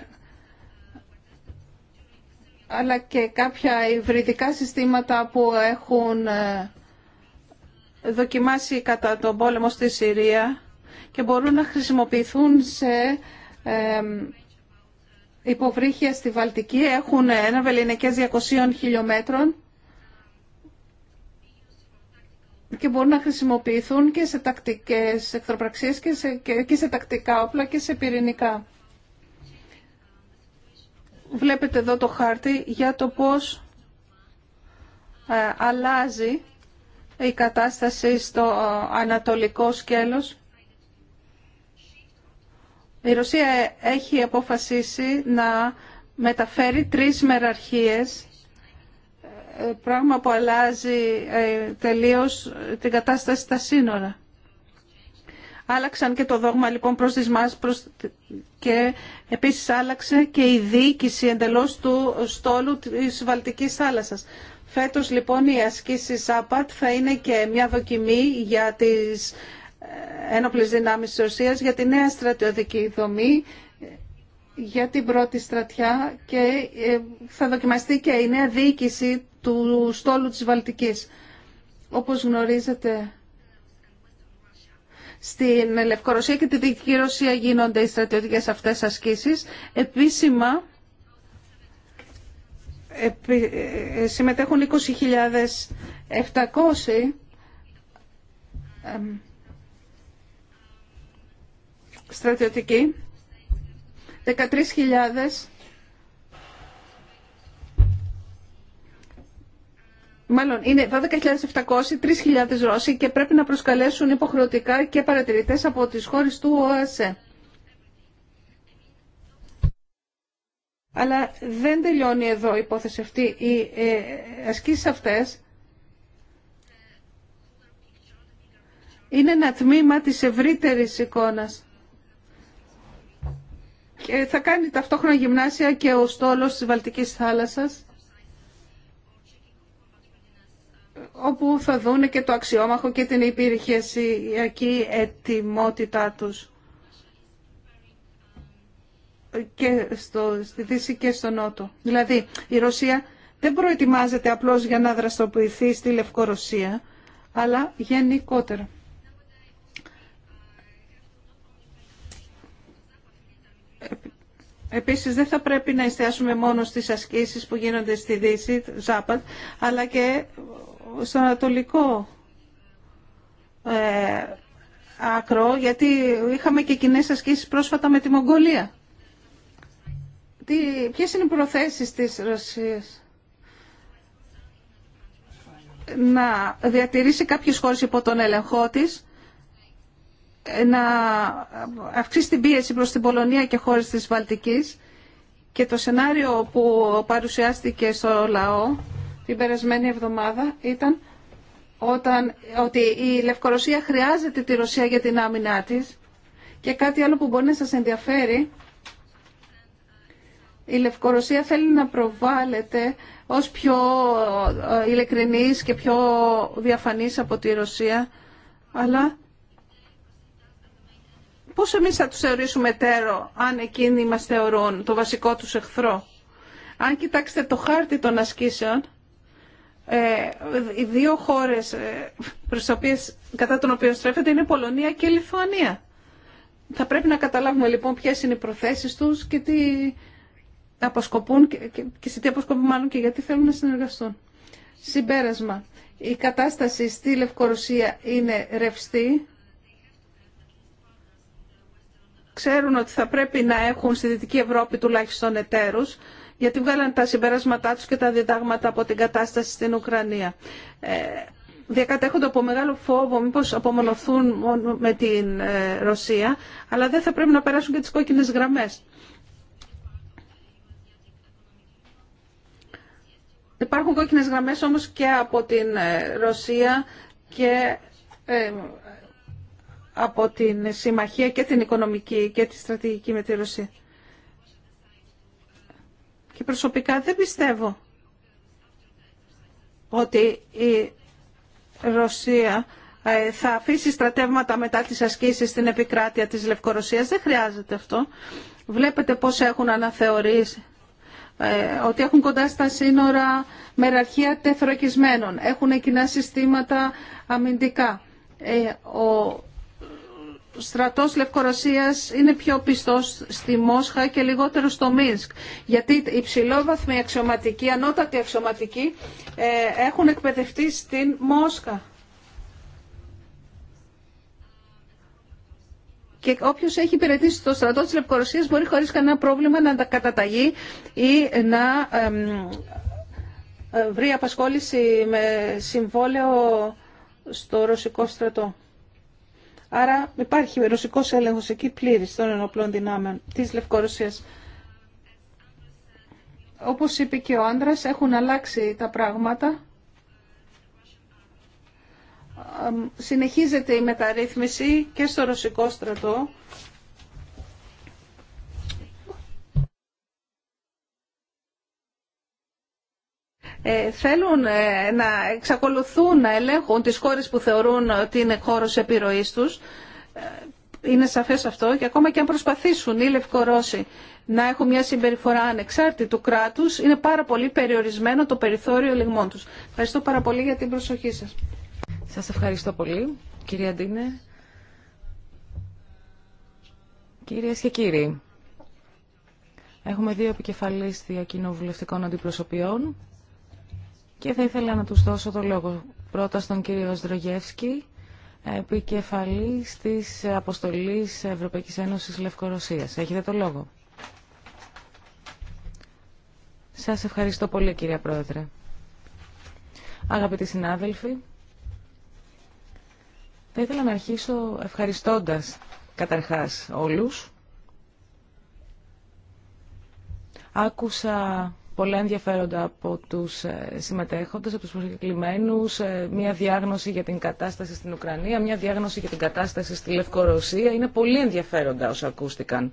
Speaker 1: αλλά και κάποια υβριδικά συστήματα που έχουν ε, δοκιμάσει κατά τον πόλεμο στη Συρία και μπορούν να χρησιμοποιηθούν σε ε, υποβρύχια στη Βαλτική. Έχουν ένα βεληνικές 200 χιλιόμετρων και μπορούν να χρησιμοποιηθούν και σε τακτικές εχθροπραξίες και σε, και, σε τακτικά όπλα και σε πυρηνικά. Βλέπετε εδώ το χάρτη για το πώς ε, αλλάζει η κατάσταση στο ε, ανατολικό σκέλος. Η Ρωσία έχει αποφασίσει να μεταφέρει τρεις μεραρχίες ε, πράγμα που αλλάζει ε, τελείως την κατάσταση στα σύνορα. Άλλαξαν και το δόγμα λοιπόν προς τις μας και επίσης άλλαξε και η διοίκηση εντελώς του στόλου της Βαλτικής θάλασσας. Φέτος λοιπόν η ασκήση ΣΑΠΑΤ θα είναι και μια δοκιμή για τις ε, ένοπλες δυνάμεις της Ρωσίας για τη νέα στρατιωτική δομή για την πρώτη στρατιά και ε, θα δοκιμαστεί και η νέα διοίκηση του στόλου της Βαλτικής. Όπως γνωρίζετε, στην Λευκορωσία και τη Δυτική Ρωσία γίνονται οι στρατιωτικές αυτές ασκήσεις. Επίσημα ε, συμμετέχουν 20.700 στρατιωτικοί 13.000 Μάλλον είναι 12.700, 3.000 Ρώσοι και πρέπει να προσκαλέσουν υποχρεωτικά και παρατηρητές από τις χώρες του ΟΑΣΕ. Αλλά δεν τελειώνει εδώ η υπόθεση αυτή. Οι ε, ασκήσεις αυτές είναι ένα τμήμα της ευρύτερης εικόνας και ε, θα κάνει ταυτόχρονα γυμνάσια και ο στόλος της Βαλτικής θάλασσας όπου θα δούνε και το αξιόμαχο και την υπηρεσιακή ετοιμότητά τους και στο, στη Δύση και στο Νότο. Δηλαδή η Ρωσία δεν προετοιμάζεται απλώς για να δραστοποιηθεί στη Λευκορωσία αλλά γενικότερα. Επίσης δεν θα πρέπει να εστιάσουμε μόνο στις ασκήσεις που γίνονται στη Δύση, Ζάπαν, αλλά και στο Ανατολικό ε, άκρο, γιατί είχαμε και κοινέ ασκήσεις πρόσφατα με τη Μογγολία. Τι, ποιες είναι οι προθέσεις της Ρωσίας να διατηρήσει κάποιες χώρες υπό τον έλεγχό της να αυξήσει την πίεση προς την Πολωνία και χώρες της Βαλτικής και το σενάριο που παρουσιάστηκε στο λαό την περασμένη εβδομάδα ήταν όταν, ότι η Λευκορωσία χρειάζεται τη Ρωσία για την άμυνά της και κάτι άλλο που μπορεί να σας ενδιαφέρει η Λευκορωσία θέλει να προβάλλεται ως πιο ε, ειλικρινής και πιο διαφανής από τη Ρωσία αλλά Πώς εμείς θα τους θεωρήσουμε τέρο, αν εκείνοι μας θεωρούν το βασικό τους εχθρό. Αν κοιτάξετε το χάρτη των ασκήσεων, ε, οι δύο χώρες ε, προς οποίες, κατά τον οποίων στρέφεται είναι Πολωνία και Λιθουανία. Θα πρέπει να καταλάβουμε λοιπόν ποιες είναι οι προθέσεις τους και τι αποσκοπούν και σε τι αποσκοπούν μάλλον και γιατί θέλουν να συνεργαστούν. Συμπέρασμα. Η κατάσταση στη Λευκορωσία είναι ρευστή ξέρουν ότι θα πρέπει να έχουν στη Δυτική Ευρώπη τουλάχιστον εταίρους, γιατί βγάλαν τα συμπεράσματά τους και τα διδάγματα από την κατάσταση στην Ουκρανία. Ε, διακατέχονται από μεγάλο φόβο μήπως απομονωθούν μόνο με την ε, Ρωσία, αλλά δεν θα πρέπει να περάσουν και τις κόκκινες γραμμές. Υπάρχουν κόκκινες γραμμές όμως και από την ε, Ρωσία και ε, από την συμμαχία και την οικονομική και τη στρατηγική με τη Ρωσία. Και προσωπικά δεν πιστεύω ότι η Ρωσία ε, θα αφήσει στρατεύματα μετά τις ασκήσεις στην επικράτεια της Λευκορωσίας. Δεν χρειάζεται αυτό. Βλέπετε πώς έχουν αναθεωρήσει ε, ότι έχουν κοντά στα σύνορα μεραρχία τεθροκισμένων, έχουν κοινά συστήματα αμυντικά. Ε, ο στρατός Λευκορωσίας είναι πιο πιστός στη Μόσχα και λιγότερο στο Μίνσκ. Γιατί οι ψηλόβαθμοι αξιωματικοί, ανώτατοι αξιωματικοί ε, έχουν εκπαιδευτεί στην Μόσχα. Και όποιο έχει υπηρετήσει το στρατό τη Λευκορωσία μπορεί χωρί κανένα πρόβλημα να τα καταταγεί ή να ε, βρει απασχόληση με συμβόλαιο στο ρωσικό στρατό. Άρα υπάρχει ρωσικό έλεγχο εκεί πλήρη των ενοπλών δυνάμεων τη Λευκορωσία. Όπω είπε και ο άντρα, έχουν αλλάξει τα πράγματα. Συνεχίζεται η μεταρρύθμιση και στο ρωσικό στρατό Ε, θέλουν ε, να εξακολουθούν να ελέγχουν τις χώρες που θεωρούν ότι είναι χώρος επιρροής τους. Ε, είναι σαφές αυτό και ακόμα και αν προσπαθήσουν οι Λευκορώσοι να έχουν μια συμπεριφορά του κράτους, είναι πάρα πολύ περιορισμένο το περιθώριο ελιγμών τους. Ευχαριστώ πάρα πολύ για την προσοχή
Speaker 4: σας. Σας ευχαριστώ πολύ, κυρία Ντίνε. Κυρίες και κύριοι, έχουμε δύο επικεφαλής διακοινοβουλευτικών αντιπροσωπιών. Και θα ήθελα να τους δώσω το λόγο. Πρώτα στον κύριο Σδρογεύσκη, επικεφαλής της Αποστολής Ευρωπαϊκής Ένωσης Λευκορωσίας. Έχετε το λόγο. Σας ευχαριστώ πολύ κύριε Πρόεδρε. Αγαπητοί συνάδελφοι, θα ήθελα να αρχίσω ευχαριστώντας καταρχάς όλους. Άκουσα πολλά ενδιαφέροντα από τους ε, συμμετέχοντες, από τους προσκεκλημένους, ε, μια διάγνωση για την κατάσταση στην Ουκρανία, μια διάγνωση για την κατάσταση στη Λευκορωσία. Είναι πολύ ενδιαφέροντα όσα ακούστηκαν.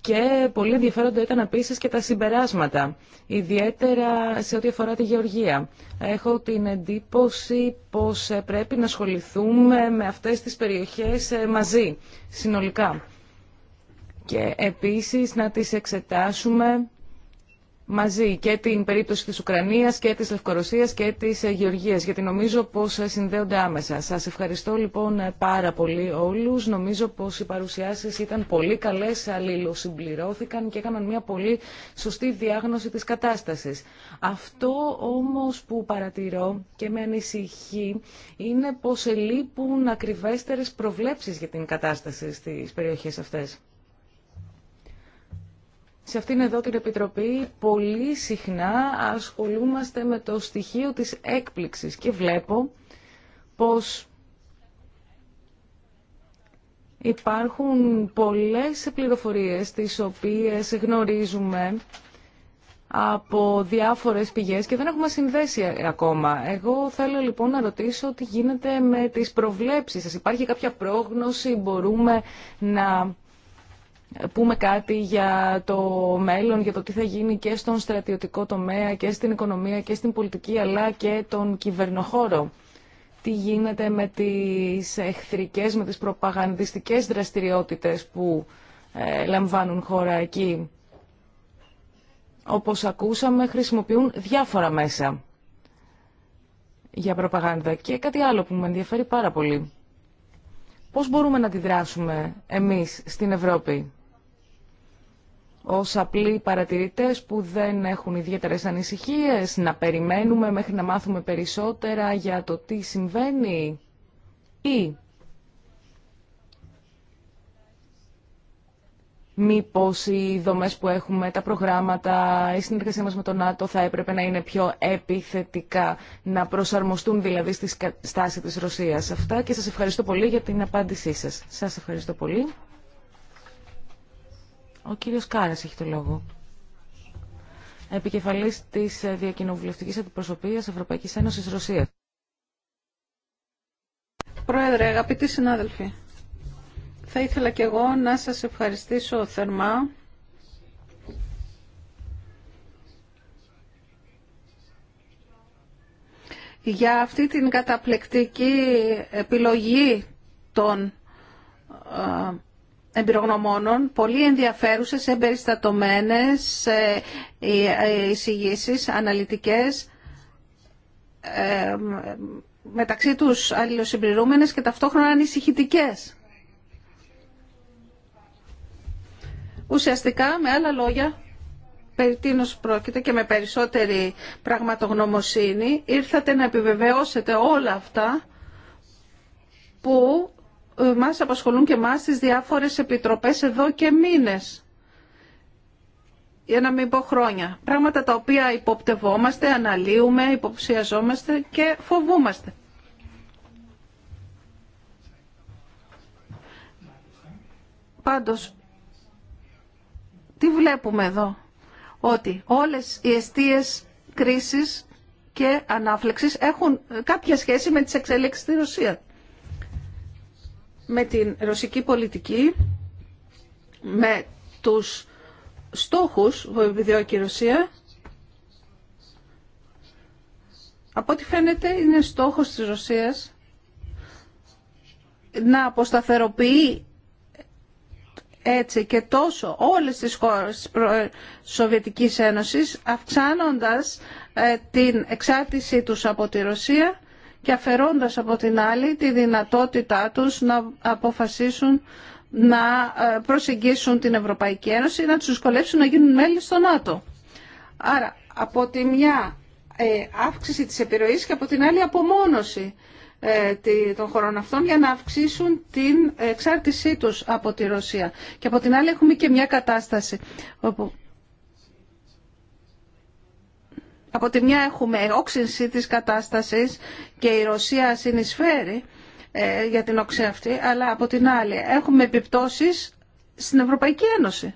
Speaker 4: Και πολύ ενδιαφέροντα ήταν επίσης και τα συμπεράσματα, ιδιαίτερα σε ό,τι αφορά τη γεωργία. Έχω την εντύπωση πως ε, πρέπει να ασχοληθούμε με αυτές τις περιοχές μαζί, συνολικά. Και επίσης να τις εξετάσουμε μαζί και την περίπτωση της Ουκρανίας και της Λευκορωσίας και της ε, Γεωργίας γιατί νομίζω πως ε, συνδέονται άμεσα. Σας ευχαριστώ λοιπόν ε, πάρα πολύ όλους. Νομίζω πως οι παρουσιάσεις ήταν πολύ καλές, αλληλοσυμπληρώθηκαν και έκαναν μια πολύ σωστή διάγνωση της κατάστασης. Αυτό όμως που παρατηρώ και με ανησυχεί είναι πως ελείπουν ακριβέστερες προβλέψεις για την κατάσταση στις περιοχές αυτές σε αυτήν εδώ την Επιτροπή πολύ συχνά ασχολούμαστε με το στοιχείο της έκπληξης και βλέπω πως υπάρχουν πολλές πληροφορίες τις οποίες γνωρίζουμε από διάφορες πηγές και δεν έχουμε συνδέσει ακόμα. Εγώ θέλω λοιπόν να ρωτήσω τι γίνεται με τις προβλέψεις σας. Υπάρχει κάποια πρόγνωση, μπορούμε να πούμε κάτι για το μέλλον, για το τι θα γίνει και στον στρατιωτικό τομέα και στην οικονομία και στην πολιτική αλλά και τον κυβερνοχώρο. Τι γίνεται με τις εχθρικές, με τις προπαγανδιστικές δραστηριότητες που ε, λαμβάνουν χώρα εκεί. Όπως ακούσαμε χρησιμοποιούν διάφορα μέσα για προπαγάνδα και κάτι άλλο που με ενδιαφέρει πάρα πολύ. Πώς μπορούμε να αντιδράσουμε εμείς στην Ευρώπη ως απλοί παρατηρητές που δεν έχουν ιδιαίτερες ανησυχίες, να περιμένουμε μέχρι να μάθουμε περισσότερα για το τι συμβαίνει ή μήπως οι δομές που έχουμε, τα προγράμματα, η συνεργασία μας με τον ΝΑΤΟ θα έπρεπε να είναι πιο επιθετικά, να προσαρμοστούν δηλαδή στη στάση της Ρωσίας. Αυτά και σας ευχαριστώ πολύ για την απάντησή σας. Σας ευχαριστώ πολύ. Ο κύριος Κάρας έχει το λόγο. Επικεφαλής της ε, Διακοινοβουλευτικής Αντιπροσωπείας Ευρωπαϊκής Ένωσης Ρωσία. Πρόεδρε, αγαπητοί συνάδελφοι, θα
Speaker 1: ήθελα και εγώ να σας ευχαριστήσω θερμά για αυτή την καταπληκτική επιλογή των ε, εμπειρογνωμόνων, πολύ ενδιαφέρουσες, εμπεριστατωμένες ε, ε, εισηγήσει, αναλυτικές, ε, μεταξύ τους αλληλοσυμπληρούμενες και ταυτόχρονα ανησυχητικέ. Ουσιαστικά, με άλλα λόγια, περί τίνος πρόκειται και με περισσότερη πραγματογνωμοσύνη, ήρθατε να επιβεβαιώσετε όλα αυτά που ε, μας απασχολούν και μας τις διάφορες επιτροπές εδώ και μήνες για να μην πω χρόνια. Πράγματα τα οποία υποπτευόμαστε, αναλύουμε, υποψιαζόμαστε και φοβούμαστε. Πάντως, τι βλέπουμε εδώ. Ότι όλες οι αιστείες κρίσης και ανάφλεξης έχουν κάποια σχέση με τις εξέλιξεις στη Ρωσία με την ρωσική πολιτική, με τους στόχους που επιδιώκει η Ρωσία. Από ό,τι φαίνεται είναι στόχος της Ρωσίας να αποσταθεροποιεί έτσι και τόσο όλες τις χώρες της Σοβιετικής Ένωσης αυξάνοντας ε, την εξάρτησή τους από τη Ρωσία και αφαιρώντας από την άλλη τη δυνατότητά τους να αποφασίσουν να ε, προσεγγίσουν την Ευρωπαϊκή Ένωση ή να τους δυσκολεύσουν να γίνουν μέλη στο ΝΑΤΟ. Άρα, από τη μια ε, αύξηση της επιρροής και από την άλλη απομόνωση ε, των χωρών αυτών για να αυξήσουν την εξάρτησή τους από τη Ρωσία. Και από την άλλη έχουμε και μια κατάσταση από τη μια έχουμε όξυνση της κατάστασης και η Ρωσία συνεισφέρει ε, για την οξύνση αυτή, αλλά από την άλλη έχουμε επιπτώσεις στην Ευρωπαϊκή Ένωση.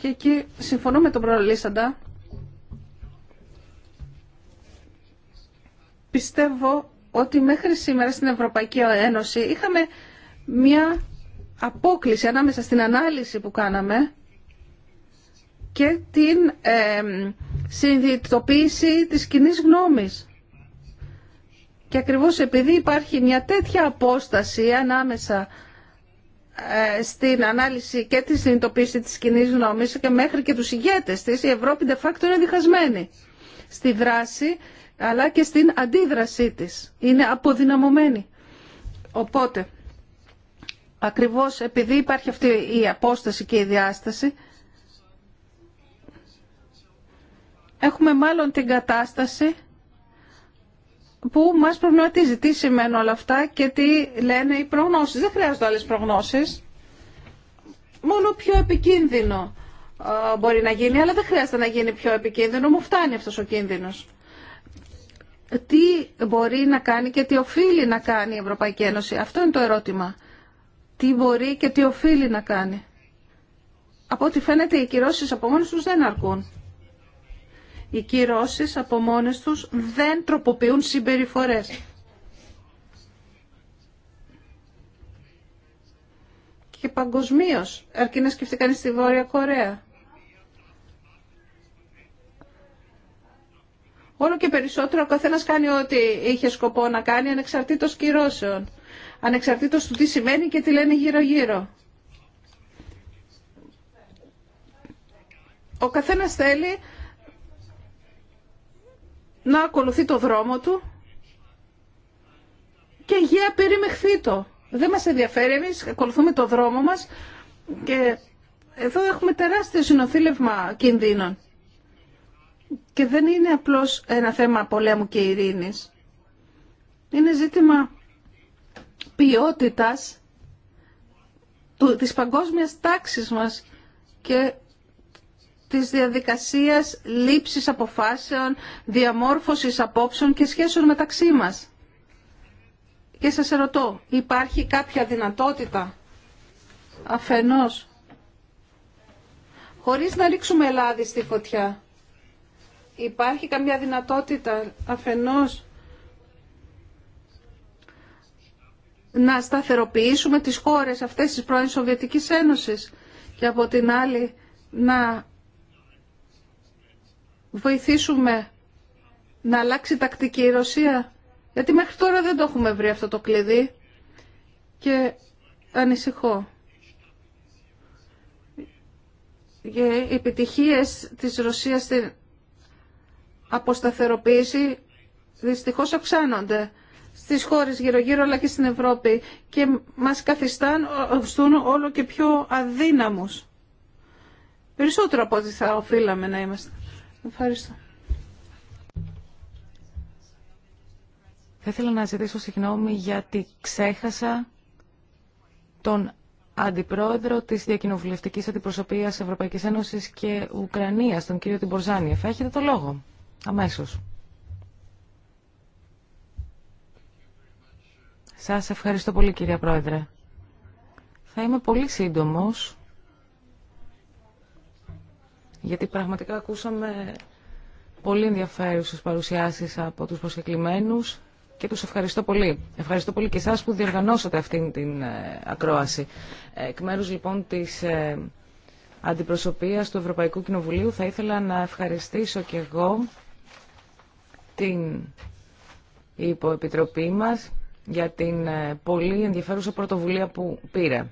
Speaker 1: Και εκεί συμφωνώ με τον προλαλήσαντα. Πιστεύω ότι μέχρι σήμερα στην Ευρωπαϊκή Ένωση είχαμε μια απόκληση ανάμεσα στην ανάλυση που κάναμε και την ε, συνειδητοποίηση της κοινή γνώμης. Και ακριβώς επειδή υπάρχει μια τέτοια απόσταση ανάμεσα ε, στην ανάλυση και τη συνειδητοποίηση της κοινή γνώμης και μέχρι και τους ηγέτες της, η Ευρώπη de facto είναι διχασμένη στη δράση αλλά και στην αντίδρασή της. Είναι αποδυναμωμένη. Οπότε, ακριβώς επειδή υπάρχει αυτή η απόσταση και η διάσταση, έχουμε μάλλον την κατάσταση που μας προβληματίζει τι σημαίνουν όλα αυτά και τι λένε οι προγνώσεις. Δεν χρειάζονται άλλες προγνώσεις, μόνο πιο επικίνδυνο μπορεί να γίνει, αλλά δεν χρειάζεται να γίνει πιο επικίνδυνο, μου φτάνει αυτός ο κίνδυνος. Τι μπορεί να κάνει και τι οφείλει να κάνει η Ευρωπαϊκή Ένωση, αυτό είναι το ερώτημα. Τι μπορεί και τι οφείλει να κάνει. Από ό,τι φαίνεται οι κυρώσεις από μόνος τους δεν αρκούν. Οι κυρώσεις από μόνες τους δεν τροποποιούν συμπεριφορές. Και παγκοσμίω, αρκεί να σκεφτεί στη τη Βόρεια Κορέα. Όλο και περισσότερο ο καθένας κάνει ό,τι είχε σκοπό να κάνει ανεξαρτήτως κυρώσεων. Ανεξαρτήτως του τι σημαίνει και τι λένε γύρω-γύρω. Ο καθένας θέλει να ακολουθεί το δρόμο του και για περιμεχθεί το. Δεν μας ενδιαφέρει, εμείς ακολουθούμε το δρόμο μας και εδώ έχουμε τεράστιο συνοθήλευμα κινδύνων. Και δεν είναι απλώς ένα θέμα πολέμου και ειρήνης. Είναι ζήτημα ποιότητας του, της παγκόσμιας τάξης μας και της διαδικασίας λήψης αποφάσεων, διαμόρφωσης απόψεων και σχέσεων μεταξύ μας. Και σας ερωτώ, υπάρχει κάποια δυνατότητα αφενός χωρίς να ρίξουμε ελάδι στη φωτιά. Υπάρχει καμιά δυνατότητα αφενός να σταθεροποιήσουμε τις χώρες αυτές της πρώην Σοβιετικής Ένωσης και από την άλλη να βοηθήσουμε να αλλάξει τακτική η Ρωσία. Γιατί μέχρι τώρα δεν το έχουμε βρει αυτό το κλειδί και ανησυχώ. Και οι επιτυχίες της Ρωσίας στην αποσταθεροποίηση δυστυχώς αυξάνονται στις χώρες γύρω-γύρω αλλά και στην Ευρώπη και μας καθιστούν όλο και πιο αδύναμους. Περισσότερο από ό,τι θα οφείλαμε να είμαστε. Ευχαριστώ.
Speaker 4: Θα ήθελα να ζητήσω συγγνώμη γιατί ξέχασα τον Αντιπρόεδρο της Διακοινοβουλευτικής Αντιπροσωπείας Ευρωπαϊκής Ένωσης και Ουκρανίας, τον κύριο Τιμπορζάνιεφ. Έχετε το λόγο. Αμέσως. Σας ευχαριστώ πολύ κυρία Πρόεδρε. Θα είμαι πολύ σύντομος γιατί πραγματικά ακούσαμε πολύ ενδιαφέρουσες παρουσιάσεις από τους προσκεκλημένους και τους ευχαριστώ πολύ. Ευχαριστώ πολύ και εσάς που διοργανώσατε αυτήν την ε, ακρόαση. Εκ μέρους λοιπόν της ε, αντιπροσωπείας του Ευρωπαϊκού Κοινοβουλίου θα ήθελα να ευχαριστήσω και εγώ την υποεπιτροπή μας για την ε, πολύ ενδιαφέρουσα πρωτοβουλία που πήρε.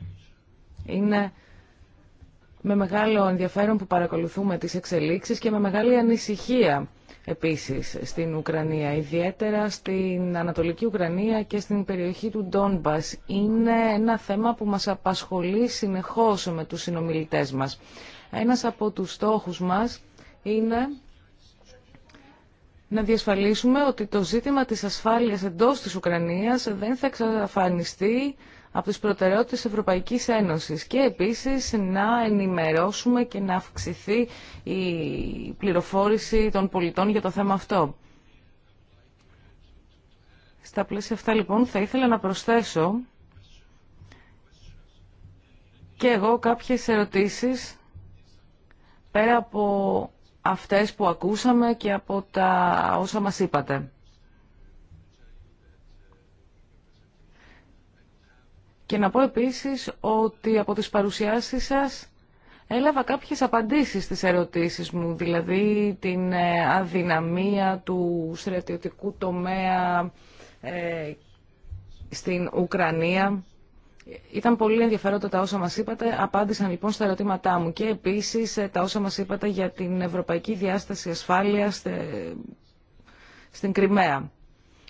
Speaker 4: Είναι με μεγάλο ενδιαφέρον που παρακολουθούμε τις εξελίξεις και με μεγάλη ανησυχία επίσης στην Ουκρανία, ιδιαίτερα στην Ανατολική Ουκρανία και στην περιοχή του Ντόνμπας. Είναι ένα θέμα που μας απασχολεί συνεχώς με τους συνομιλητές μας. Ένας από τους στόχους μας είναι να διασφαλίσουμε ότι το ζήτημα της ασφάλειας εντός της Ουκρανίας δεν θα εξαφανιστεί από τις προτεραιότητες Ευρωπαϊκής Ένωσης και επίσης να ενημερώσουμε και να αυξηθεί η πληροφόρηση των πολιτών για το θέμα αυτό. Στα πλαίσια αυτά λοιπόν θα ήθελα να προσθέσω και εγώ κάποιες ερωτήσεις πέρα από αυτές που ακούσαμε και από τα όσα μας είπατε. Και να πω επίσης ότι από τις παρουσιάσεις σας έλαβα κάποιες απαντήσεις στις ερωτήσεις μου, δηλαδή την ε, αδυναμία του στρατιωτικού τομέα ε, στην Ουκρανία. Ήταν πολύ ενδιαφέροντα τα όσα μας είπατε, απάντησαν λοιπόν στα ερωτήματά μου και επίσης ε, τα όσα μας είπατε για την Ευρωπαϊκή Διάσταση Ασφάλειας στην Κρυμαία.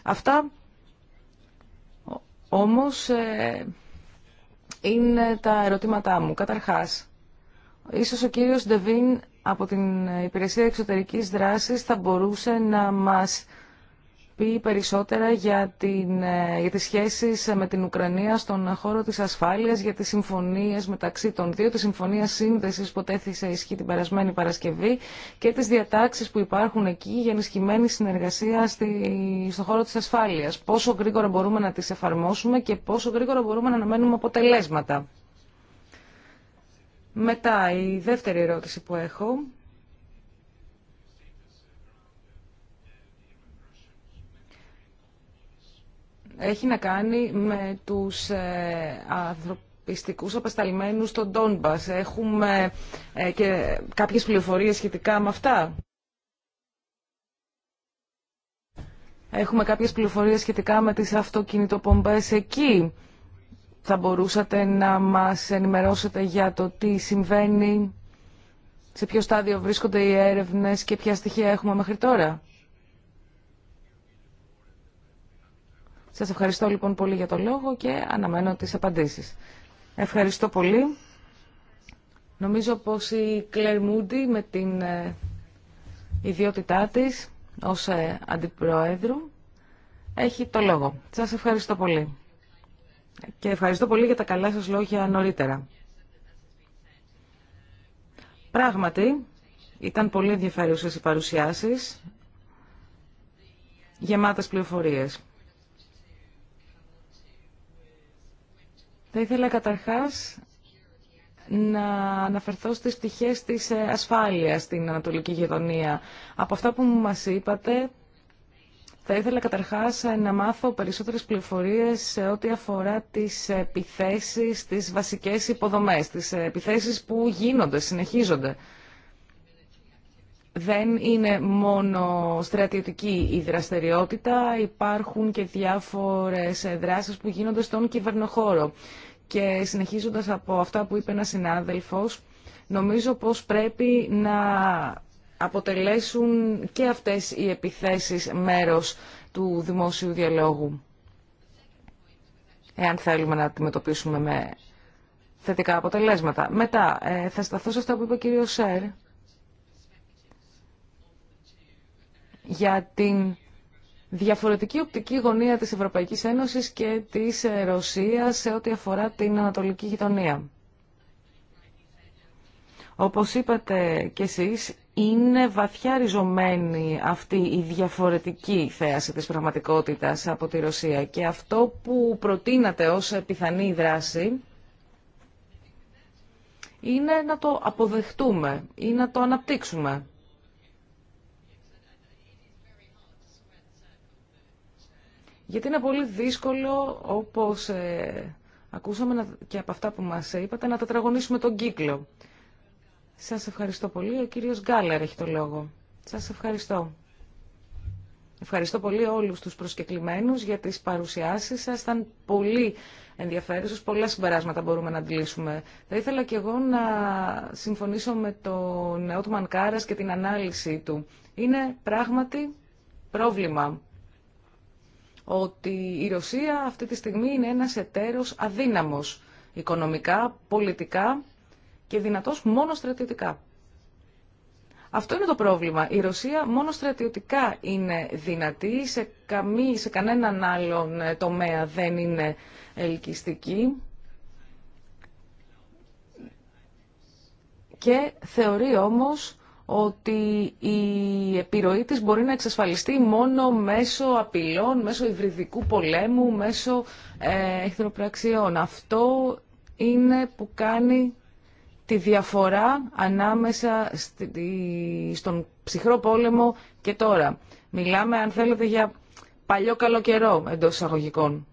Speaker 4: Αυτά όμως είναι τα ερωτήματά μου. Καταρχάς, ίσως ο κύριος Ντεβίν από την Υπηρεσία Εξωτερικής Δράσης θα μπορούσε να μας πει περισσότερα για, την, ε, για τις σχέσεις με την Ουκρανία στον χώρο της ασφάλειας, για τις συμφωνίες μεταξύ των δύο, τη συμφωνία σύνδεσης που τέθησε ισχύ την περασμένη Παρασκευή και τις διατάξεις που υπάρχουν εκεί για ενισχυμένη συνεργασία στη, στον χώρο της ασφάλειας. Πόσο γρήγορα μπορούμε να τις εφαρμόσουμε και πόσο γρήγορα μπορούμε να αναμένουμε αποτελέσματα. Μετά, η δεύτερη ερώτηση που έχω έχει να κάνει με τους ε, ανθρωπιστικούς απεσταλμένους στον Τόνμπας. Έχουμε ε, και κάποιες πληροφορίες σχετικά με αυτά. Έχουμε κάποιες πληροφορίες σχετικά με τις αυτοκινητοπομπές εκεί. Θα μπορούσατε να μας ενημερώσετε για το τι συμβαίνει, σε ποιο στάδιο βρίσκονται οι έρευνες και ποια στοιχεία έχουμε μέχρι τώρα. Σας ευχαριστώ λοιπόν πολύ για το λόγο και αναμένω τις απαντήσεις. Ευχαριστώ πολύ. Νομίζω πως η Κλέρ Μούντι με την ε, ιδιότητά της ως ε, αντιπρόεδρου έχει το λόγο. Σας ευχαριστώ πολύ. Και ευχαριστώ πολύ για τα καλά σας λόγια νωρίτερα. Πράγματι, ήταν πολύ ενδιαφέρουσες οι παρουσιάσεις, γεμάτες πληροφορίες. Θα ήθελα καταρχάς να αναφερθώ στις στοιχείες της ε, ασφάλειας στην Ανατολική Γειτονία. Από αυτά που μας είπατε, θα ήθελα καταρχάς ε, να μάθω περισσότερες πληροφορίες σε ό,τι αφορά τις επιθέσεις, τις βασικές υποδομές, τις ε, επιθέσεις που γίνονται, συνεχίζονται. Δεν είναι μόνο στρατιωτική η δραστηριότητα, υπάρχουν και διάφορες δράσεις που γίνονται στον κυβερνοχώρο. Και συνεχίζοντας από αυτά που είπε ένα συνάδελφος, νομίζω πως πρέπει να αποτελέσουν και αυτές οι επιθέσεις μέρος του δημόσιου διαλόγου. Εάν θέλουμε να αντιμετωπίσουμε με θετικά αποτελέσματα. Μετά, ε, θα σταθώ σε αυτά που είπε ο κύριος Σέρ για την διαφορετική οπτική γωνία της Ευρωπαϊκής Ένωσης και της ε, Ρωσίας σε ό,τι αφορά την ανατολική γειτονία. Όπως είπατε κι εσείς, είναι βαθιά ριζωμένη αυτή η διαφορετική θέαση της πραγματικότητας από τη Ρωσία και αυτό που προτείνατε ως πιθανή δράση είναι να το αποδεχτούμε ή να το αναπτύξουμε. Γιατί είναι πολύ δύσκολο, όπως ε, ακούσαμε και από αυτά που μας είπατε, να τα τετραγωνίσουμε τον κύκλο. Σας ευχαριστώ πολύ. Ο κύριος Γκάλερ έχει το λόγο. Σας ευχαριστώ. Ευχαριστώ πολύ όλους τους προσκεκλημένους για τις παρουσιάσεις σας. Ήταν πολύ ενδιαφέρουσες, πολλά συμπεράσματα μπορούμε να αντιλήσουμε. Θα ήθελα και εγώ να συμφωνήσω με τον Ότμαν Κάρας και την ανάλυση του. Είναι πράγματι πρόβλημα ότι η Ρωσία αυτή τη στιγμή είναι ένας εταίρος αδύναμος οικονομικά, πολιτικά και δυνατός μόνο στρατιωτικά. Αυτό είναι το πρόβλημα. Η Ρωσία μόνο στρατιωτικά είναι δυνατή, σε, καμή, σε κανέναν άλλον τομέα δεν είναι ελκυστική. Και θεωρεί όμως ότι η επιρροή της μπορεί να εξασφαλιστεί μόνο μέσω απειλών, μέσω υβριδικού πολέμου, μέσω ε, εχθροπραξιών. Αυτό είναι που κάνει τη διαφορά ανάμεσα στον ψυχρό πόλεμο και τώρα. Μιλάμε, αν θέλετε, για παλιό καλό καιρό εντός εισαγωγικών.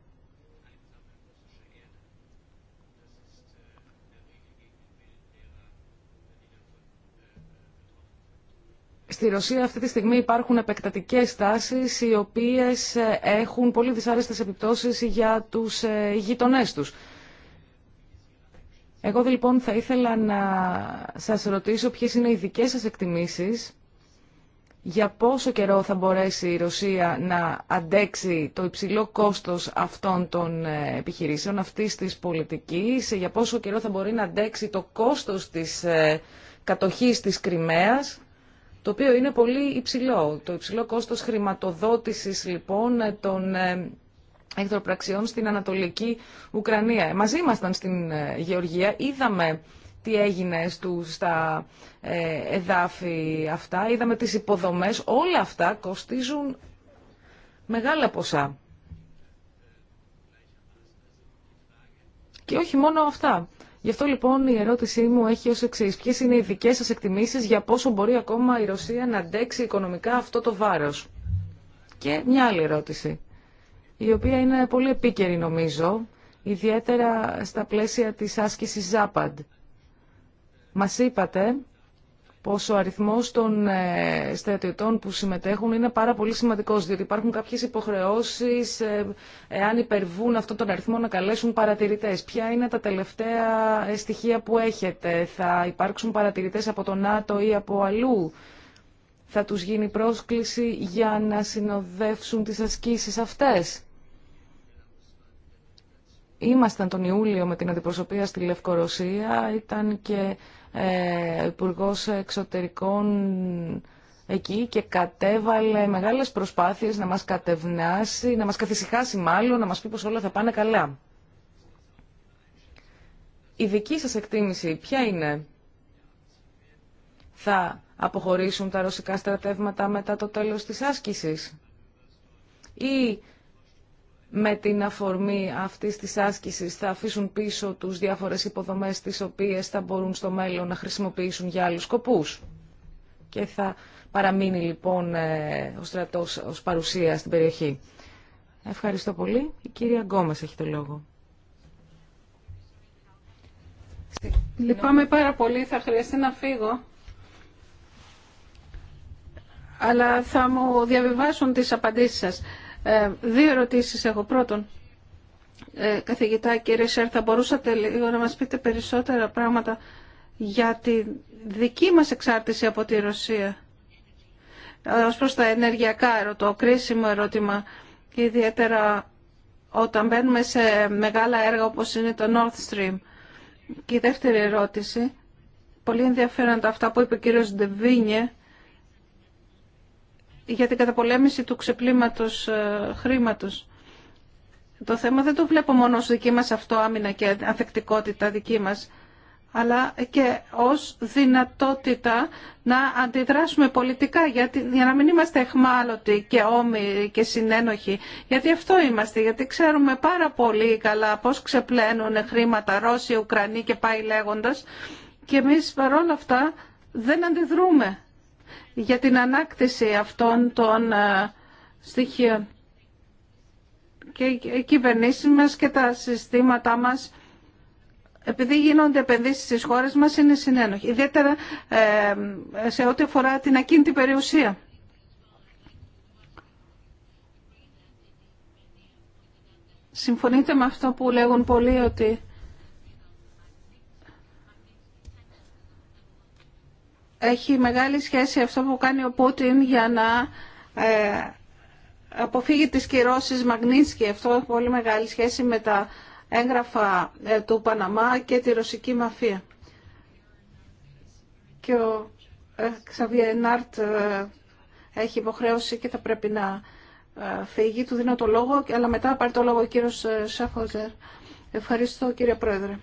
Speaker 4: Στη Ρωσία αυτή τη στιγμή υπάρχουν επεκτατικές τάσεις οι οποίες ε, έχουν πολύ δυσάρεστες επιπτώσεις για τους ε, γειτονές τους. Εγώ λοιπόν θα ήθελα να σας ρωτήσω ποιες είναι οι δικές σας εκτιμήσεις για πόσο καιρό θα μπορέσει η Ρωσία να αντέξει το υψηλό κόστος αυτών των ε, επιχειρήσεων, αυτής της πολιτικής, για πόσο καιρό θα μπορεί να αντέξει το κόστος της κατοχής της Κρυμαίας το οποίο είναι πολύ υψηλό. Το υψηλό κόστος χρηματοδότησης λοιπόν των ε, εχθροπραξιών στην Ανατολική Ουκρανία. Ε, μαζί ήμασταν στην ε, Γεωργία, είδαμε τι έγινε του στα εδάφη αυτά, είδαμε τις υποδομές, όλα αυτά κοστίζουν μεγάλα ποσά. Και όχι μόνο αυτά. Γι' αυτό λοιπόν η ερώτησή μου έχει ως εξή. Ποιε είναι οι δικές σας εκτιμήσεις για πόσο μπορεί ακόμα η Ρωσία να αντέξει οικονομικά αυτό το βάρος. Και μια άλλη ερώτηση, η οποία είναι πολύ επίκαιρη νομίζω, ιδιαίτερα στα πλαίσια της άσκησης Ζάπαντ. Μας είπατε πως ο αριθμός των ε, στρατιωτών που συμμετέχουν είναι πάρα πολύ σημαντικός, διότι υπάρχουν κάποιες υποχρεώσεις, ε, εάν υπερβούν αυτόν τον αριθμό, να καλέσουν παρατηρητές. Ποια είναι τα τελευταία ε, στοιχεία που έχετε. Θα υπάρξουν παρατηρητές από το ΝΑΤΟ ή από αλλού. Θα τους γίνει πρόσκληση για να συνοδεύσουν τις ασκήσεις αυτές. Ήμασταν τον Ιούλιο με την αντιπροσωπεία στη Λευκορωσία, ήταν και ε, Εξωτερικών εκεί και κατέβαλε μεγάλες προσπάθειες να μας κατευνάσει, να μας καθησυχάσει μάλλον, να μας πει πως όλα θα πάνε καλά. Η δική σας εκτίμηση ποια είναι θα αποχωρήσουν τα ρωσικά στρατεύματα μετά το τέλος της άσκησης ή με την αφορμή αυτή τη άσκηση, θα αφήσουν πίσω τους διάφορες υποδομέ τις οποίες θα μπορούν στο μέλλον να χρησιμοποιήσουν για άλλους σκοπούς. Και θα παραμείνει λοιπόν ε, ο στρατός ως παρουσία στην περιοχή. Ευχαριστώ πολύ. Η κυρία Γκόμες έχει το λόγο.
Speaker 1: Λυπάμαι πάρα
Speaker 4: πολύ, θα χρειαστεί
Speaker 1: να φύγω. Αλλά θα μου διαβιβάσουν τις απαντήσεις σας. Ε, δύο ερωτήσεις έχω. Πρώτον, ε, καθηγητά κύριε Σέρ, θα μπορούσατε λίγο να μας πείτε περισσότερα πράγματα για τη δική μας εξάρτηση από τη Ρωσία. Ε, ως προς τα ενεργειακά ερωτώ, κρίσιμο ερώτημα, και ιδιαίτερα όταν μπαίνουμε σε μεγάλα έργα όπως είναι το North Stream. Και η δεύτερη ερώτηση, πολύ ενδιαφέροντα αυτά που είπε ο κύριος Ντεβίνιε για την καταπολέμηση του ξεπλήματος ε, χρήματος. Το θέμα δεν το βλέπω μόνο ως δική μας αυτό άμυνα και ανθεκτικότητα δική μας, αλλά και ως δυνατότητα να αντιδράσουμε πολιτικά για, για να μην είμαστε εχμάλωτοι και όμοιροι και συνένοχοι. Γιατί αυτό είμαστε, γιατί ξέρουμε πάρα πολύ καλά πώς ξεπλένουν χρήματα Ρώσοι, Ουκρανοί και πάει λέγοντας. Και εμείς παρόλα αυτά δεν αντιδρούμε για την ανάκτηση αυτών των ε, στοιχείων. Και οι κυβερνήσει μας και τα συστήματά μας, επειδή γίνονται επενδύσει στις χώρες μας, είναι συνένοχοι. Ιδιαίτερα ε, σε ό,τι αφορά την ακίνητη περιουσία. Συμφωνείτε με αυτό που λέγουν πολλοί ότι έχει μεγάλη σχέση αυτό που κάνει ο Πούτιν για να ε, αποφύγει τις κυρώσεις Μαγνίσκη. Αυτό έχει πολύ μεγάλη σχέση με τα έγγραφα ε, του Παναμά και τη ρωσική μαφία. Και ο ε, Ξαβιενάρτ έχει υποχρέωση και θα πρέπει να φύγει. Του δίνω το λόγο, αλλά μετά πάρει το λόγο ο κύριος Σαφόζερ. Ευχαριστώ κύριε Πρόεδρε.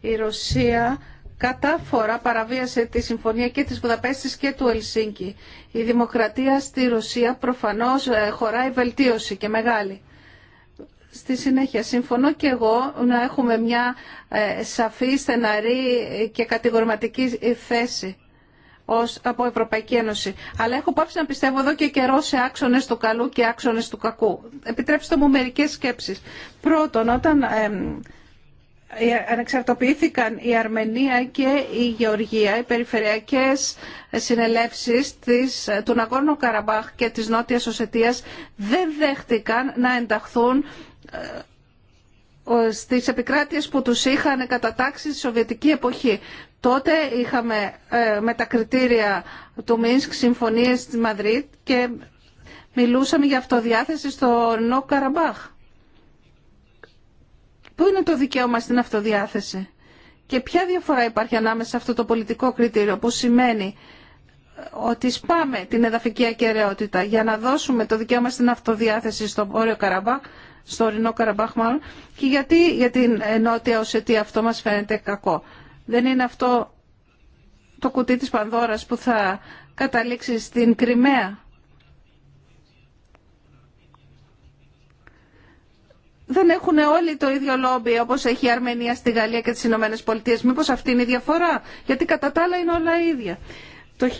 Speaker 1: Η Ρωσία κατάφορα παραβίασε τη συμφωνία και της Βουδαπέστης και του Ελσίνκη. Η δημοκρατία στη Ρωσία προφανώς ε, χωράει βελτίωση και μεγάλη. Στη συνέχεια, συμφωνώ και εγώ να έχουμε μια ε, σαφή, στεναρή και κατηγορηματική θέση ως, από Ευρωπαϊκή Ένωση. Αλλά έχω πάψει να πιστεύω εδώ και καιρό σε άξονες του καλού και άξονες του κακού. Επιτρέψτε μου μερικές σκέψεις. Πρώτον, όταν... Ε, ε, ανεξαρτοποιήθηκαν η Αρμενία και η Γεωργία, οι περιφερειακές συνελεύσεις της, του Ναγκόρνου Καραμπάχ και της Νότιας Οσετίας δεν δέχτηκαν να ενταχθούν ε, στις επικράτειες που τους είχαν κατατάξει στη Σοβιετική εποχή. Τότε είχαμε ε, με τα κριτήρια του Μίνσκ συμφωνίες στη Μαδρίτ και μιλούσαμε για αυτοδιάθεση στο Νο Καραμπάχ. Πού είναι το δικαίωμα στην αυτοδιάθεση και ποια διαφορά υπάρχει ανάμεσα σε αυτό το πολιτικό κριτήριο που σημαίνει ε, ότι σπάμε την εδαφική ακαιρεότητα για να δώσουμε το δικαίωμα στην αυτοδιάθεση στο Όριο Καραμπάχ, στο Ορεινό Καραμπάχ και γιατί για την Νότια αιτία αυτό μας φαίνεται κακό. Δεν είναι αυτό το κουτί της Πανδώρας που θα καταλήξει στην Κρυμαία. δεν έχουν όλοι το ίδιο λόμπι όπως έχει η Αρμενία στη Γαλλία και τις Ηνωμένε Πολιτείε. Μήπως αυτή είναι η διαφορά, γιατί κατά τα άλλα είναι όλα ίδια. Το 1940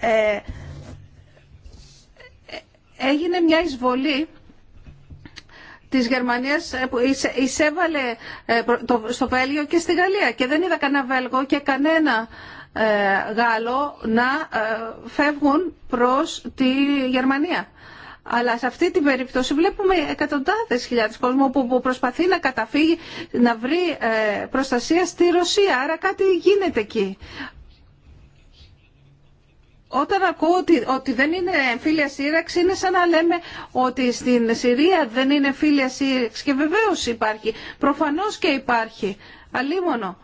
Speaker 1: ε, ε, έγινε μια εισβολή της Γερμανίας ε, που εισέβαλε ε, στο Βέλγιο και στη Γαλλία και δεν είδα κανένα Βέλγο και κανένα Γάλλο να φεύγουν προς τη Γερμανία. Αλλά σε αυτή την περίπτωση βλέπουμε εκατοντάδε. χιλιάδες κόσμο που προσπαθεί να καταφύγει, να βρει ε, προστασία στη Ρωσία. Άρα κάτι γίνεται εκεί. Όταν ακούω ότι, ότι δεν είναι φίλια σύραξη, είναι σαν να λέμε ότι στην Συρία δεν είναι φίλια σύραξη. Και βεβαίως υπάρχει. Προφανώς και υπάρχει. Αλίμονο.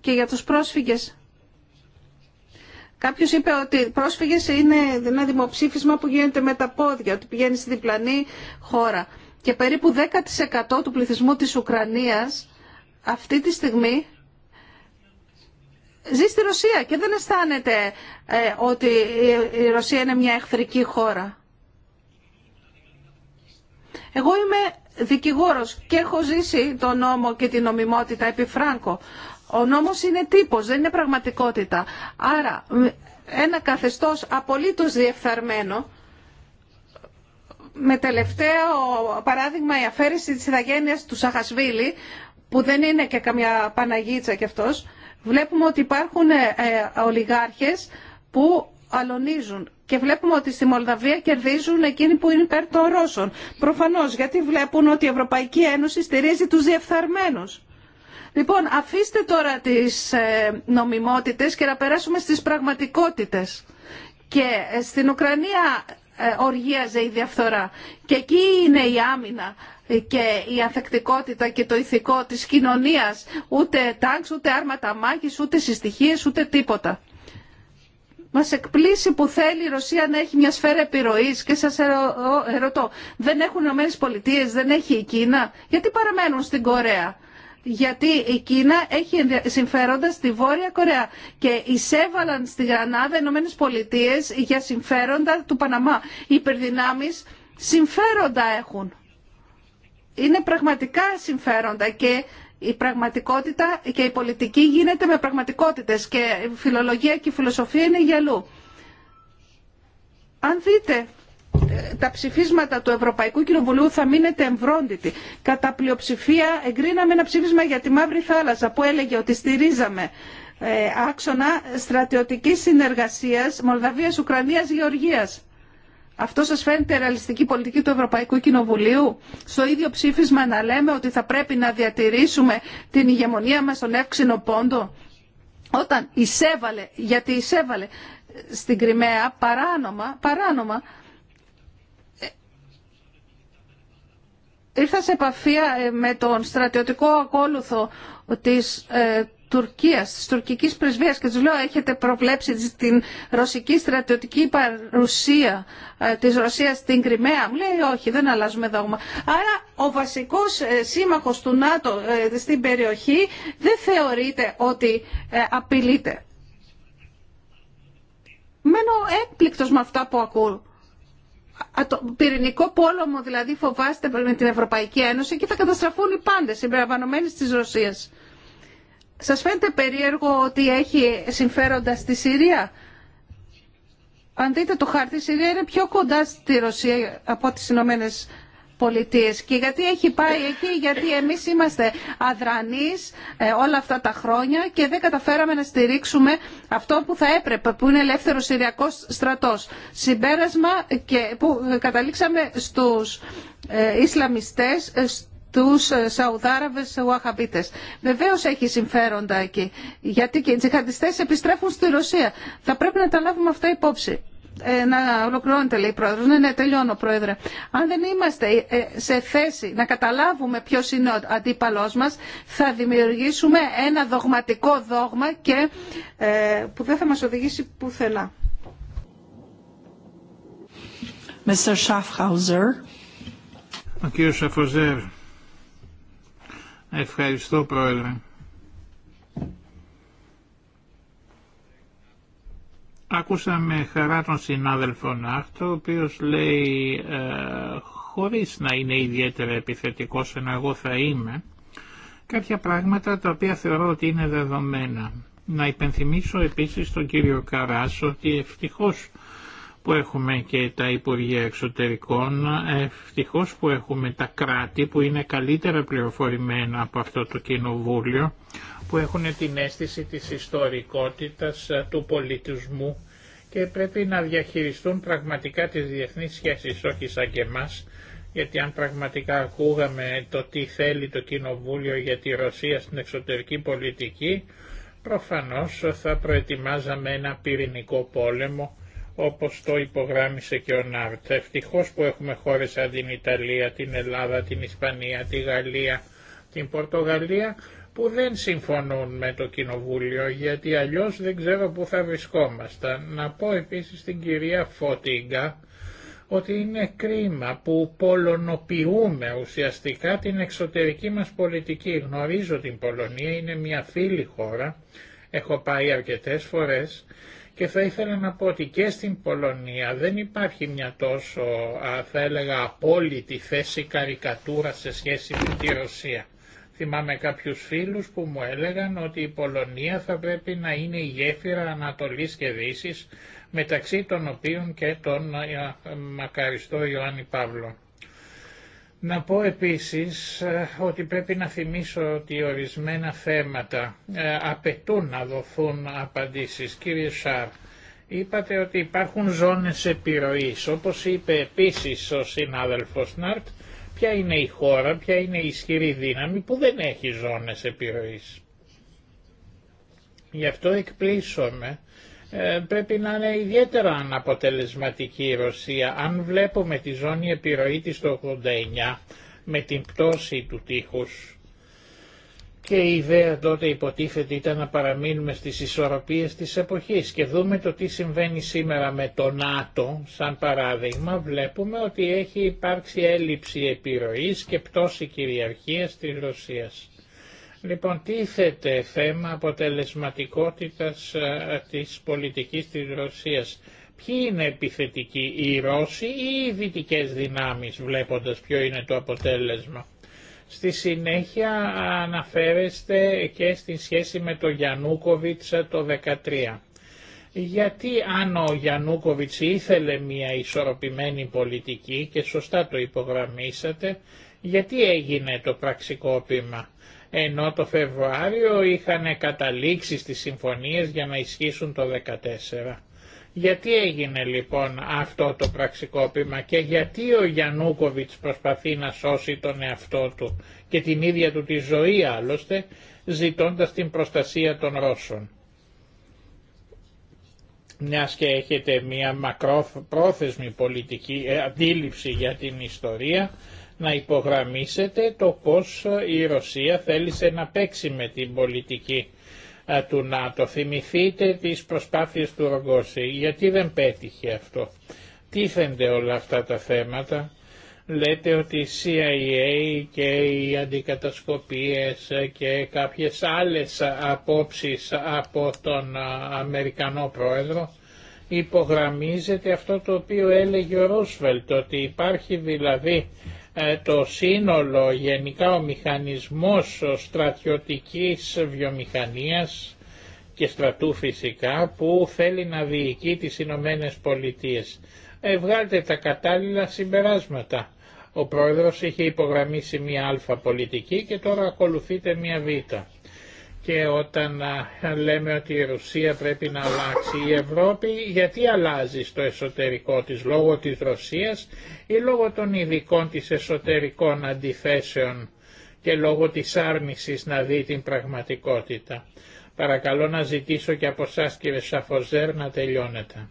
Speaker 1: Και για τους πρόσφυγες. Κάποιο είπε ότι πρόσφυγε είναι ένα δημοψήφισμα που γίνεται με τα πόδια, ότι πηγαίνει στη διπλανή χώρα. Και περίπου 10% του πληθυσμού της Ουκρανίας αυτή τη στιγμή ζει στη Ρωσία και δεν αισθάνεται ε, ότι η Ρωσία είναι μια εχθρική χώρα. Εγώ είμαι δικηγόρος και έχω ζήσει τον νόμο και την νομιμότητα επί Φράγκο. Ο νόμος είναι τύπος, δεν είναι πραγματικότητα. Άρα ένα καθεστώς απολύτως διεφθαρμένο, με τελευταίο παράδειγμα η αφαίρεση της ηθαγένειας του Σαχασβίλη, που δεν είναι και καμιά Παναγίτσα κι αυτός, βλέπουμε ότι υπάρχουν ε, ολιγάρχες που αλωνίζουν και βλέπουμε ότι στη Μολδαβία κερδίζουν εκείνοι που είναι υπέρ των Ρώσων. Προφανώς γιατί βλέπουν ότι η Ευρωπαϊκή Ένωση στηρίζει τους διεφθαρμένους. Λοιπόν, αφήστε τώρα τις ε, νομιμότητες και να περάσουμε στις πραγματικότητες. Και ε, στην Ουκρανία ε, οργίαζε η διαφθορά. Και εκεί είναι η άμυνα και η ανθεκτικότητα και το ηθικό της κοινωνίας. Ούτε τάγκς, ούτε άρματα μάχης, ούτε συστοιχίες, ούτε τίποτα. Μας εκπλήσει που θέλει η Ρωσία να έχει μια σφαίρα επιρροής και σας ερωτώ, δεν έχουν οι δεν έχει η Κίνα, γιατί παραμένουν στην Κορέα γιατί η Κίνα έχει συμφέροντα στη Βόρεια Κορέα και εισέβαλαν στη Γρανάδα Ηνωμένε Πολιτείε για συμφέροντα του Παναμά. Οι υπερδυνάμεις συμφέροντα έχουν. Είναι πραγματικά συμφέροντα και η πραγματικότητα και η πολιτική γίνεται με πραγματικότητες και η φιλολογία και η φιλοσοφία είναι γυαλού. Αν δείτε τα ψηφίσματα του Ευρωπαϊκού Κοινοβουλίου θα μείνετε εμβρόντιτοι. Κατά πλειοψηφία εγκρίναμε ένα ψήφισμα για τη Μαύρη Θάλασσα που έλεγε ότι στηρίζαμε ε, άξονα στρατιωτικής συνεργασίας Μολδαβίας, Ουκρανίας, Γεωργίας. Αυτό σας φαίνεται ρεαλιστική πολιτική του Ευρωπαϊκού Κοινοβουλίου. Στο ίδιο ψήφισμα να λέμε ότι θα πρέπει να διατηρήσουμε την ηγεμονία μας στον εύξηνο πόντο. Όταν εισέβαλε, γιατί εισέβαλε στην Κρυμαία παράνομα, παράνομα Ήρθα σε επαφή ε, με τον στρατιωτικό ακόλουθο της ε, Τουρκίας, της τουρκικής πρεσβείας και τους λέω έχετε προβλέψει την ρωσική στρατιωτική παρουσία ε, της Ρωσίας στην Κρυμαία. Μου λέει όχι, δεν αλλάζουμε δόγμα. Άρα ο βασικός σύμμαχος του ΝΑΤΟ στην περιοχή δεν θεωρείται ότι απειλείται. Μένω έκπληκτος με αυτά που ακούω πυρηνικό πόλεμο δηλαδή φοβάστε με την Ευρωπαϊκή Ένωση και θα καταστραφούν οι πάντες συμπεριλαμβανομένε τη Ρωσία. Σας φαίνεται περίεργο ότι έχει συμφέροντα στη Συρία. Αν δείτε το χάρτη, η Συρία είναι πιο κοντά στη Ρωσία από τις Ηνωμένες Πολιτείες. Και γιατί έχει πάει εκεί, γιατί εμείς είμαστε αδρανείς ε, όλα αυτά τα χρόνια και δεν καταφέραμε να στηρίξουμε αυτό που θα έπρεπε, που είναι ελεύθερος Συριακός στρατός. Συμπέρασμα και που καταλήξαμε στους ε, Ισλαμιστές, ε, τους Σαουδάραβες Ουαχαμπίτες. Βεβαίως έχει συμφέροντα εκεί, γιατί και οι τζιχαντιστές επιστρέφουν στη Ρωσία. Θα πρέπει να τα λάβουμε αυτά υπόψη. Ε, να ολοκληρώνεται, λέει η πρόεδρο. Ναι, ναι, τελειώνω, πρόεδρε. Αν δεν είμαστε ε, σε θέση να καταλάβουμε ποιο είναι ο αντίπαλό μα, θα δημιουργήσουμε ένα δογματικό δόγμα και, ε, που δεν θα μα οδηγήσει πουθενά. Mr. Schaffhauser.
Speaker 2: Ο κύριος Σαφοζέρ. Ευχαριστώ, πρόεδρε. Άκουσα με χαρά τον συνάδελφο Νάχτο, ο οποίος λέει ε, χωρίς να είναι ιδιαίτερα επιθετικός, ενώ εγώ θα είμαι, κάποια πράγματα τα οποία θεωρώ ότι είναι δεδομένα. Να υπενθυμίσω επίσης τον κύριο Καράς ότι ευτυχώς που έχουμε και τα Υπουργεία Εξωτερικών, ευτυχώ που έχουμε τα κράτη που είναι καλύτερα πληροφορημένα από αυτό το κοινοβούλιο, που έχουν την αίσθηση της ιστορικότητας ε, του πολιτισμού και πρέπει να διαχειριστούν πραγματικά τις διεθνείς σχέσεις, όχι σαν και εμάς, γιατί αν πραγματικά ακούγαμε το τι θέλει το Κοινοβούλιο για τη Ρωσία στην εξωτερική πολιτική, προφανώς θα προετοιμάζαμε ένα πυρηνικό πόλεμο όπως το υπογράμμισε και ο Νάρτ. Ευτυχώς που έχουμε χώρες σαν την Ιταλία, την Ελλάδα, την Ισπανία, τη Γαλλία, την Πορτογαλία που δεν συμφωνούν με το Κοινοβούλιο γιατί αλλιώς δεν ξέρω πού θα βρισκόμασταν. Να πω επίσης στην κυρία Φώτιγκα ότι είναι κρίμα που πολωνοποιούμε ουσιαστικά την εξωτερική μας πολιτική. Γνωρίζω την Πολωνία, είναι μια φίλη χώρα, έχω πάει αρκετές φορές και θα ήθελα να πω ότι και στην Πολωνία δεν υπάρχει μια τόσο, θα έλεγα, απόλυτη θέση καρικατούρα σε σχέση με τη Ρωσία. Θυμάμαι κάποιους φίλους που μου έλεγαν ότι η Πολωνία θα πρέπει να είναι η γέφυρα Ανατολής και Δύσης, μεταξύ των οποίων και τον μακαριστό Ιωάννη Παύλο. Να πω επίσης ε, ότι πρέπει να θυμίσω ότι ορισμένα θέματα ε, απαιτούν να δοθούν απαντήσεις. Κύριε Σάρ, είπατε ότι υπάρχουν ζώνες επιρροής. Όπως είπε επίσης ο συνάδελφος Ναρτ, ποια είναι η χώρα, ποια είναι η ισχυρή δύναμη που δεν έχει ζώνες επιρροής. Γι' αυτό εκπλήσωμε ε, πρέπει να είναι ιδιαίτερα αναποτελεσματική η Ρωσία. Αν βλέπουμε τη ζώνη επιρροή της το 89 με την πτώση του τείχους και η ιδέα τότε υποτίθεται ήταν να παραμείνουμε στις ισορροπίες της εποχής και δούμε το τι συμβαίνει σήμερα με το ΝΑΤΟ σαν παράδειγμα βλέπουμε ότι έχει υπάρξει έλλειψη επιρροής και πτώση κυριαρχίας της Ρωσίας. Λοιπόν, τι θέτε θέμα αποτελεσματικότητας της πολιτικής της Ρωσίας. Ποιοι είναι επιθετικοί, οι Ρώσοι ή οι δυτικές δυνάμεις, βλέποντας ποιο είναι το αποτέλεσμα. Στη συνέχεια αναφέρεστε και στη σχέση με το Γιαννούκοβιτς το 2013. Γιατί αν ο Γιαννούκοβιτς ήθελε μια ισορροπημένη πολιτική και σωστά το υπογραμμίσατε, γιατί έγινε το πραξικόπημα ενώ το Φεβρουάριο είχαν καταλήξει στις συμφωνίες για να ισχύσουν το 2014. Γιατί έγινε λοιπόν αυτό το πραξικόπημα και γιατί ο Γιαννούκοβιτς προσπαθεί να σώσει τον εαυτό του και την ίδια του τη ζωή άλλωστε ζητώντας την προστασία των Ρώσων. Μια και έχετε μια μακρόπρόθεσμη πολιτική ε, αντίληψη για την ιστορία, να υπογραμμίσετε το πώς η Ρωσία θέλησε να παίξει με την πολιτική ε, του ΝΑΤΟ. Θυμηθείτε τις προσπάθειες του Ρογκώση. Γιατί δεν πέτυχε αυτό. Τίθενται όλα αυτά τα θέματα. Λέτε ότι η CIA και οι αντικατασκοπίες και κάποιες άλλες απόψεις από τον ε, Αμερικανό Πρόεδρο υπογραμμίζεται αυτό το οποίο έλεγε ο Ρούσβελτ, ότι υπάρχει δηλαδή ε, το σύνολο γενικά ο μηχανισμός στρατιωτικής βιομηχανίας και στρατού φυσικά που θέλει να διοικεί τις Ηνωμένε Πολιτείες. Ε, βγάλτε τα κατάλληλα συμπεράσματα. Ο πρόεδρος είχε υπογραμμίσει μία αλφα πολιτική και τώρα ακολουθείται μία β και όταν λέμε ότι η Ρωσία πρέπει να αλλάξει η Ευρώπη, γιατί αλλάζει στο εσωτερικό της λόγω της Ρωσίας ή λόγω των ειδικών της εσωτερικών αντιθέσεων και λόγω της άρνησης να δει την πραγματικότητα. Παρακαλώ να ζητήσω και από εσάς κύριε Σαφοζέρ να τελειώνετε.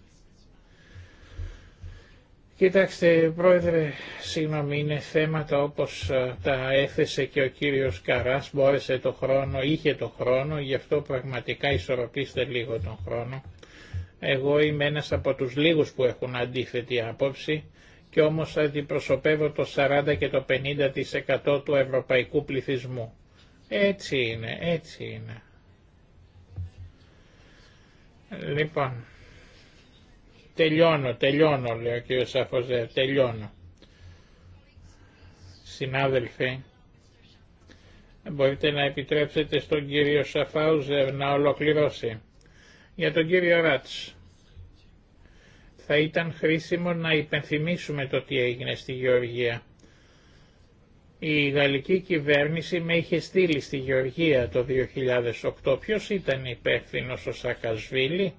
Speaker 2: Κοιτάξτε, πρόεδρε, συγγνώμη, είναι θέματα όπως ε, τα έθεσε και ο κύριος Καράς, μπόρεσε το χρόνο, είχε το χρόνο, γι' αυτό πραγματικά ισορροπήστε λίγο τον χρόνο. Εγώ είμαι ένας από τους λίγους που έχουν αντίθετη άποψη και όμως αντιπροσωπεύω το 40 και το 50% του ευρωπαϊκού πληθυσμού. Έτσι είναι, έτσι είναι. Λοιπόν, Τελειώνω, τελειώνω λέει ο κύριος Σαφοζέ, τελειώνω. Συνάδελφοι, μπορείτε να επιτρέψετε στον κύριο Σαφάουζερ να ολοκληρώσει. Για τον κύριο Ράτς, θα ήταν χρήσιμο να υπενθυμίσουμε το τι έγινε στη Γεωργία. Η γαλλική κυβέρνηση με είχε στείλει στη Γεωργία το 2008. Ποιος ήταν υπεύθυνο ο Σακασβίλη,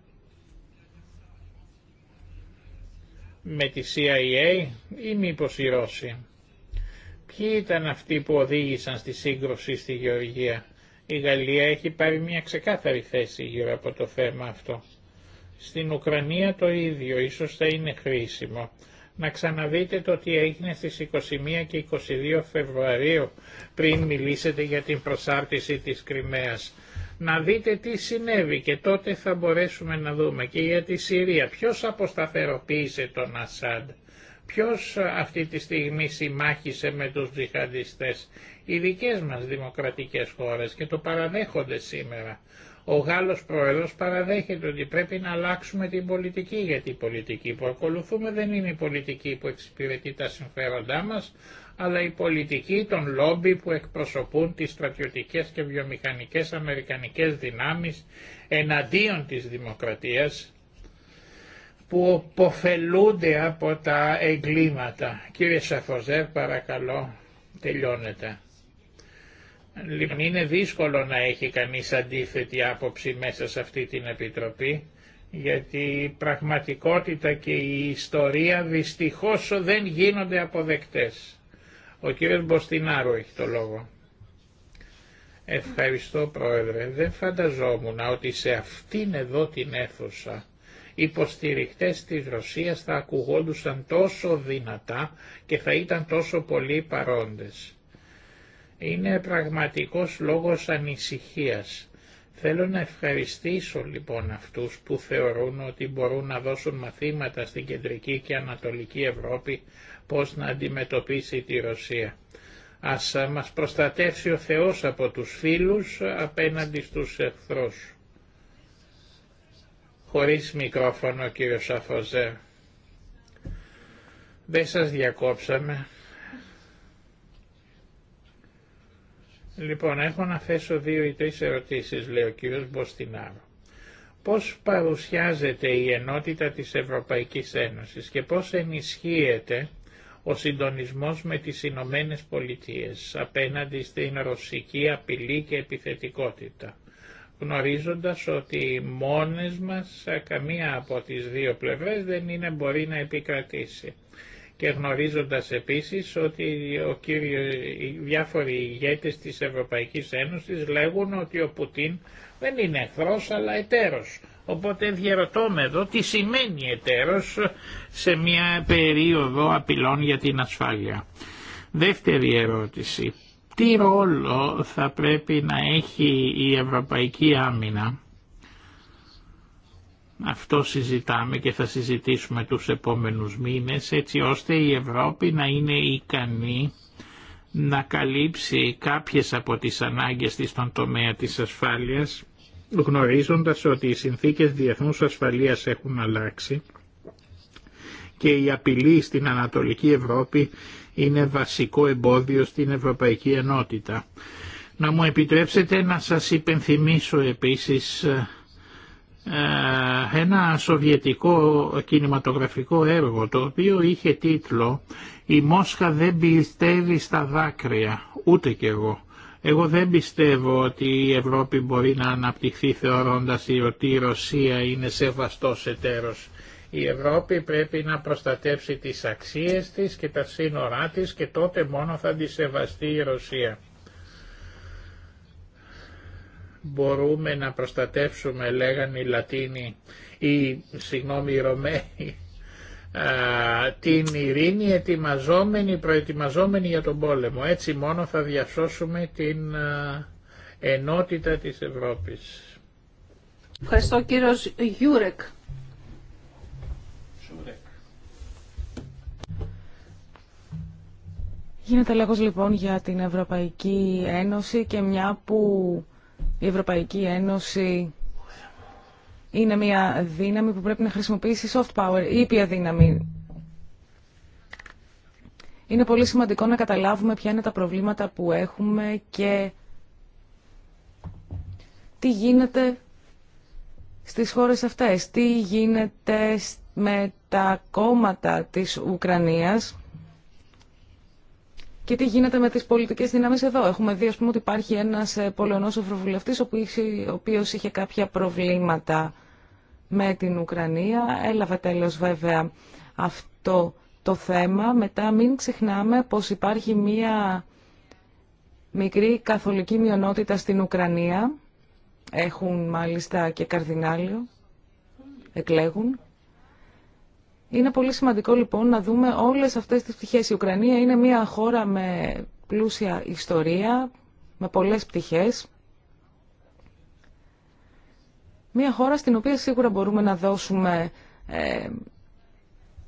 Speaker 2: με τη CIA ή μήπως οι Ρώσοι. Ποιοι ήταν αυτοί που οδήγησαν στη σύγκρουση στη Γεωργία. Η Γαλλία έχει πάρει μια ξεκάθαρη θέση γύρω από το θέμα αυτό. Στην Ουκρανία το ίδιο, ίσως θα είναι χρήσιμο. Να ξαναδείτε το τι έγινε στις 21 και 22 Φεβρουαρίου πριν μιλήσετε για την προσάρτηση της Κρυμαίας να δείτε τι συνέβη και τότε θα μπορέσουμε να δούμε και για τη Συρία. Ποιος αποσταθεροποίησε τον Ασάντ, ποιος ε, αυτή τη στιγμή συμμάχησε με τους τζιχαντιστές, οι δικές μας δημοκρατικές χώρες και το παραδέχονται σήμερα. Ο Γάλλος Πρόεδρος παραδέχεται ότι πρέπει να αλλάξουμε την πολιτική, γιατί η πολιτική που ακολουθούμε δεν είναι η πολιτική που εξυπηρετεί τα συμφέροντά μας, αλλά η πολιτική των λόμπι που εκπροσωπούν τις στρατιωτικές και βιομηχανικές αμερικανικές δυνάμεις εναντίον της δημοκρατίας που αποφελούνται από τα εγκλήματα. Κύριε Σαφοζέρ παρακαλώ τελειώνετε. Λοιπόν, είναι δύσκολο να έχει κανείς αντίθετη άποψη μέσα σε αυτή την Επιτροπή, γιατί η πραγματικότητα και η ιστορία δυστυχώς δεν γίνονται αποδεκτές. Ο κύριος Μποστινάρου έχει το λόγο. Ευχαριστώ Πρόεδρε. Δεν φανταζόμουν ότι σε αυτήν εδώ την αίθουσα οι υποστηριχτές της Ρωσίας θα ακουγόντουσαν τόσο δυνατά και θα ήταν τόσο πολλοί παρόντες. Είναι πραγματικός λόγος ανησυχίας. Θέλω να ευχαριστήσω λοιπόν αυτούς που θεωρούν ότι μπορούν να δώσουν μαθήματα στην Κεντρική και Ανατολική Ευρώπη πώς να αντιμετωπίσει τη Ρωσία. Ας ε, μας προστατεύσει ο Θεός από τους φίλους απέναντι στους εχθρούς. Χωρίς μικρόφωνο κύριο Σαφοζέ. Δεν σας διακόψαμε. Λοιπόν, έχω να θέσω δύο ή τρεις ερωτήσεις, λέει ο κύριος Μποστινάρο. Πώς παρουσιάζεται η ενότητα της Ευρωπαϊκής Ένωσης και πώς ενισχύεται ο συντονισμός με τις Ηνωμένε Πολιτείες απέναντι στην ρωσική απειλή και επιθετικότητα, γνωρίζοντας ότι μόνες μας καμία από τις δύο πλευρές δεν είναι μπορεί να επικρατήσει. Και γνωρίζοντας επίσης ότι ο οι διάφοροι ηγέτες της Ευρωπαϊκής Ένωσης λέγουν ότι ο Πουτίν δεν είναι εχθρός αλλά εταίρος. Οπότε διαρωτώ με εδώ τι σημαίνει εταίρος σε μια περίοδο απειλών για την ασφάλεια. Δεύτερη ερώτηση. Τι ρόλο θα πρέπει να έχει η Ευρωπαϊκή Άμυνα. Αυτό συζητάμε και θα συζητήσουμε τους επόμενους μήνες έτσι ώστε η Ευρώπη να είναι ικανή να καλύψει κάποιες από τις ανάγκες της στον τομέα της ασφάλειας γνωρίζοντας ότι οι συνθήκες διεθνούς ασφαλείας έχουν αλλάξει και η απειλή στην Ανατολική Ευρώπη είναι βασικό εμπόδιο στην Ευρωπαϊκή Ενότητα. Να μου επιτρέψετε να σας υπενθυμίσω επίσης ε, ε, ένα σοβιετικό κινηματογραφικό έργο το οποίο είχε τίτλο «Η Μόσχα δεν πιστεύει στα δάκρυα, ούτε κι εγώ». Εγώ δεν πιστεύω ότι η Ευρώπη μπορεί να αναπτυχθεί θεωρώντας ότι η Ρωσία είναι σεβαστός εταίρος. Η Ευρώπη πρέπει να προστατεύσει τις αξίες της και τα σύνορά της και τότε μόνο θα τη η Ρωσία. Μπορούμε να προστατεύσουμε, λέγανε οι Λατίνοι, ή συγγνώμη οι Ρωμαίοι, ε, την ειρήνη ετοιμαζόμενη, προετοιμαζόμενη για τον πόλεμο. Έτσι μόνο θα διασώσουμε την ε, ενότητα της Ευρώπης. Ευχαριστώ κύριος Γιούρεκ.
Speaker 4: Γίνεται λόγος λοιπόν για την Ευρωπαϊκή Ένωση και μια που η Ευρωπαϊκή Ένωση είναι μια δύναμη που πρέπει να χρησιμοποιήσει soft power, ήπια δύναμη. Είναι πολύ σημαντικό να καταλάβουμε ποια είναι τα προβλήματα που έχουμε και τι γίνεται στις χώρες αυτές, τι γίνεται με τα κόμματα της Ουκρανίας και τι γίνεται με τις πολιτικές δυνάμεις εδώ. Έχουμε δει, ας πούμε, ότι υπάρχει ένας ε, πολωνός ευρωβουλευτής, ο οποίος είχε κάποια προβλήματα με την Ουκρανία. Έλαβε τέλος, βέβαια, αυτό το θέμα. Μετά μην ξεχνάμε πως υπάρχει μία μικρή καθολική μειονότητα στην Ουκρανία. Έχουν, μάλιστα, και καρδινάλιο. Εκλέγουν. Είναι πολύ σημαντικό λοιπόν να δούμε όλες αυτές τις πτυχές. Η Ουκρανία είναι μια χώρα με πλούσια ιστορία, με πολλές πτυχές. Μια χώρα στην οποία σίγουρα μπορούμε να δώσουμε ε,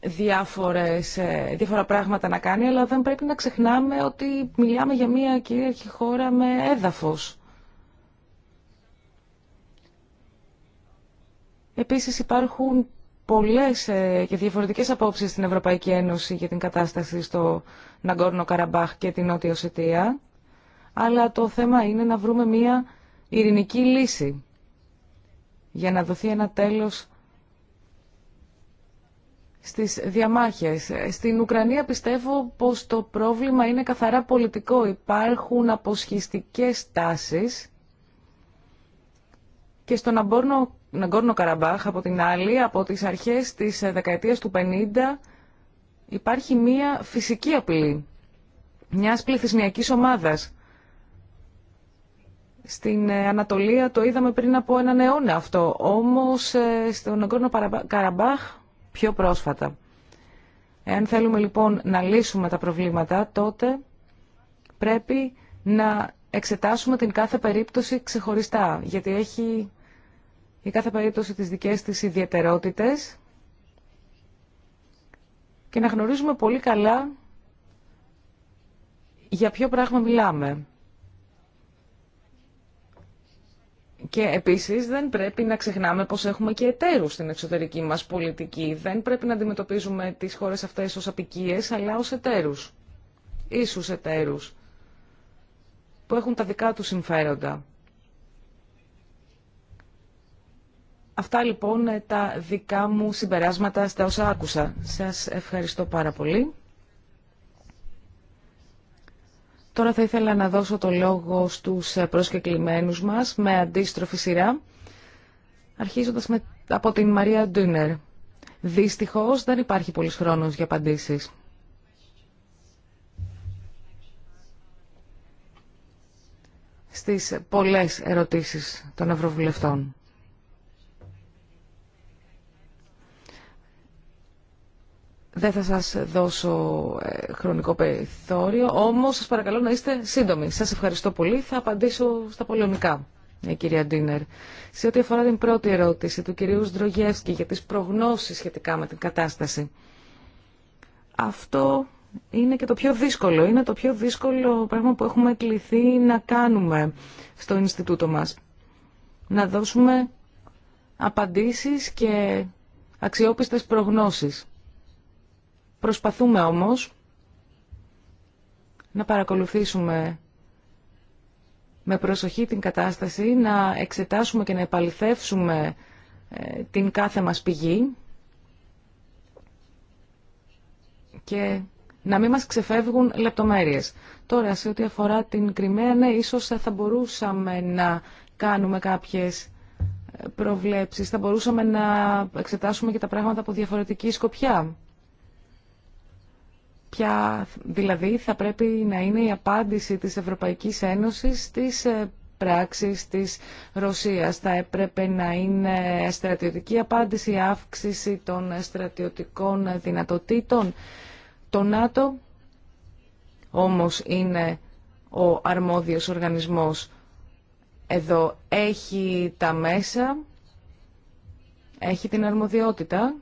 Speaker 4: διάφορες, ε, διάφορα πράγματα να κάνει, αλλά δεν πρέπει να ξεχνάμε ότι μιλάμε για μια κυρίαρχη χώρα με έδαφος. Επίσης υπάρχουν πολλές ε, και διαφορετικές απόψεις στην Ευρωπαϊκή Ένωση για την κατάσταση στο Ναγκόρνο Καραμπάχ και την Νότια Οσετία, αλλά το θέμα είναι να βρούμε μία ειρηνική λύση για να δοθεί ένα τέλος στις διαμάχες. Στην Ουκρανία πιστεύω πως το πρόβλημα είναι καθαρά πολιτικό. Υπάρχουν αποσχιστικές τάσεις και στο Ναγκόρνο Καραμπάχ από την άλλη, από τις αρχές της ε, δεκαετίας του 50 υπάρχει μία φυσική απειλή μια πληθυσμιακής ομάδας. Στην ε, Ανατολία το είδαμε πριν από έναν αιώνα αυτό, όμως ε, στον Ναγκόρνο Καραμπάχ πιο πρόσφατα. Εάν θέλουμε λοιπόν να λύσουμε τα προβλήματα, τότε πρέπει να εξετάσουμε την κάθε περίπτωση ξεχωριστά, γιατί έχει η κάθε περίπτωση τις δικές της ιδιαιτερότητες και να γνωρίζουμε πολύ καλά για ποιο πράγμα μιλάμε. Και επίσης δεν πρέπει να ξεχνάμε πως έχουμε και εταίρους στην εξωτερική μας πολιτική. Δεν πρέπει να αντιμετωπίζουμε τις χώρες αυτές ως απικίες, αλλά ως εταίρους. Ίσους εταίρους που έχουν τα δικά τους συμφέροντα. Αυτά λοιπόν τα δικά μου συμπεράσματα στα όσα άκουσα. Σας ευχαριστώ πάρα πολύ. Τώρα θα ήθελα να δώσω το λόγο στους προσκεκλημένους μας με αντίστροφη σειρά, αρχίζοντας με, από την Μαρία Ντούνερ. Δυστυχώς δεν υπάρχει πολύς χρόνος για απαντήσεις. Στις πολλές ερωτήσεις των Ευρωβουλευτών. Δεν θα σας δώσω ε, χρονικό περιθώριο, όμως σας παρακαλώ να είστε σύντομοι. Σας ευχαριστώ πολύ. Θα απαντήσω στα πολεμικά, η κυρία Ντίνερ. Σε ό,τι αφορά την πρώτη ερώτηση του κυρίου Σντρογεύσκη για τις προγνώσεις σχετικά με την κατάσταση. Αυτό είναι και το πιο δύσκολο. Είναι το πιο δύσκολο πράγμα που έχουμε κληθεί να κάνουμε στο Ινστιτούτο μας. Να δώσουμε απαντήσεις και αξιόπιστες προγνώσεις. Προσπαθούμε όμως να παρακολουθήσουμε με προσοχή την κατάσταση, να εξετάσουμε και να επαληθεύσουμε ε, την κάθε μας πηγή και να μην μας ξεφεύγουν λεπτομέρειες. Τώρα, σε ό,τι αφορά την Κρυμαία, ναι, ίσως θα μπορούσαμε να κάνουμε κάποιες ε, προβλέψεις, θα μπορούσαμε να εξετάσουμε και τα πράγματα από διαφορετική σκοπιά. Ποια δηλαδή θα πρέπει να είναι η απάντηση της Ευρωπαϊκής Ένωσης στις ε, πράξεις της Ρωσίας. Θα έπρεπε να είναι στρατιωτική απάντηση, αύξηση των στρατιωτικών δυνατοτήτων. Το ΝΑΤΟ όμως είναι ο αρμόδιος οργανισμός εδώ έχει τα μέσα, έχει την αρμοδιότητα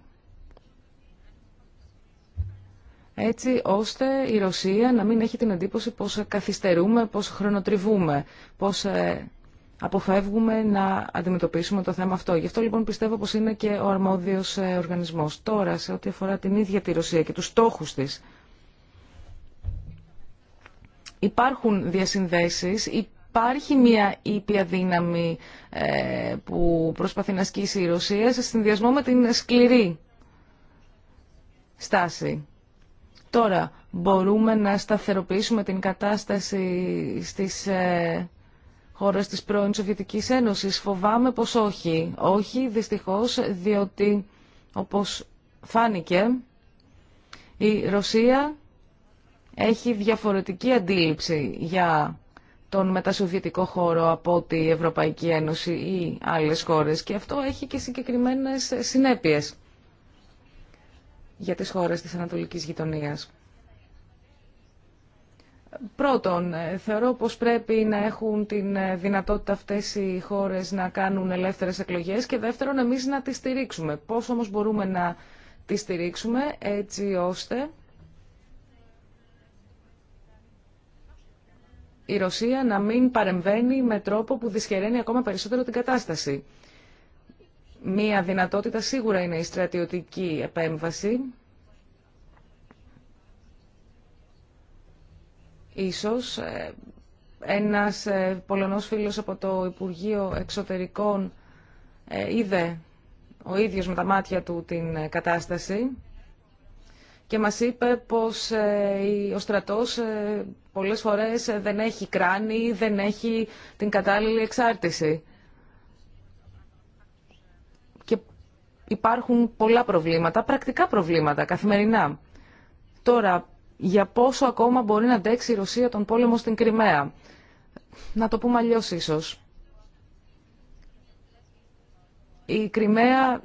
Speaker 4: έτσι ώστε η Ρωσία να μην έχει την εντύπωση πως καθυστερούμε, πως χρονοτριβούμε, πως ε, αποφεύγουμε να αντιμετωπίσουμε το θέμα αυτό. Γι' αυτό λοιπόν πιστεύω πως είναι και ο αρμόδιος ε, οργανισμός. Τώρα, σε ό,τι αφορά την ίδια τη Ρωσία και τους στόχους της, υπάρχουν διασυνδέσεις, υπάρχει μια ήπια δύναμη ε, που προσπαθεί να ασκήσει η Ρωσία σε συνδυασμό με την σκληρή στάση Τώρα, μπορούμε να σταθεροποιήσουμε την κατάσταση στις ε, χώρες της πρώην Σοβιετικής Ένωσης. Φοβάμαι πως όχι. Όχι, δυστυχώς, διότι, όπως φάνηκε, η Ρωσία έχει διαφορετική αντίληψη για τον μετασοβιετικό χώρο από ότι Ευρωπαϊκή Ένωση ή άλλες χώρες και αυτό έχει και συγκεκριμένες συνέπειες για τις χώρες της Ανατολικής Γειτονίας. Πρώτον, ε, θεωρώ πως πρέπει να έχουν την ε, δυνατότητα αυτές οι χώρες να κάνουν ελεύθερες εκλογές και δεύτερον, εμείς να τις στηρίξουμε. Πώς όμως μπορούμε να τις στηρίξουμε έτσι ώστε η Ρωσία να μην παρεμβαίνει με τρόπο που δυσχεραίνει ακόμα περισσότερο την κατάσταση. Μία δυνατότητα σίγουρα είναι η στρατιωτική επέμβαση. Ίσως ε, ένας ε, Πολωνός φίλος από το Υπουργείο Εξωτερικών ε, είδε ο ίδιος με τα μάτια του την κατάσταση και μας είπε πως ο στρατός πολλές φορές δεν έχει κράνη, δεν έχει την κατάλληλη εξάρτηση. υπάρχουν πολλά προβλήματα, πρακτικά προβλήματα, καθημερινά. Τώρα, για πόσο ακόμα μπορεί να αντέξει η Ρωσία τον πόλεμο στην Κρυμαία. Να το πούμε αλλιώ ίσως. Η Κρυμαία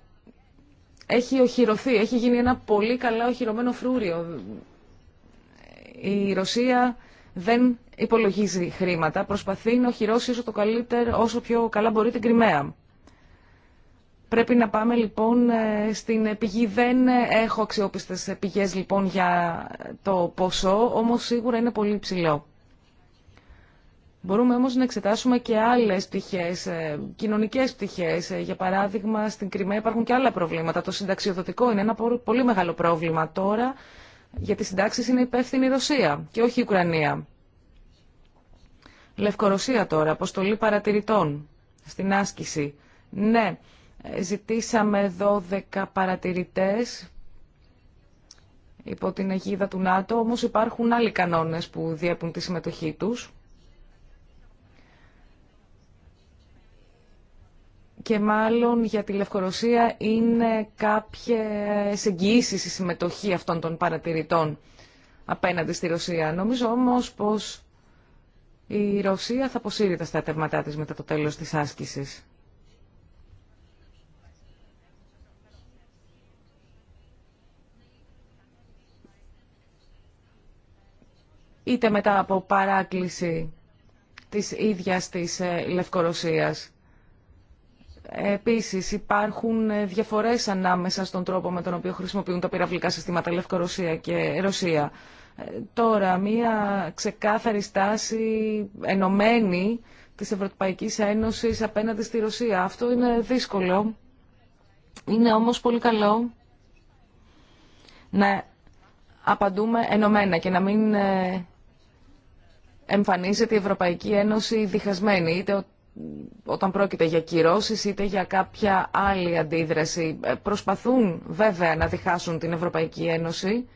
Speaker 4: έχει οχυρωθεί, έχει γίνει ένα πολύ καλά οχυρωμένο φρούριο. Η Ρωσία δεν υπολογίζει χρήματα, προσπαθεί να οχυρώσει όσο, το καλύτερο, όσο πιο καλά μπορεί την Κρυμαία. Πρέπει να πάμε λοιπόν ε, στην πηγή. Δεν έχω αξιόπιστες πηγές λοιπόν για το ποσό, όμως σίγουρα είναι πολύ ψηλό. Μπορούμε όμως να εξετάσουμε και άλλες πτυχές, ε, κοινωνικές πτυχές. Ε, για παράδειγμα, στην Κρυμαία υπάρχουν και άλλα προβλήματα. Το συνταξιοδοτικό είναι ένα πολύ μεγάλο πρόβλημα τώρα. γιατί τι συντάξεις είναι υπεύθυνη η Ρωσία και όχι η Ουκρανία. Λευκορωσία τώρα, αποστολή παρατηρητών στην άσκηση. Ναι, Ζητήσαμε 12 παρατηρητές υπό την αιγίδα του ΝΑΤΟ, όμως υπάρχουν άλλοι κανόνες που διέπουν τη συμμετοχή τους. Και μάλλον για τη Λευκορωσία είναι κάποιες εγγυήσεις η συμμετοχή αυτών των παρατηρητών απέναντι στη Ρωσία. Νομίζω όμως πως η Ρωσία θα αποσύρει τα στρατεύματά της μετά το τέλος της άσκησης. είτε μετά από παράκληση της ίδιας της ε, Λευκορωσίας. Επίσης υπάρχουν ε, διαφορές ανάμεσα στον τρόπο με τον οποίο χρησιμοποιούν τα πυραυλικά συστήματα Λευκορωσία και Ρωσία. Ε, τώρα, μία ξεκάθαρη στάση ενωμένη της Ευρωπαϊκής Ένωσης απέναντι στη Ρωσία. Αυτό είναι δύσκολο. Είναι όμως πολύ καλό να απαντούμε ενωμένα και να μην εμφανίζεται η Ευρωπαϊκή Ένωση διχασμένη, είτε όταν πρόκειται για κυρώσεις είτε για κάποια άλλη αντίδραση. Ε, προσπαθούν βέβαια να διχάσουν την Ευρωπαϊκή Ένωση.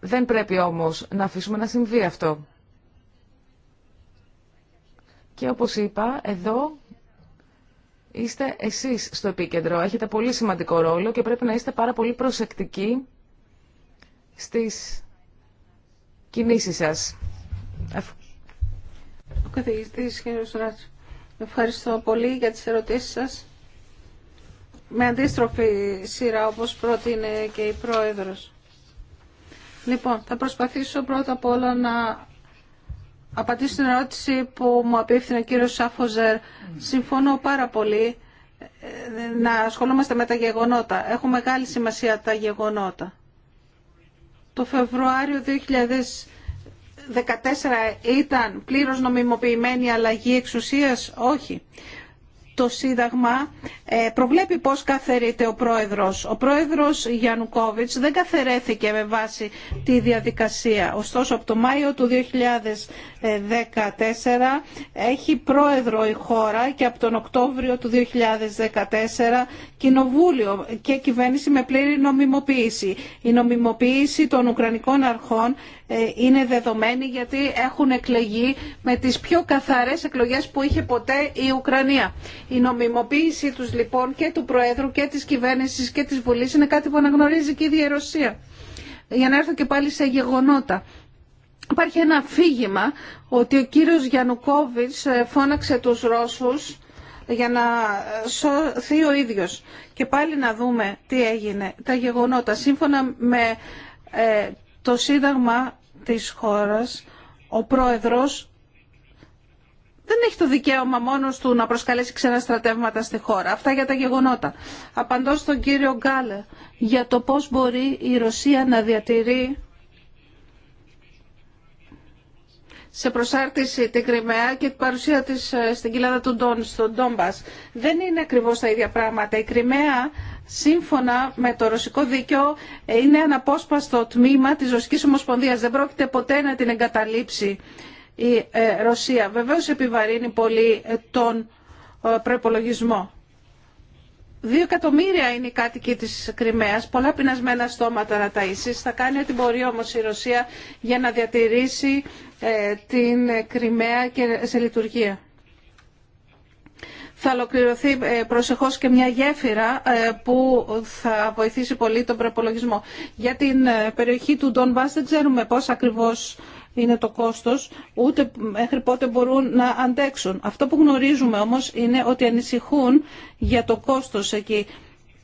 Speaker 4: Δεν πρέπει όμως να αφήσουμε να συμβεί αυτό. Και όπως είπα, εδώ είστε εσείς στο επίκεντρο. Έχετε πολύ σημαντικό ρόλο και πρέπει να είστε πάρα πολύ προσεκτικοί στις κινήσεις σας.
Speaker 1: Ο καθηγητής κ. ευχαριστώ πολύ για τις ερωτήσεις σας. Με αντίστροφη σειρά όπως πρότεινε και η Πρόεδρος. Λοιπόν, θα προσπαθήσω πρώτα απ' όλα να απαντήσω την ερώτηση που μου απίφθηνε ο κύριος Σάφοζερ. Συμφωνώ πάρα πολύ ε, να ασχολούμαστε με τα γεγονότα. Έχουν μεγάλη σημασία τα γεγονότα. Το Φεβρουάριο 2014 ήταν πλήρως νομιμοποιημένη αλλαγή εξουσίας. Όχι. Το Σύνταγμα ε, προβλέπει πώς καθαιρείται ο Πρόεδρος. Ο Πρόεδρος Γιαννουκόβιτς δεν καθαιρέθηκε με βάση τη διαδικασία. Ωστόσο, από το Μάιο του 2014 έχει πρόεδρο η χώρα και από τον Οκτώβριο του 2014 κοινοβούλιο και κυβέρνηση με πλήρη νομιμοποίηση. Η νομιμοποίηση των Ουκρανικών αρχών ε, είναι δεδομένη γιατί έχουν εκλεγεί με τις πιο καθαρές εκλογές που είχε ποτέ η Ουκρανία. Η νομιμοποίηση τους λοιπόν και του Προέδρου και της κυβέρνησης και της Βουλής είναι κάτι που αναγνωρίζει και η Ρωσία. Για να έρθω και πάλι σε γεγονότα. Υπάρχει ένα αφήγημα ότι ο κύριος Γιανουκόβιτς ε, φώναξε τους Ρώσους για να ε, σωθεί ο ίδιος. Και πάλι να δούμε τι έγινε. Τα γεγονότα σύμφωνα με ε, το σύνταγμα της χώρας, ο πρόεδρος δεν έχει το δικαίωμα μόνος του να προσκαλέσει ξένα στρατεύματα στη χώρα. Αυτά για τα γεγονότα. Απαντώ στον κύριο Γκάλε για το πώς μπορεί η Ρωσία να διατηρεί σε προσάρτηση την Κρυμαία και την παρουσία της ε, στην κοιλάδα του Ντόν, στον Ντόμπας. Δεν είναι ακριβώς τα ίδια πράγματα. Η Κρυμαία, σύμφωνα με το ρωσικό δίκαιο, είναι αναπόσπαστο τμήμα της Ρωσικής Ομοσπονδίας. Δεν πρόκειται ποτέ να την εγκαταλείψει η ε, Ρωσία. Βεβαίως επιβαρύνει πολύ ε, τον προπολογισμό. Δύο εκατομμύρια είναι οι κάτοικοι της Κρυμαίας, πολλά πεινασμένα στόματα να ταΐσεις. Θα κάνει ό,τι μπορεί όμως η Ρωσία για να διατηρήσει ε, την Κρυμαία και σε λειτουργία. Θα ολοκληρωθεί ε, προσεχώς και μια γέφυρα ε, που θα βοηθήσει πολύ τον προπολογισμό. Για την περιοχή του Ντόνμπα δεν ξέρουμε πώς ακριβώς είναι το κόστος, ούτε μέχρι πότε μπορούν να αντέξουν. Αυτό που γνωρίζουμε όμως είναι ότι ανησυχούν για το κόστος εκεί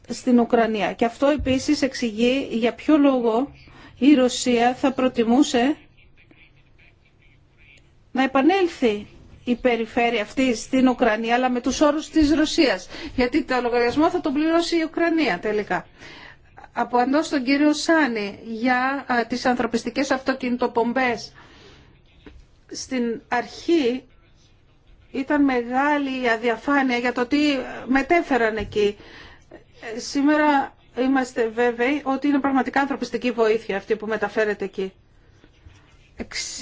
Speaker 1: στην Ουκρανία. Και αυτό επίσης εξηγεί για ποιο λόγο η Ρωσία θα προτιμούσε να επανέλθει η περιφέρεια αυτή στην Ουκρανία, αλλά με τους όρους της Ρωσίας. Γιατί το λογαριασμό θα τον πληρώσει η Ουκρανία τελικά. Απαντώ στον κύριο Σάνη για ε, τις ανθρωπιστικές αυτοκινητοπομπές στην αρχή ήταν μεγάλη η αδιαφάνεια για το τι μετέφεραν εκεί. Σήμερα είμαστε βέβαιοι ότι είναι πραγματικά ανθρωπιστική βοήθεια αυτή που μεταφέρεται εκεί.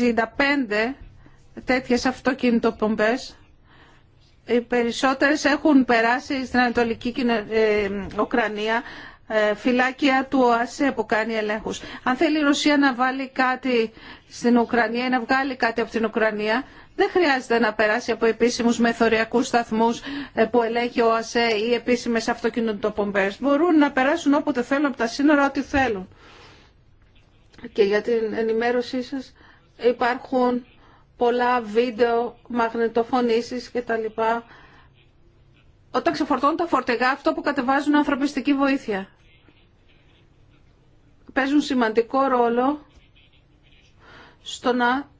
Speaker 1: 65 τέτοιες αυτοκινητοπομπές. Οι περισσότερες έχουν περάσει στην Ανατολική ε, Ουκρανία ε, φυλάκια του ΟΑΣΕ που κάνει ελέγχους. Αν θέλει η Ρωσία να βάλει κάτι στην Ουκρανία ή να βγάλει κάτι από την Ουκρανία, δεν χρειάζεται να περάσει από επίσημους μεθοριακούς σταθμούς ε, που ελέγχει ο ΟΑΣΕ ή επίσημες αυτοκινητοπομπές. Μπορούν να περάσουν όποτε θέλουν από τα σύνορα ό,τι θέλουν. Και για την ενημέρωσή σας υπάρχουν πολλά βίντεο, μαγνητοφωνήσεις κτλ. Όταν ξεφορτώνουν τα φορτηγά αυτό που κατεβάζουν ανθρωπιστική βοήθεια παίζουν σημαντικό ρόλο στο να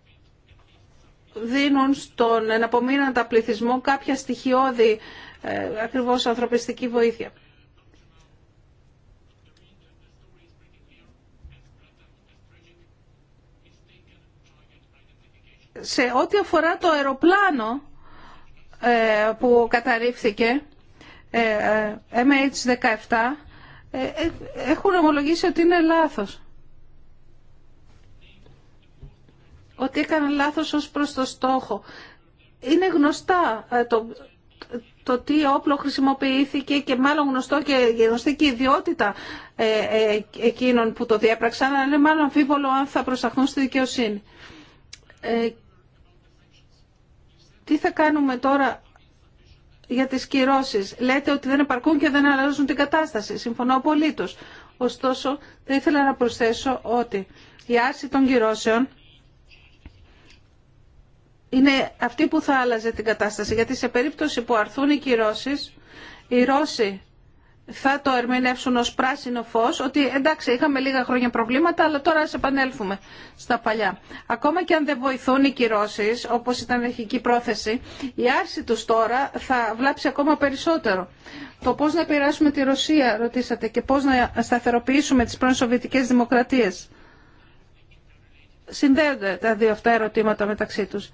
Speaker 1: δίνουν στον εναπομείναντα πληθυσμό κάποια στοιχειώδη ε, ακριβώς ανθρωπιστική βοήθεια. Σε ό,τι αφορά το αεροπλάνο ε, που καταρρίφθηκε, ε, ε MH17, ε, ε, έχουν ομολογήσει ότι είναι λάθος. Ότι έκανε λάθος ως προς το στόχο. Είναι γνωστά ε, το, το τι όπλο χρησιμοποιήθηκε και μάλλον γνωστό και γνωστή και η ιδιότητα εκείνων που το διέπραξαν, αλλά είναι μάλλον αμφίβολο αν θα προσταχθούν στη δικαιοσύνη. τι θα κάνουμε τώρα για τις κυρώσεις. Λέτε ότι δεν επαρκούν και δεν αλλάζουν την κατάσταση. Συμφωνώ απολύτως. Ωστόσο, θα ήθελα να προσθέσω ότι η άρση των κυρώσεων είναι αυτή που θα άλλαζε την κατάσταση. Γιατί σε περίπτωση που αρθούν οι κυρώσεις, οι Ρώσοι θα το ερμηνεύσουν ως πράσινο φως ότι εντάξει είχαμε λίγα χρόνια προβλήματα αλλά τώρα σε επανέλθουμε στα παλιά. Ακόμα και αν δεν βοηθούν οι κυρώσεις όπως ήταν η αρχική πρόθεση η άρση τους τώρα θα βλάψει ακόμα περισσότερο. Το πώς να επηρεάσουμε τη Ρωσία ρωτήσατε και πώς να σταθεροποιήσουμε τις πρώην Σοβιετικές δημοκρατίες. Συνδέονται τα δύο αυτά ερωτήματα μεταξύ τους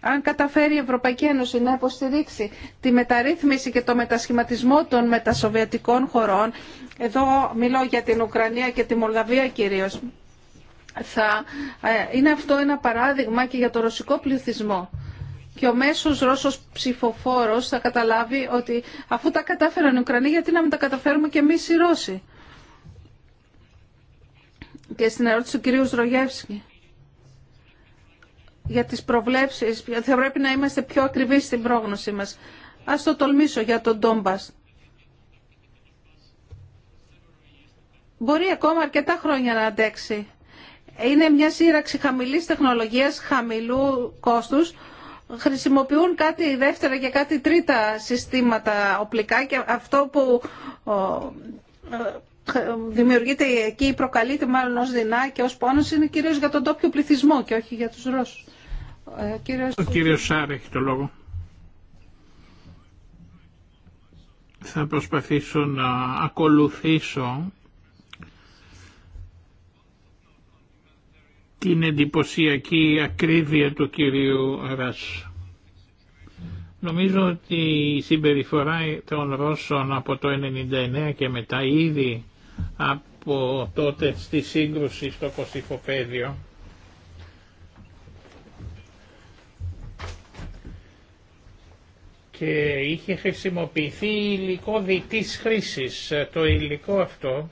Speaker 1: αν καταφέρει η Ευρωπαϊκή Ένωση να υποστηρίξει τη μεταρρύθμιση και το μετασχηματισμό των μετασοβιετικών χωρών, εδώ μιλώ για την Ουκρανία και τη Μολδαβία κυρίως, θα ε, είναι αυτό ένα παράδειγμα και για το ρωσικό πληθυσμό. Και ο μέσος Ρώσος ψηφοφόρος θα καταλάβει ότι αφού τα κατάφεραν οι Ουκρανοί, γιατί να μην τα καταφέρουμε και εμείς οι Ρώσοι. Και στην ερώτηση του κυρίου για τις προβλέψεις, θα πρέπει να είμαστε πιο ακριβείς στην πρόγνωση μας. Ας το τολμήσω για τον Ντόμπας. Μπορεί ακόμα αρκετά χρόνια να αντέξει. Είναι μια σύραξη χαμηλής τεχνολογίας, χαμηλού κόστους. Χρησιμοποιούν κάτι δεύτερα και κάτι τρίτα συστήματα οπλικά και αυτό που ε, δημιουργείται εκεί, προκαλείται μάλλον ως δεινά και ως πόνος είναι κυρίως για τον τόπιο πληθυσμό και όχι για τους Ρώσους. Ο κύριος,
Speaker 2: Ο έχει το λόγο. Θα προσπαθήσω να ακολουθήσω την εντυπωσιακή ακρίβεια του κυρίου Ρας. Νομίζω ότι η συμπεριφορά των Ρώσων από το 1999 και μετά ήδη από τότε στη σύγκρουση στο Κωσυφοπαίδιο και είχε χρησιμοποιηθεί υλικό διτής χρήσης. Το υλικό αυτό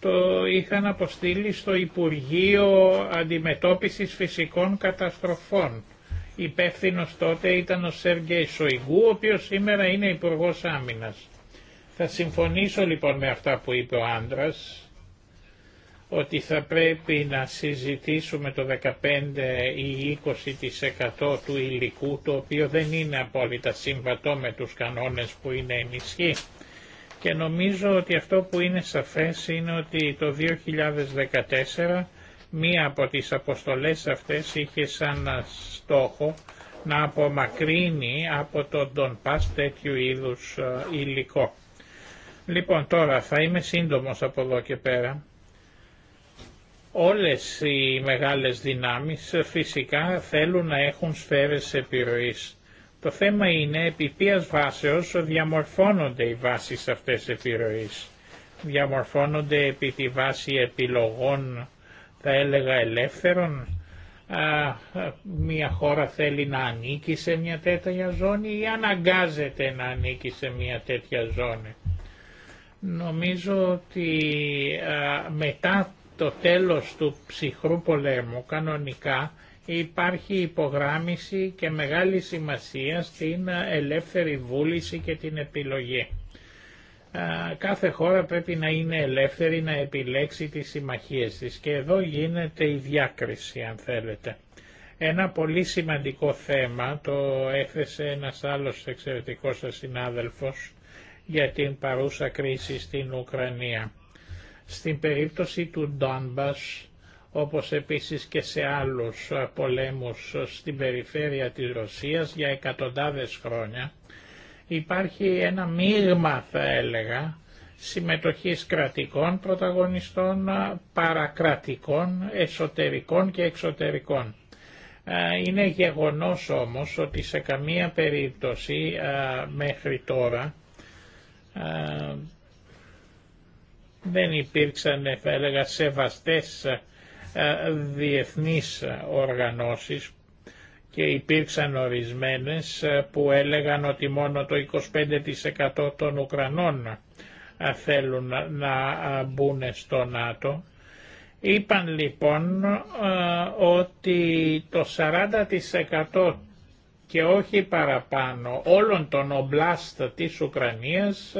Speaker 2: το είχαν αποστείλει στο Υπουργείο Αντιμετώπισης Φυσικών Καταστροφών. Υπεύθυνο τότε ήταν ο Σέργεϊ Σοϊγκού, ο οποίος σήμερα είναι Υπουργός Άμυνας. Θα συμφωνήσω λοιπόν με αυτά που είπε ο άντρας, ότι θα πρέπει να συζητήσουμε το 15 ή 20% του υλικού, το οποίο δεν είναι απόλυτα συμβατό με τους κανόνες που είναι ενισχύ. Και νομίζω ότι αυτό που είναι σαφές είναι ότι το 2014 μία από τις αποστολές αυτές είχε σαν στόχο να απομακρύνει από τον πάσ τέτοιου είδους ε, υλικό. Λοιπόν τώρα θα είμαι σύντομος από εδώ και πέρα. Όλες οι μεγάλες δυνάμεις ε, φυσικά θέλουν να έχουν σφαίρες επιρροής. Το θέμα είναι επί ποιας βάσεως διαμορφώνονται οι βάσεις αυτές επιρροής. Διαμορφώνονται επί τη βάση επιλογών, θα έλεγα ελεύθερων. μια χώρα θέλει να ανήκει σε μια τέτοια ζώνη ή αναγκάζεται να ανήκει σε μια τέτοια ζώνη. Νομίζω ότι μετά το τέλος του ψυχρού πολέμου κανονικά υπάρχει υπογράμμιση και μεγάλη σημασία στην ελεύθερη βούληση και την επιλογή. Κάθε χώρα πρέπει να είναι ελεύθερη να επιλέξει τις συμμαχίες της και εδώ γίνεται η διάκριση αν θέλετε. Ένα πολύ σημαντικό θέμα το έθεσε ένας άλλος εξαιρετικός σας συνάδελφος για την παρούσα κρίση στην Ουκρανία. Στην περίπτωση του Ντόνμπας, όπως επίσης και σε άλλους ε, πολέμους ε, στην περιφέρεια της Ρωσίας για εκατοντάδες χρόνια, υπάρχει ένα μείγμα θα έλεγα συμμετοχής κρατικών πρωταγωνιστών, ε, παρακρατικών, εσωτερικών και εξωτερικών. Είναι γεγονός όμως ότι σε καμία περίπτωση μέχρι τώρα δεν υπήρξαν θα έλεγα σεβαστές ε, διεθνείς οργανώσεις και υπήρξαν ορισμένες ε, που έλεγαν ότι μόνο το 25% των Ουκρανών ε, θέλουν να μπουν στο ΝΑΤΟ. Είπαν λοιπόν ότι το 40% και όχι παραπάνω όλων των ομπλάστ της Ουκρανίας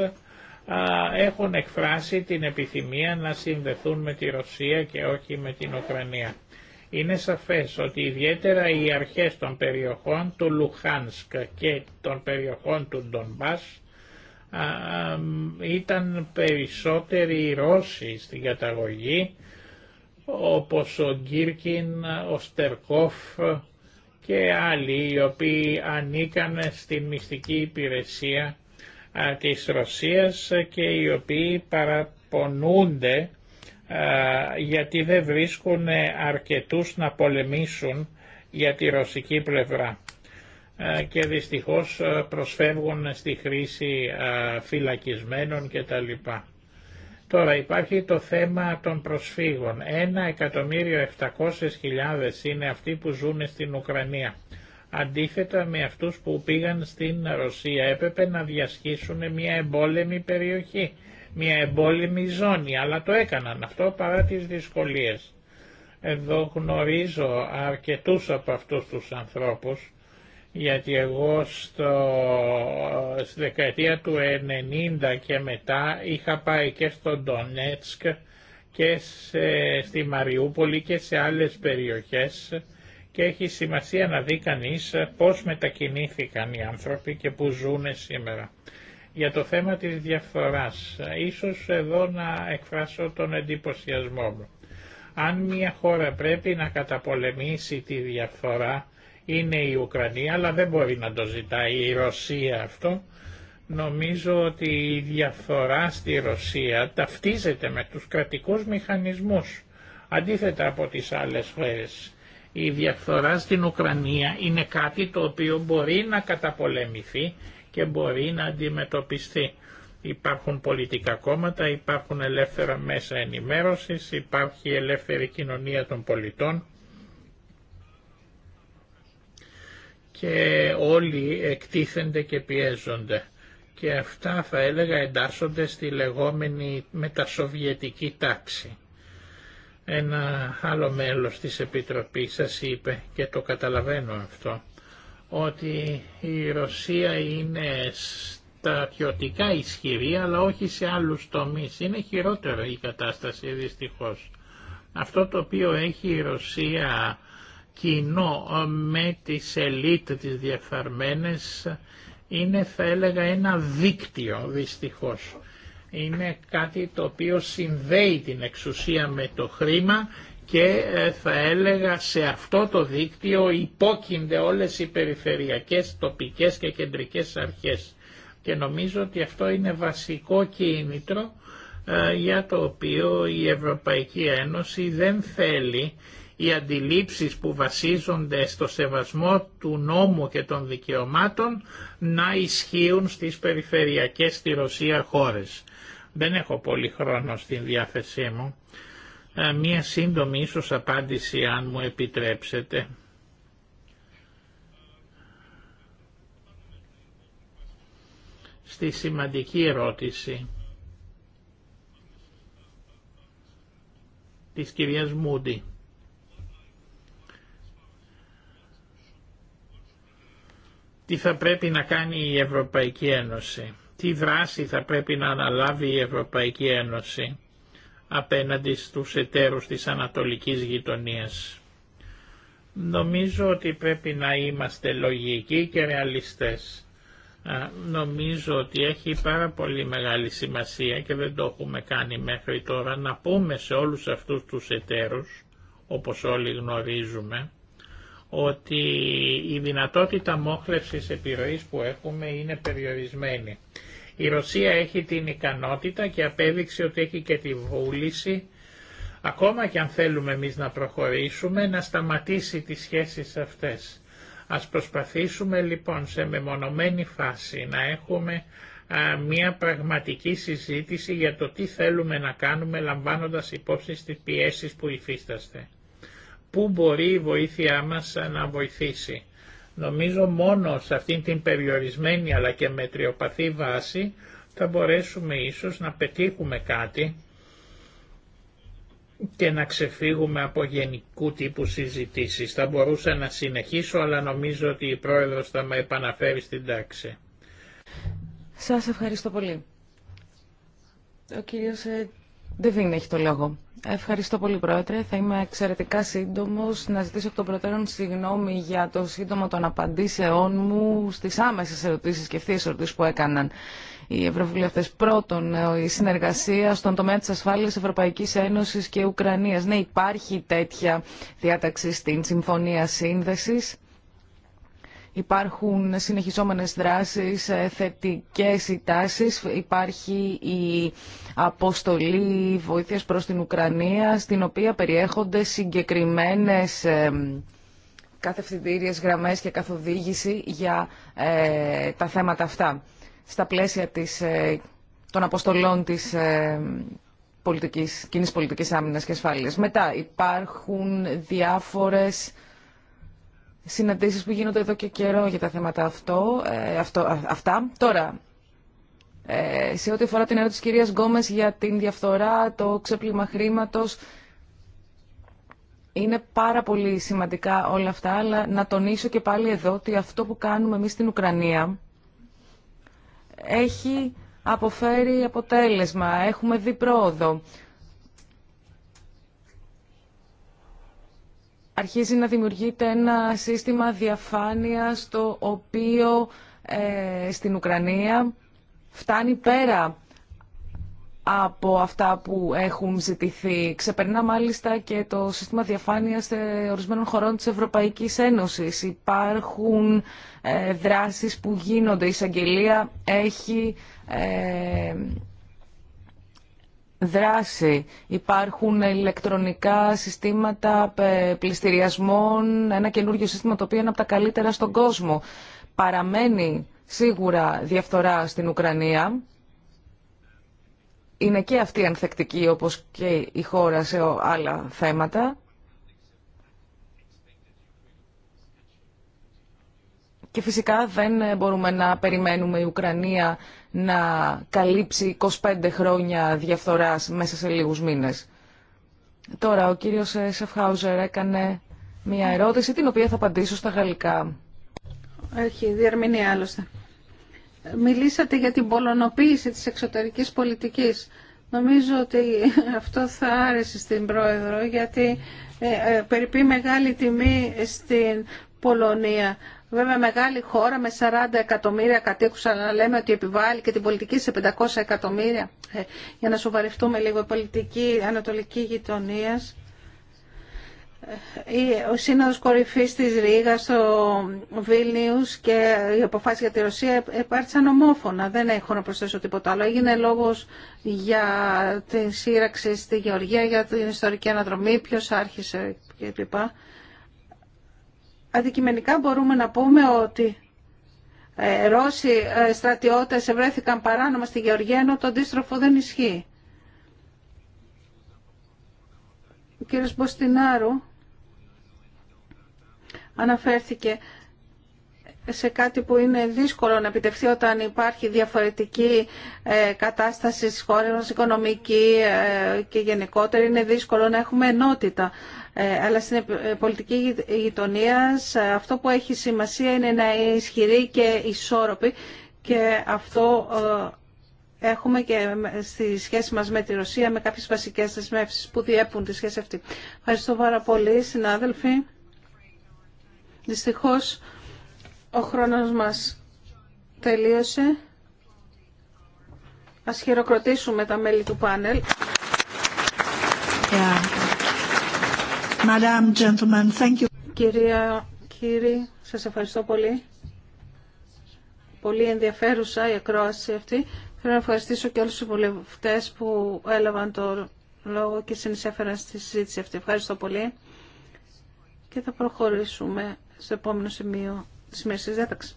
Speaker 2: έχουν εκφράσει την επιθυμία να συνδεθούν με τη Ρωσία και όχι με την Ουκρανία. Είναι σαφές ότι ιδιαίτερα οι αρχές των περιοχών του Λουχάνσκ και των περιοχών του Ντονμπάς ήταν περισσότεροι Ρώσοι στην καταγωγή όπως ο Γκίρκιν, ο Στερκόφ και άλλοι οι οποίοι ανήκαν στην μυστική υπηρεσία της Ρωσίας και οι οποίοι παραπονούνται γιατί δεν βρίσκουν αρκετούς να πολεμήσουν για τη ρωσική πλευρά και δυστυχώς προσφεύγουν στη χρήση φυλακισμένων κτλ. Τώρα υπάρχει το θέμα των προσφύγων. 1.700.000 είναι αυτοί που ζουν στην Ουκρανία αντίθετα με αυτούς που πήγαν στην Ρωσία. Έπρεπε να διασχίσουν μια εμπόλεμη περιοχή, μια εμπόλεμη ζώνη, αλλά το έκαναν αυτό παρά τις δυσκολίες. Εδώ γνωρίζω αρκετούς από αυτούς τους ανθρώπους, γιατί εγώ στο, στη δεκαετία του 90 και μετά είχα πάει και στο Ντονέτσκ και σε, στη Μαριούπολη και σε άλλες περιοχές και έχει σημασία να δει κανεί ε, πώς μετακινήθηκαν οι άνθρωποι και που ζουν σήμερα. Για το θέμα της διαφθοράς, ε, ίσως εδώ να εκφράσω τον εντυπωσιασμό μου. Αν μια χώρα πρέπει να καταπολεμήσει τη διαφθορά, είναι η Ουκρανία, αλλά δεν μπορεί να το ζητάει η Ρωσία αυτό. Νομίζω ότι η διαφθορά στη Ρωσία ταυτίζεται με τους κρατικούς μηχανισμούς, αντίθετα από τις άλλες χώρες. Η διαφθορά στην Ουκρανία είναι κάτι το οποίο μπορεί να καταπολεμηθεί και μπορεί να αντιμετωπιστεί. Υπάρχουν πολιτικά κόμματα, υπάρχουν ελεύθερα μέσα ενημέρωσης, υπάρχει ελεύθερη κοινωνία των πολιτών και όλοι εκτίθενται και πιέζονται. Και αυτά θα έλεγα εντάσσονται στη λεγόμενη μετασοβιετική τάξη. Ένα άλλο μέλος της Επιτροπής σας είπε, και το καταλαβαίνω αυτό, ότι η Ρωσία είναι στρατιωτικά ισχυρή, αλλά όχι σε άλλους τομείς. Είναι χειρότερη η κατάσταση δυστυχώς. Αυτό το οποίο έχει η Ρωσία κοινό με τις ελίτ τις διαφθαρμένες είναι θα έλεγα ένα δίκτυο δυστυχώς είναι κάτι το οποίο συνδέει την εξουσία με το χρήμα και ε, θα έλεγα σε αυτό το δίκτυο υπόκεινται όλες οι περιφερειακές, τοπικές και κεντρικές αρχές. Και νομίζω ότι αυτό είναι βασικό κίνητρο ε, για το οποίο η Ευρωπαϊκή Ένωση δεν θέλει οι αντιλήψεις που βασίζονται στο σεβασμό του νόμου και των δικαιωμάτων να ισχύουν στις περιφερειακές στη Ρωσία χώρες δεν έχω πολύ χρόνο στην διάθεσή μου. Ε, μία σύντομη ίσως απάντηση αν μου επιτρέψετε. Στη σημαντική ερώτηση της κυρίας Μούντι. Τι θα πρέπει να κάνει η Ευρωπαϊκή Ένωση τι δράση θα πρέπει να αναλάβει η Ευρωπαϊκή Ένωση απέναντι στους εταίρους της Ανατολικής Γειτονίας. Νομίζω ότι πρέπει να είμαστε λογικοί και ρεαλιστές. Νομίζω ότι έχει πάρα πολύ μεγάλη σημασία και δεν το έχουμε κάνει μέχρι τώρα να πούμε σε όλους αυτούς τους εταίρους, όπως όλοι γνωρίζουμε, ότι η δυνατότητα μόχλευσης επιρροής που έχουμε είναι περιορισμένη. Η Ρωσία έχει την ικανότητα και απέδειξε ότι έχει και τη βούληση, ακόμα και αν θέλουμε εμείς να προχωρήσουμε, να σταματήσει τις σχέσεις αυτές. Ας προσπαθήσουμε λοιπόν σε μεμονωμένη φάση να έχουμε μια πραγματική συζήτηση για το τι θέλουμε να κάνουμε λαμβάνοντας υπόψη στις πιέσεις που υφίσταστε. Πού μπορεί η βοήθειά μας να βοηθήσει. Νομίζω μόνο σε αυτήν την περιορισμένη αλλά και μετριοπαθή βάση θα μπορέσουμε ίσως να πετύχουμε κάτι και να ξεφύγουμε από γενικού τύπου συζητήσεις. Θα μπορούσα να συνεχίσω, αλλά νομίζω ότι η Πρόεδρος θα με επαναφέρει στην τάξη.
Speaker 4: Σας ευχαριστώ πολύ. Ο κύριος ε, δεν έχει το λόγο. Ευχαριστώ πολύ, Πρόεδρε. Θα είμαι εξαιρετικά σύντομο. Να ζητήσω από τον προτέρων συγγνώμη για το σύντομο των απαντήσεών μου στι άμεσε ερωτήσει και ευθείε ερωτήσει που έκαναν οι Ευρωβουλευτέ. Πρώτον, ε, η συνεργασία στον τομέα τη ασφάλεια Ευρωπαϊκή Ένωση και Ουκρανία. Ναι, υπάρχει τέτοια διάταξη στην Συμφωνία Σύνδεση υπάρχουν συνεχιζόμενες δράσεις, ε, θετικές οι τάσεις. Υπάρχει η αποστολή βοήθειας προς την Ουκρανία, στην οποία περιέχονται συγκεκριμένες ε, καθευθυντήριες γραμμές και καθοδήγηση για ε, τα θέματα αυτά στα πλαίσια της, των αποστολών της ε, πολιτικής, κοινής πολιτικής άμυνας και ασφάλειας. Μετά υπάρχουν διάφορες συναντήσεις που γίνονται εδώ και καιρό για τα θέματα αυτό, ε, αυτά. Τώρα, ε, σε ό,τι αφορά την ερώτηση της κυρίας Γκόμες για την διαφθορά, το ξέπλυμα χρήματο, είναι πάρα πολύ σημαντικά όλα αυτά, αλλά να τονίσω και πάλι εδώ ότι αυτό που κάνουμε εμείς στην Ουκρανία έχει αποφέρει αποτέλεσμα, έχουμε δει πρόοδο. αρχίζει να δημιουργείται ένα σύστημα διαφάνειας το οποίο ε, στην Ουκρανία φτάνει πέρα από αυτά που έχουν ζητηθεί. Ξεπερνά μάλιστα και το σύστημα διαφάνειας ορισμένων χωρών της Ευρωπαϊκής Ένωσης. Υπάρχουν ε, δράσεις που γίνονται. Η εισαγγελία έχει ε, δράση. Υπάρχουν ηλεκτρονικά συστήματα πληστηριασμών, ένα καινούργιο σύστημα το οποίο είναι από τα καλύτερα στον κόσμο. Παραμένει σίγουρα διαφθορά στην Ουκρανία. Είναι και αυτή ανθεκτική όπως και η χώρα σε άλλα θέματα. Και φυσικά δεν μπορούμε να περιμένουμε η Ουκρανία να καλύψει 25 χρόνια διαφθοράς μέσα σε λίγους μήνες. Τώρα, ο κύριος ε, Σεφχάουζερ έκανε μια ερώτηση, την οποία θα απαντήσω στα γαλλικά. Έχει διερμηνία άλλωστε. Μιλήσατε για την
Speaker 1: πολωνοποίηση της εξωτερικής πολιτικής. Νομίζω ότι αυτό θα άρεσε στην Πρόεδρο, γιατί ε, ε περιπεί μεγάλη τιμή στην Πολωνία Βέβαια μεγάλη χώρα με 40 εκατομμύρια κατοίκους, αλλά λέμε ότι επιβάλλει και την πολιτική σε 500 εκατομμύρια. Ε, για να σοβαρευτούμε λίγο, η πολιτική ανατολική γειτονία. Ε, ο Σύνοδος Κορυφής της Ρήγας, ο Βίλνιους και η αποφάση για τη Ρωσία επάρτησαν ομόφωνα. Δεν έχω να προσθέσω τίποτα άλλο. Έγινε λόγος για την σύραξη στη Γεωργία, για την ιστορική αναδρομή, ποιος άρχισε κλπ αντικειμενικά μπορούμε να πούμε ότι ε, Ρώσοι ε, στρατιώτες ευρέθηκαν παράνομα στη Γεωργία, ενώ το αντίστροφο δεν ισχύει. Ο κύριος Μποστινάρου αναφέρθηκε σε κάτι που είναι δύσκολο να επιτευχθεί όταν υπάρχει διαφορετική ε, κατάσταση στις χώρες μας, οικονομική και γενικότερη. Είναι δύσκολο να έχουμε ενότητα ε, αλλά στην ε, πολιτική γειτονία ε, αυτό που έχει σημασία είναι να είναι ισχυρή και ισόρροπη και αυτό έχουμε και στη σχέση μας με τη Ρωσία με κάποιες βασικές δεσμεύσεις που διέπουν τη σχέση αυτή. Ευχαριστώ πάρα πολύ συνάδελφοι. Δυστυχώς ο χρόνος μας τελείωσε. Ας χειροκροτήσουμε τα μέλη του πάνελ. Κυρία, κύριοι, σας ευχαριστώ πολύ. Πολύ ενδιαφέρουσα η ακρόαση αυτή. Θέλω να ευχαριστήσω και όλους τους βουλευτές που έλαβαν το λόγο και συνεισέφεραν στη συζήτηση αυτή. Ευχαριστώ πολύ. Και θα προχωρήσουμε στο επόμενο σημείο της μέρης της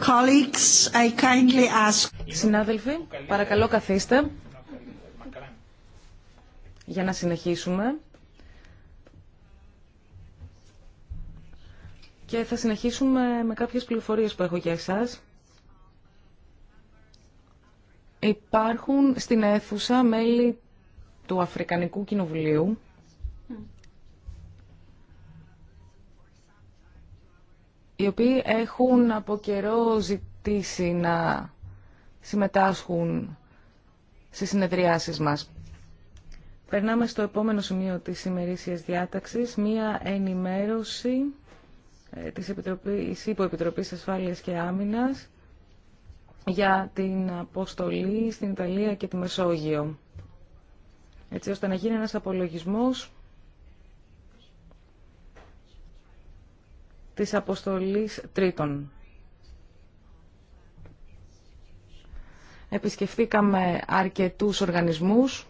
Speaker 4: Colleagues, I kindly ask... Συνάδελφοι, παρακαλώ καθίστε για να συνεχίσουμε. Και θα συνεχίσουμε με κάποιες πληροφορίες που έχω για εσάς. Υπάρχουν στην αίθουσα μέλη του Αφρικανικού Κοινοβουλίου οι οποίοι έχουν από καιρό ζητήσει να συμμετάσχουν στις συνεδριάσεις μας. Περνάμε στο επόμενο σημείο της ημερήσιας διάταξης, μία ενημέρωση ε, της Επιτροπής, Υποεπιτροπής Ασφάλειας και Άμυνας για την αποστολή στην Ιταλία και τη Μεσόγειο. Έτσι ώστε να γίνει ένας απολογισμός της αποστολής τρίτων. Επισκεφθήκαμε αρκετούς οργανισμούς,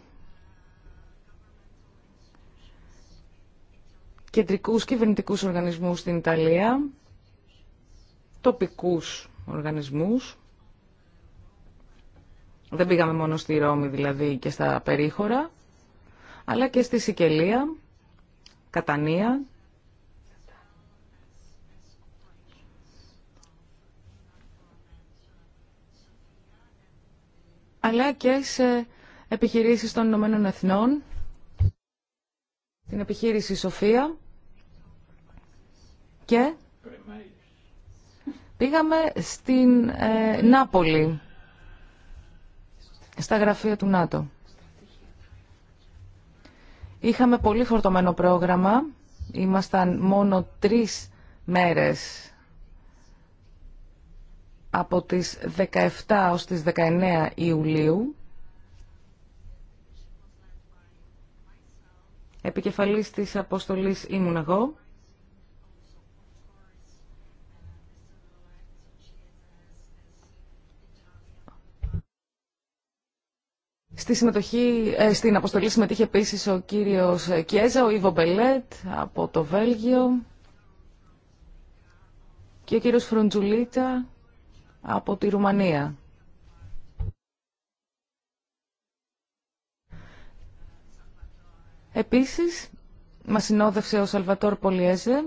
Speaker 4: κεντρικούς κυβερνητικούς οργανισμούς στην Ιταλία, τοπικούς οργανισμούς, δεν πήγαμε μόνο στη Ρώμη δηλαδή και στα περίχωρα, αλλά και στη Σικελία, Κατανία. αλλά και σε επιχειρήσεις των Ηνωμένων Εθνών, την επιχείρηση Σοφία και πήγαμε στην ε, Νάπολη στα γραφεία του ΝΑΤΟ. Είχαμε πολύ φορτωμένο πρόγραμμα. Ήμασταν μόνο τρεις μέρες από τις 17 ως τις 19 Ιουλίου. Επικεφαλής της αποστολής ήμουν εγώ. Στη συμμετοχή, ε, στην αποστολή συμμετείχε επίση ο κύριο Κιέζα, ο Ιβο Μπελέτ από το Βέλγιο και ο κύριος Φρουντζουλίτσα από τη Ρουμανία. Επίσης, μας συνόδευσε ο Σαλβατόρ Πολιέζε,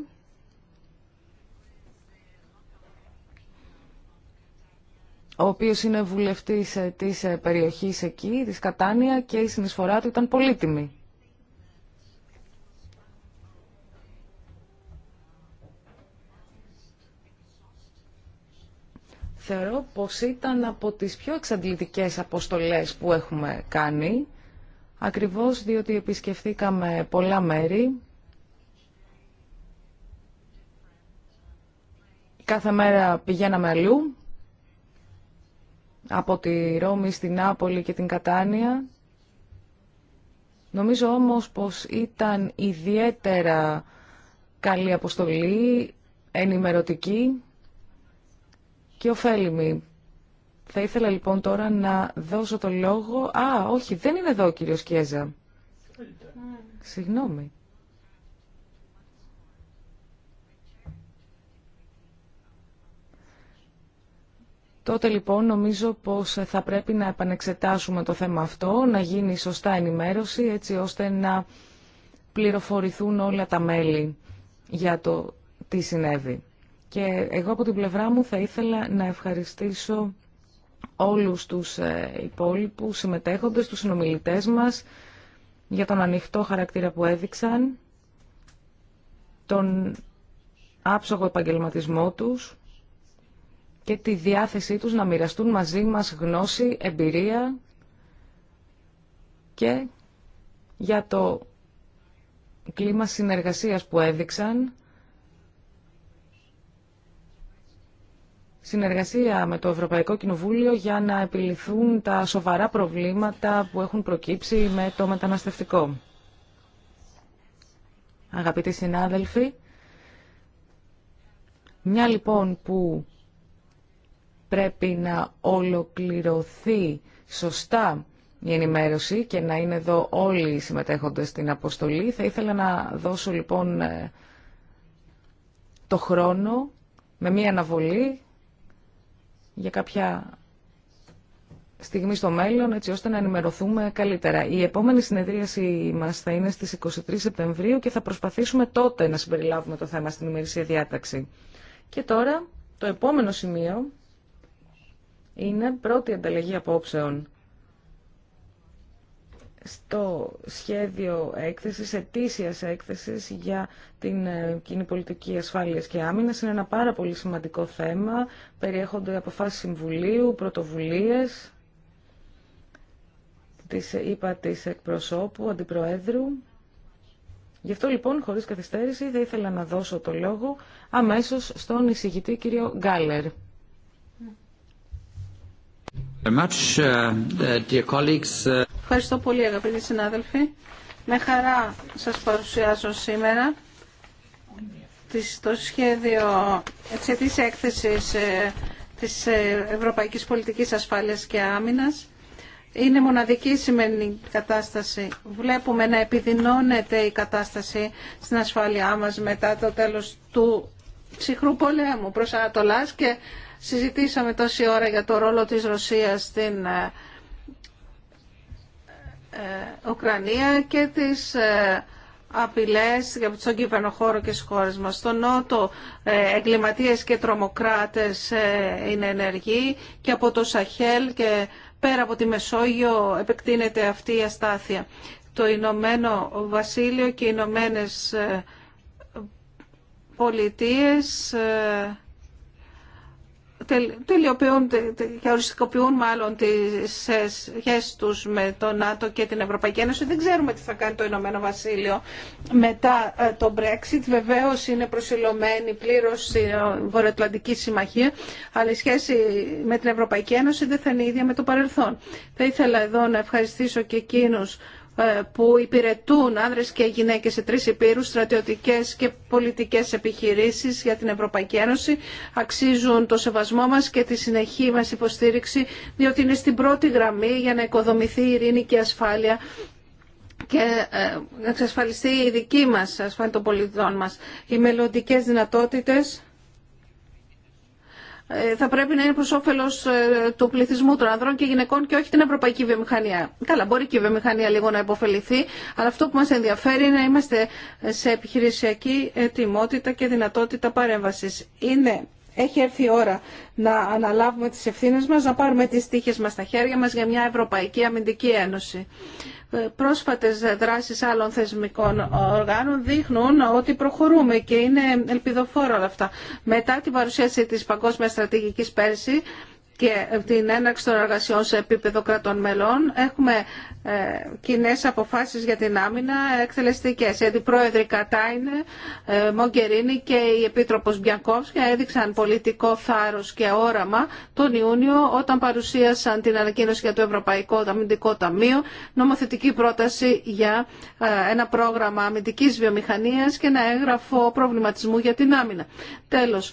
Speaker 4: ο οποίος είναι βουλευτής ε, της ε, περιοχής εκεί, της Κατάνια και η συνεισφορά του ήταν πολύτιμη. Θεωρώ πως ήταν από τις πιο εξαντλητικές αποστολές που έχουμε κάνει, ακριβώς διότι επισκεφθήκαμε πολλά μέρη, κάθε μέρα πηγαίναμε αλλού από τη Ρώμη στην Νάπολη και την Κατάνια. Νομίζω όμως πως ήταν ιδιαίτερα καλή αποστολή, ενημερωτική και ωφέλιμη. Θα ήθελα λοιπόν τώρα να δώσω το λόγο... Α, όχι, δεν είναι εδώ ο κύριος Κιέζα. Συγγνώμη. Τότε λοιπόν νομίζω πως θα πρέπει να επανεξετάσουμε το θέμα αυτό, να γίνει σωστά ενημέρωση έτσι ώστε να πληροφορηθούν όλα τα μέλη για το τι συνέβη. Και εγώ από την πλευρά μου θα ήθελα να ευχαριστήσω όλους τους ε, υπόλοιπους συμμετέχοντες, τους συνομιλητές μας, για τον ανοιχτό χαρακτήρα που έδειξαν, τον άψογο επαγγελματισμό τους και τη διάθεσή τους να μοιραστούν μαζί μας γνώση, εμπειρία και για το κλίμα συνεργασίας που έδειξαν. Συνεργασία με το Ευρωπαϊκό Κοινοβούλιο για να επιληθούν τα σοβαρά προβλήματα που έχουν προκύψει με το μεταναστευτικό. Αγαπητοί συνάδελφοι, μια λοιπόν που πρέπει να ολοκληρωθεί σωστά η ενημέρωση και να είναι εδώ όλοι οι συμμετέχοντες στην αποστολή. Θα ήθελα να δώσω λοιπόν ε, το χρόνο με μία αναβολή για κάποια στιγμή στο μέλλον, έτσι ώστε να ενημερωθούμε καλύτερα. Η επόμενη συνεδρίαση μας θα είναι στις 23 Σεπτεμβρίου και θα προσπαθήσουμε τότε να συμπεριλάβουμε το θέμα στην ημερησία διάταξη. Και τώρα το επόμενο σημείο είναι πρώτη ανταλλαγή απόψεων στο σχέδιο έκθεσης, ετήσιας έκθεσης για την ε, κοινή πολιτική ασφάλειας και άμυνας. Είναι ένα πάρα πολύ σημαντικό θέμα. Περιέχονται αποφάσεις συμβουλίου, πρωτοβουλίες της είπα της εκπροσώπου, αντιπροέδρου. Γι' αυτό λοιπόν, χωρίς καθυστέρηση, θα ήθελα να δώσω το λόγο αμέσως στον εισηγητή κύριο Γκάλερ.
Speaker 2: Uh, uh, uh,
Speaker 1: Ευχαριστώ πολύ αγαπητοί συνάδελφοι. Με χαρά σας παρουσιάζω σήμερα το σχέδιο της έκθεσης ε, της ε, Ευρωπαϊκής Πολιτικής Ασφάλειας και Άμυνας. Είναι μοναδική η κατάσταση. Βλέπουμε να επιδεινώνεται η κατάσταση στην ασφάλειά μας μετά το τέλος του ψυχρού πολέμου προς Ανατολάς και Συζητήσαμε τόση ώρα για το ρόλο της Ρωσίας στην ε, ε, Ουκρανία και τις ε, απειλές για τον κυβερνοχώρο και στις χώρες μας. Στο Νότο εγκληματίες και τρομοκράτες είναι ενεργοί και από το Σαχέλ και πέρα από τη Μεσόγειο επεκτείνεται αυτή η αστάθεια. Το Ηνωμένο Βασίλειο και οι Ηνωμένε Πολιτείες τελειοποιούν και οριστικοποιούν μάλλον τι ε, σχέσει του με το ΝΑΤΟ και την Ευρωπαϊκή Ένωση. Δεν ξέρουμε τι θα κάνει το Ηνωμένο Βασίλειο μετά ε, το Brexit. Βεβαίω είναι προσιλωμένη πλήρω η ε, Βορειοατλαντική Συμμαχία, αλλά η σχέση με την Ευρωπαϊκή Ένωση δεν θα είναι ίδια με το παρελθόν. Θα ήθελα εδώ να ευχαριστήσω και εκείνου. Ε, που υπηρετούν άνδρες και γυναίκες σε τρεις υπήρους, στρατιωτικές και πολιτικές επιχειρήσεις για την Ευρωπαϊκή Ένωση, αξίζουν το σεβασμό μας και τη συνεχή μας υποστήριξη, διότι είναι στην πρώτη γραμμή για να οικοδομηθεί η ειρήνη και η ασφάλεια και ε, να εξασφαλιστεί η δική μας ασφάλεια των πολιτών μας. Οι μελλοντικέ δυνατότητες ε, θα πρέπει να είναι προ όφελο ε, του πληθυσμού των ανδρών και γυναικών και όχι την ευρωπαϊκή βιομηχανία. Καλά, μπορεί και η βιομηχανία λίγο να υποφεληθεί, αλλά αυτό που μα ενδιαφέρει είναι να είμαστε σε επιχειρησιακή ετοιμότητα και δυνατότητα παρέμβαση. Είναι έχει έρθει η ώρα να αναλάβουμε τις ευθύνες μας, να πάρουμε τις τύχες μας στα χέρια μας για μια Ευρωπαϊκή Αμυντική Ένωση πρόσφατες δράσεις άλλων θεσμικών οργάνων δείχνουν ότι προχωρούμε και είναι ελπιδοφόρο όλα αυτά. Μετά την παρουσίαση της Παγκόσμιας Στρατηγικής πέρσι, και την έναρξη των εργασιών σε επίπεδο κρατών μελών. Έχουμε ε, κοινέ αποφάσει για την άμυνα εκτελεστικέ. Οι αντιπρόεδροι Κατάινε, ε, Μογκερίνη και η Επίτροπο Μπιακόφσκα έδειξαν πολιτικό θάρρο και όραμα τον Ιούνιο όταν παρουσίασαν την ανακοίνωση για το Ευρωπαϊκό Αμυντικό Ταμείο, νομοθετική πρόταση για ε, ένα πρόγραμμα αμυντική βιομηχανία και ένα έγγραφο προβληματισμού για την άμυνα. Τέλο,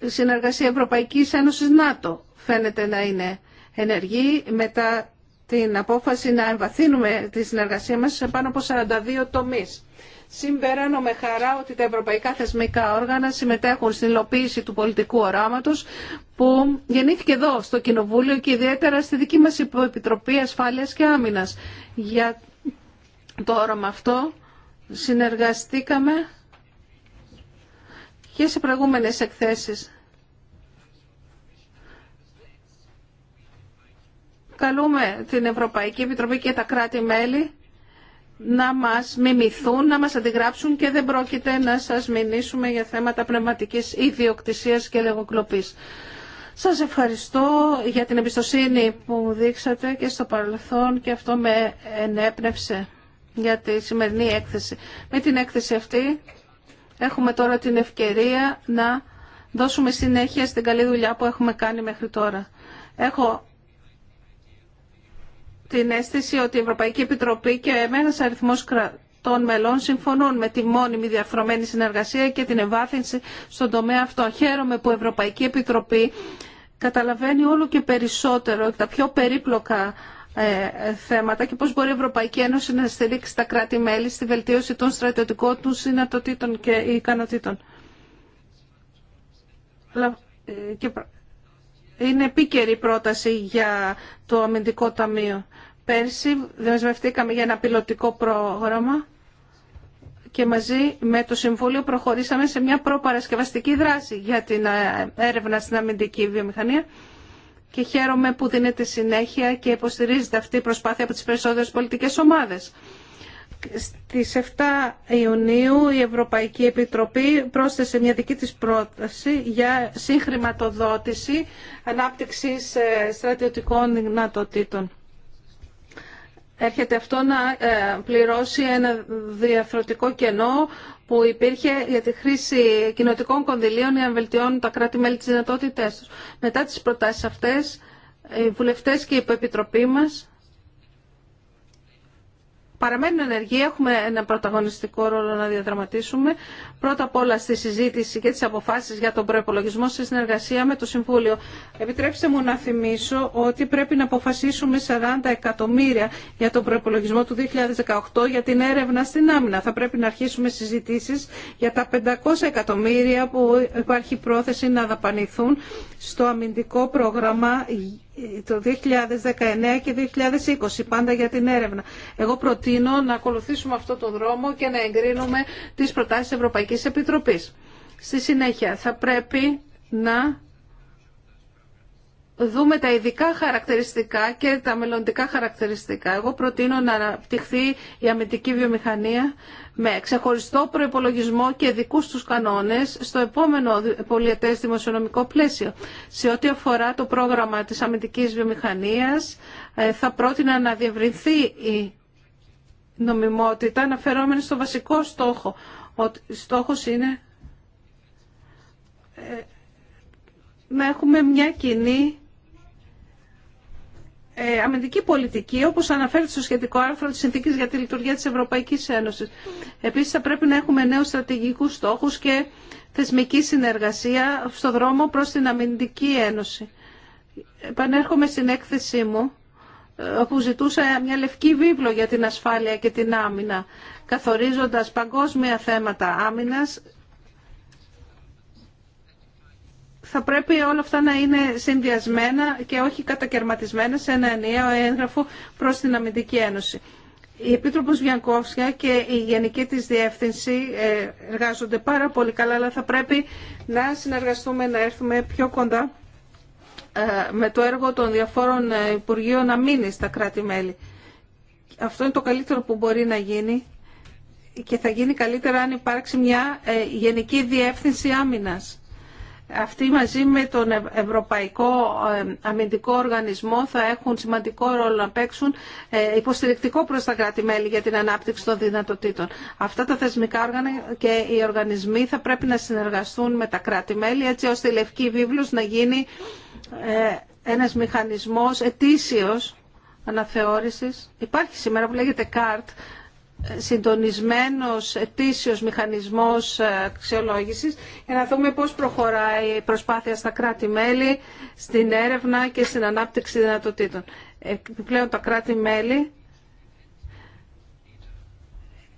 Speaker 1: συνεργασία Ευρωπαϊκής Ένωσης ΝΑΤΟ φαίνεται να είναι ενεργή μετά την απόφαση να εμβαθύνουμε τη συνεργασία μας σε πάνω από 42 τομείς. Συμπεραίνω με χαρά ότι τα ευρωπαϊκά θεσμικά όργανα συμμετέχουν στην υλοποίηση του πολιτικού οράματος που γεννήθηκε εδώ στο Κοινοβούλιο και ιδιαίτερα στη δική μας Επιτροπή Ασφάλειας και Άμυνας. Για το όραμα αυτό συνεργαστήκαμε και σε προηγούμενες εκθέσεις. καλούμε την Ευρωπαϊκή Επιτροπή και τα κράτη-μέλη να μας μιμηθούν, να μας αντιγράψουν και δεν πρόκειται να σας μηνύσουμε για θέματα πνευματικής ιδιοκτησίας και λεγοκλοπής. Σας ευχαριστώ για την εμπιστοσύνη που μου δείξατε και στο παρελθόν και αυτό με ενέπνευσε για τη σημερινή έκθεση. Με την έκθεση αυτή έχουμε τώρα την ευκαιρία να δώσουμε συνέχεια στην καλή δουλειά που έχουμε κάνει μέχρι τώρα. Έχω την αίσθηση ότι η Ευρωπαϊκή Επιτροπή και ένα αριθμό κρατών μελών συμφωνούν με τη μόνιμη διαφρομένη συνεργασία και την ευάθυνση στον τομέα αυτό. Χαίρομαι που η Ευρωπαϊκή Επιτροπή καταλαβαίνει όλο και περισσότερο τα πιο περίπλοκα ε, θέματα και πώς μπορεί η Ευρωπαϊκή Ένωση να στηρίξει τα κράτη-μέλη στη βελτίωση των στρατιωτικών του συνατοτήτων και ικανοτήτων. Ε, και είναι επίκαιρη η πρόταση για το αμυντικό ταμείο. Πέρσι δεσμευτήκαμε για ένα πιλωτικό πρόγραμμα και μαζί με το Συμβούλιο προχωρήσαμε σε μια προπαρασκευαστική δράση για την ε, έρευνα στην αμυντική βιομηχανία και χαίρομαι που δίνεται συνέχεια και υποστηρίζεται αυτή η προσπάθεια από τις περισσότερες πολιτικές ομάδες. Στις 7 Ιουνίου η Ευρωπαϊκή Επιτροπή πρόσθεσε μια δική της πρόταση για συγχρηματοδότηση ανάπτυξης ε, στρατιωτικών δυνατοτήτων. Έρχεται αυτό να ε, πληρώσει ένα διαφορετικό κενό που υπήρχε για τη χρήση κοινοτικών κονδυλίων για να βελτιώνουν τα κράτη-μέλη της δυνατότητές τους. Μετά τις προτάσεις αυτές, οι βουλευτές και η Επιτροπή μας παραμένουν ενεργοί, έχουμε ένα πρωταγωνιστικό ρόλο να διαδραματίσουμε, πρώτα απ' όλα στη συζήτηση και τις αποφάσεις για τον προϋπολογισμό σε συνεργασία με το Συμβούλιο. Επιτρέψτε μου να θυμίσω ότι πρέπει να αποφασίσουμε 40 εκατομμύρια για τον προϋπολογισμό του 2018 για την έρευνα στην άμυνα. Θα πρέπει να αρχίσουμε συζητήσεις για τα 500 εκατομμύρια που υπάρχει πρόθεση να δαπανηθούν στο αμυντικό πρόγραμμα το 2019 και 2020 πάντα για την έρευνα. Εγώ προτείνω να ακολουθήσουμε αυτό το δρόμο και να εγκρίνουμε τις προτάσεις Ευρωπαϊκής Ευρωπαϊκής Επιτροπής. Στη συνέχεια θα πρέπει να δούμε τα ειδικά χαρακτηριστικά και τα μελλοντικά χαρακτηριστικά. Εγώ προτείνω να αναπτυχθεί η αμυντική βιομηχανία με ξεχωριστό προϋπολογισμό και δικού τους κανόνες στο επόμενο πολιτεύστημο δημοσιονομικό πλαίσιο. Σε ό,τι αφορά το πρόγραμμα της αμυντικής βιομηχανίας, ε, θα πρότεινα να διευρυνθεί η νομιμότητα αναφερόμενη στο βασικό στόχο ότι στόχος είναι ε, να έχουμε μια κοινή ε, αμυντική πολιτική, όπως αναφέρεται στο σχετικό άρθρο της Συνθήκης για τη Λειτουργία της Ευρωπαϊκής Ένωσης. Επίσης, θα πρέπει να έχουμε νέους στρατηγικούς στόχους και θεσμική συνεργασία στο δρόμο προς την αμυντική ένωση. Επανέρχομαι στην έκθεσή μου, ε, όπου ζητούσα μια λευκή βίβλο για την ασφάλεια και την άμυνα καθορίζοντας παγκόσμια θέματα άμυνας, θα πρέπει όλα αυτά να είναι συνδυασμένα και όχι κατακαιρματισμένα σε ένα ενιαίο έγγραφο προς την Αμυντική Ένωση. Η Επίτροπος Βιανκόφσια και η Γενική της Διεύθυνση ε, εργάζονται πάρα πολύ καλά, αλλά θα πρέπει να συνεργαστούμε, να έρθουμε πιο κοντά ε, με το έργο των διαφόρων ε, Υπουργείων μείνει στα κράτη-μέλη. Αυτό είναι το καλύτερο που μπορεί να γίνει και θα γίνει καλύτερα αν υπάρξει μια ε, Γενική Διεύθυνση Άμυνας. Αυτή μαζί με τον Ευρωπαϊκό ε, Αμυντικό Οργανισμό θα έχουν σημαντικό ρόλο να παίξουν ε, υποστηρικτικό προς τα κράτη-μέλη για την ανάπτυξη των δυνατοτήτων. Αυτά τα θεσμικά όργανα και οι οργανισμοί θα πρέπει να συνεργαστούν με τα κράτη-μέλη έτσι ώστε η Λευκή Βίβλος να γίνει ένας μηχανισμός ετήσιος αναθεώρησης. Υπάρχει σήμερα που λέγεται CART συντονισμένος ετήσιος μηχανισμός αξιολόγησης για να δούμε πώς προχωράει η προσπάθεια στα κράτη-μέλη, στην έρευνα και στην ανάπτυξη δυνατοτήτων. Επιπλέον τα κράτη-μέλη,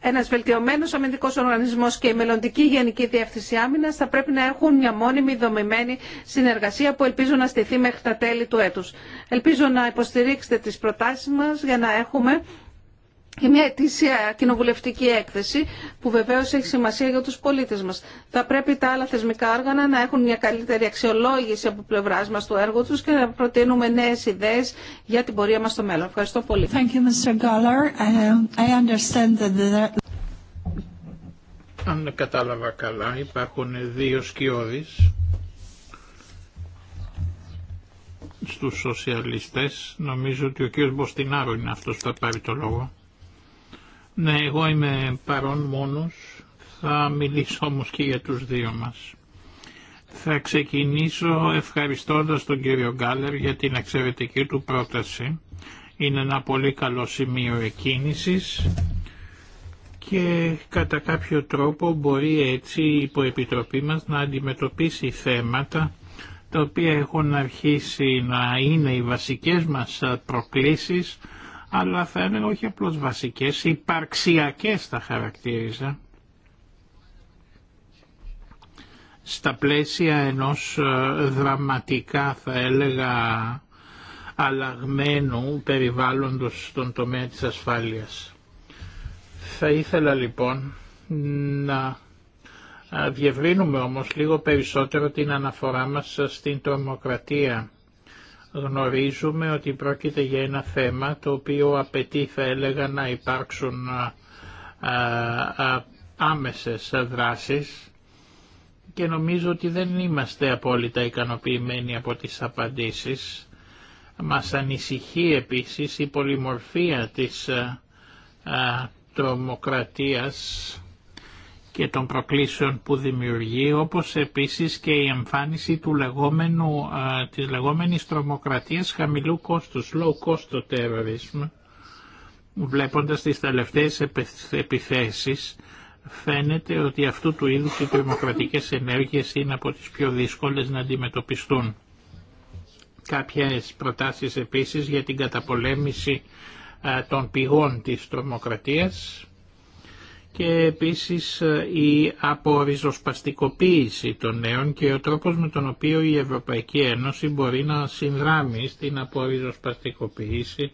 Speaker 1: ένας βελτιωμένος αμυντικό οργανισμός και η μελλοντική Γενική Διεύθυνση άμυνα, θα πρέπει να έχουν μια μόνιμη δομημένη συνεργασία που ελπίζω να στηθεί μέχρι τα τέλη του έτου. Ελπίζω να υποστηρίξετε τι προτάσει μα για να έχουμε και μια ετήσια κοινοβουλευτική έκθεση που βεβαίω έχει σημασία για του πολίτε μα. Θα πρέπει τα άλλα θεσμικά όργανα να έχουν μια καλύτερη αξιολόγηση από πλευρά μα του έργου του και να προτείνουμε νέε ιδέε για την πορεία μα στο μέλλον. Ευχαριστώ πολύ. Thank um,
Speaker 2: Αν κατάλαβα καλά, υπάρχουν δύο σκιώδεις στους σοσιαλιστές. Νομίζω ότι ο κ. Μποστινάρο είναι αυτός που θα πάρει το λόγο. Ναι, εγώ είμαι παρόν μόνος, θα μιλήσω όμως και για τους δύο μας. Θα ξεκινήσω ευχαριστώντας τον κύριο Γκάλερ για την εξαιρετική του πρόταση. Είναι ένα πολύ καλό σημείο εκκίνησης και κατά κάποιο τρόπο μπορεί έτσι η υποεπιτροπή μας να αντιμετωπίσει θέματα τα οποία έχουν αρχίσει να είναι οι βασικές μας προκλήσεις αλλά θα είναι όχι απλώς βασικές, υπαρξιακές τα χαρακτήριζα, στα πλαίσια ενός ε, δραματικά θα έλεγα αλλαγμένου περιβάλλοντος στον τομέα της ασφάλειας. Θα ήθελα λοιπόν να ε, διευρύνουμε όμως λίγο περισσότερο την αναφορά μας ε, στην τρομοκρατία γνωρίζουμε ότι πρόκειται για ένα θέμα το οποίο απαιτεί θα έλεγα να υπάρξουν άμεσες δράσεις και νομίζω ότι δεν είμαστε απόλυτα ικανοποιημένοι από τις απαντήσεις. Μας ανησυχεί επίσης η πολυμορφία της τρομοκρατίας και των προκλήσεων που δημιουργεί, όπως επίσης και η εμφάνιση του λεγόμενου, της λεγόμενης τρομοκρατίας χαμηλού κόστους, low cost terrorism, βλέποντας τις τελευταίες επιθέσεις, φαίνεται ότι αυτού του είδους οι τρομοκρατικές ενέργειες είναι από τις πιο δύσκολες να αντιμετωπιστούν. Κάποιες προτάσεις επίσης για την καταπολέμηση των πηγών της τρομοκρατίας, και επίσης η απορριζοσπαστικοποίηση των νέων και ο τρόπος με τον οποίο η Ευρωπαϊκή Ένωση μπορεί να συνδράμει στην απορριζοσπαστικοποίηση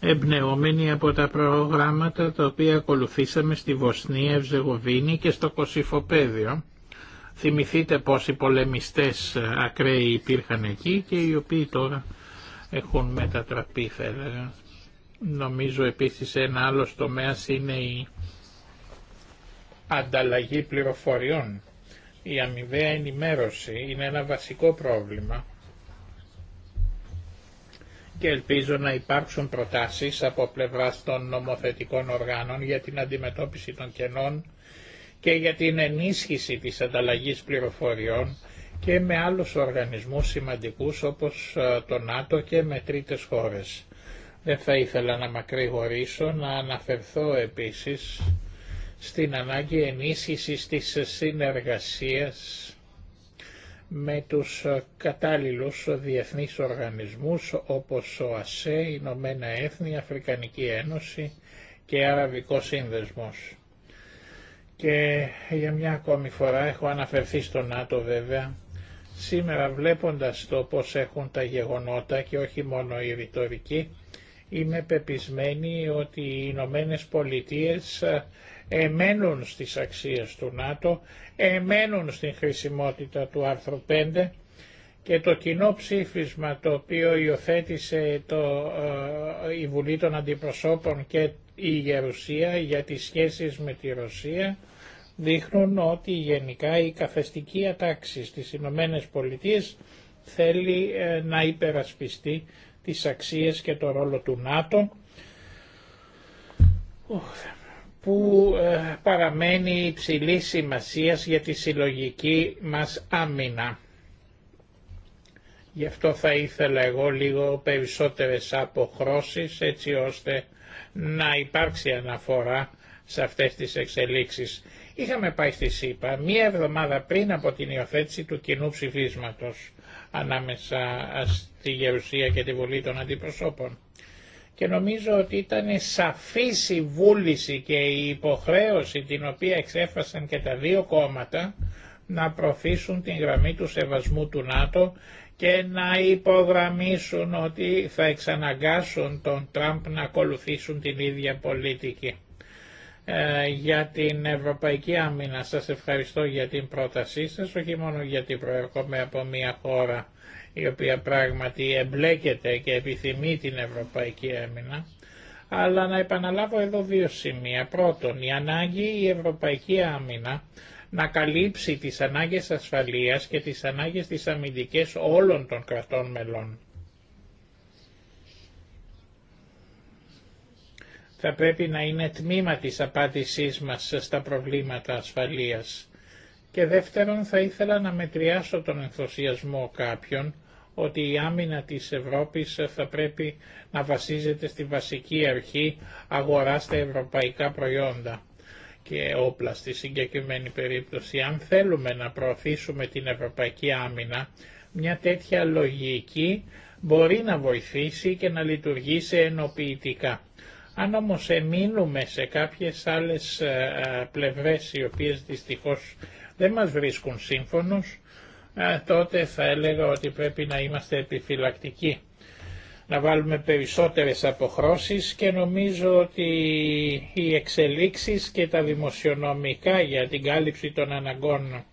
Speaker 2: εμπνεωμένη από τα προγράμματα τα οποία ακολουθήσαμε στη Βοσνία, Ευζεγοβίνη και στο Κωσυφοπέδιο. Θυμηθείτε πόσοι πολεμιστές ακραίοι υπήρχαν εκεί και οι οποίοι τώρα έχουν μετατραπεί θα Νομίζω επίσης ένα άλλο τομέα είναι η ανταλλαγή πληροφοριών. Η αμοιβαία ενημέρωση είναι ένα βασικό πρόβλημα και ελπίζω να υπάρξουν προτάσεις από πλευράς των νομοθετικών οργάνων για την αντιμετώπιση των κενών και για την ενίσχυση της ανταλλαγής πληροφοριών και με άλλους οργανισμούς σημαντικούς όπως ε, το ΝΑΤΟ και με τρίτες χώρες. Δεν θα ήθελα να μακρηγορήσω, να αναφερθώ επίσης στην ανάγκη ενίσχυσης της συνεργασίας με τους κατάλληλους διεθνείς οργανισμούς όπως ο ΑΣΕ, Ηνωμένα Έθνη, Αφρικανική Ένωση και Αραβικό Σύνδεσμος. Και για μια ακόμη φορά έχω αναφερθεί στο ΝΑΤΟ βέβαια, σήμερα βλέποντας το πώς έχουν τα γεγονότα και όχι μόνο η ρητορική, είμαι πεπισμένη ότι οι Ηνωμένε Πολιτείες εμένουν στις αξίες του ΝΑΤΟ, εμένουν στην χρησιμότητα του άρθρου 5 και το κοινό ψήφισμα το οποίο υιοθέτησε το, ε, η Βουλή των Αντιπροσώπων και η Γερουσία για τις σχέσεις με τη Ρωσία δείχνουν ότι γενικά η καθεστική ατάξη στις Ηνωμένες Πολιτείες θέλει ε, να υπερασπιστεί τις αξίες και το ρόλο του ΝΑΤΟ που ε, παραμένει υψηλή σημασία για τη συλλογική μας άμυνα. Γι' αυτό θα ήθελα εγώ λίγο περισσότερες αποχρώσεις έτσι ώστε να υπάρξει αναφορά σε αυτές τις εξελίξεις. Είχαμε πάει στη ΣΥΠΑ μία εβδομάδα πριν από την υιοθέτηση του κοινού ψηφίσματος ανάμεσα στη Γερουσία και τη Βουλή των Αντιπροσώπων και νομίζω ότι ήταν σαφής η βούληση και η υποχρέωση την οποία εξέφασαν και τα δύο κόμματα να προφήσουν την γραμμή του σεβασμού του ΝΑΤΟ και να υπογραμμίσουν ότι θα εξαναγκάσουν τον Τραμπ να ακολουθήσουν την ίδια πολιτική. Ε, για την Ευρωπαϊκή Άμυνα σας ευχαριστώ για την πρότασή σας, όχι μόνο γιατί προερχόμαι από μια χώρα η οποία πράγματι εμπλέκεται και επιθυμεί την Ευρωπαϊκή Έμεινα, αλλά να επαναλάβω εδώ δύο σημεία. Πρώτον, η ανάγκη η Ευρωπαϊκή Άμυνα να καλύψει τις ανάγκες ασφαλείας και τις ανάγκες της αμυντικές όλων των κρατών μελών. Θα πρέπει να είναι τμήμα της απάντησής μας στα προβλήματα ασφαλείας. Και δεύτερον θα ήθελα να μετριάσω τον ενθουσιασμό κάποιων ότι η άμυνα της Ευρώπης θα πρέπει να βασίζεται στη βασική αρχή αγορά στα ευρωπαϊκά προϊόντα και όπλα στη συγκεκριμένη περίπτωση. Αν θέλουμε να προωθήσουμε την ευρωπαϊκή άμυνα, μια τέτοια λογική μπορεί να βοηθήσει και να λειτουργήσει ενοποιητικά. Αν όμως εμείνουμε σε κάποιες άλλες ε, ε, πλευρές οι οποίες δυστυχώς δεν μας βρίσκουν σύμφωνος, τότε θα έλεγα ότι πρέπει να είμαστε επιφυλακτικοί. Να βάλουμε περισσότερες αποχρώσεις και νομίζω ότι οι εξελίξεις και τα δημοσιονομικά για την κάλυψη των αναγκών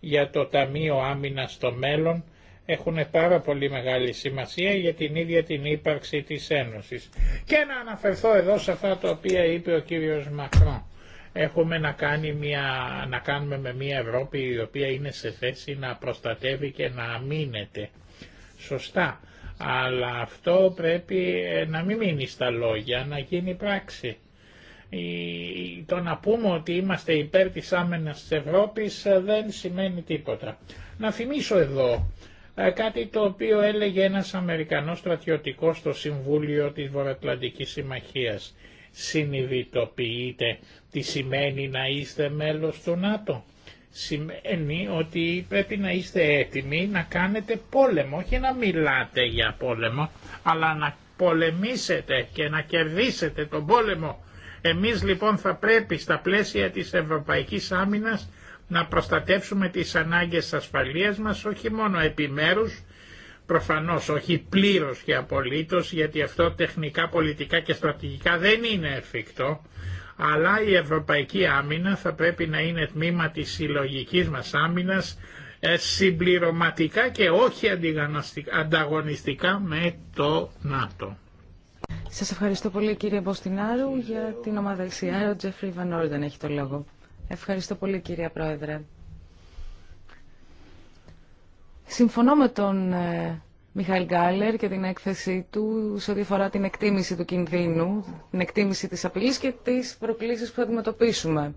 Speaker 2: για το Ταμείο Άμυνα στο μέλλον έχουν πάρα πολύ μεγάλη σημασία για την ίδια την ύπαρξη της Ένωσης. Και να αναφερθώ εδώ σε αυτά τα οποία είπε ο κύριος Μακρόν έχουμε να, κάνει μια, να κάνουμε με μια Ευρώπη η οποία είναι σε θέση να προστατεύει και να αμήνεται. Σωστά. Αλλά αυτό πρέπει ε, να μην μείνει στα λόγια, να γίνει πράξη. Το να πούμε ότι είμαστε υπέρ της άμενας της Ευρώπης ε, δεν σημαίνει τίποτα. Να θυμίσω εδώ ε, κάτι το οποίο έλεγε ένας Αμερικανός στρατιωτικός στο Συμβούλιο της Βορειοατλαντικής Συμμαχίας συνειδητοποιείτε τι σημαίνει να είστε μέλος του ΝΑΤΟ. Σημαίνει ότι πρέπει να είστε έτοιμοι να κάνετε πόλεμο, όχι να μιλάτε για πόλεμο, αλλά να πολεμήσετε και να κερδίσετε τον πόλεμο. Εμείς λοιπόν θα πρέπει στα πλαίσια της Ευρωπαϊκής Άμυνας να προστατεύσουμε τις ανάγκες ασφαλείας μας όχι μόνο επιμέρους Προφανώς όχι πλήρως και απολύτως γιατί αυτό τεχνικά, πολιτικά και στρατηγικά δεν είναι εφικτό αλλά η ευρωπαϊκή άμυνα θα πρέπει να είναι τμήμα της συλλογική μας άμυνας ε, συμπληρωματικά και όχι ανταγωνιστικά με το ΝΑΤΟ.
Speaker 4: Σας ευχαριστώ πολύ κύριε Μποστινάρου για την ομάδα ΕΣΥΑΡΟ. Ο Τζέφρι Βανόρδεν έχει το λόγο. Ευχαριστώ πολύ κύριε Πρόεδρε. Συμφωνώ με τον ε, Μιχαήλ Γκάλερ και την έκθεσή του σε ό,τι αφορά την εκτίμηση του κινδύνου, την εκτίμηση της απειλής και τις προκλήσεις που θα αντιμετωπίσουμε.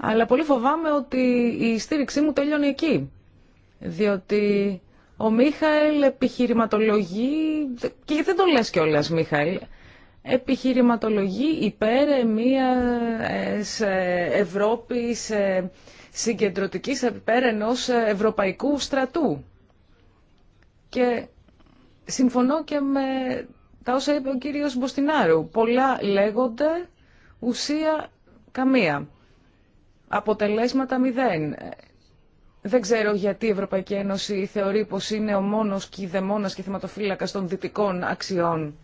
Speaker 4: Αλλά πολύ φοβάμαι ότι η στήριξή μου τελειώνει εκεί. Διότι ο Μίχαελ επιχειρηματολογεί, και δεν το λες κιόλας Μίχαελ, επιχειρηματολογεί υπέρ μιας ε, Ευρώπης ε, συγκεντρωτικής επιπέρ ενός ευρωπαϊκού στρατού. Και συμφωνώ και με τα όσα είπε ο κύριος Μποστινάρου. Πολλά λέγονται, ουσία καμία. Αποτελέσματα μηδέν. Δεν ξέρω γιατί η Ευρωπαϊκή Ένωση θεωρεί πως είναι ο μόνος και και θεματοφύλακας των δυτικών αξιών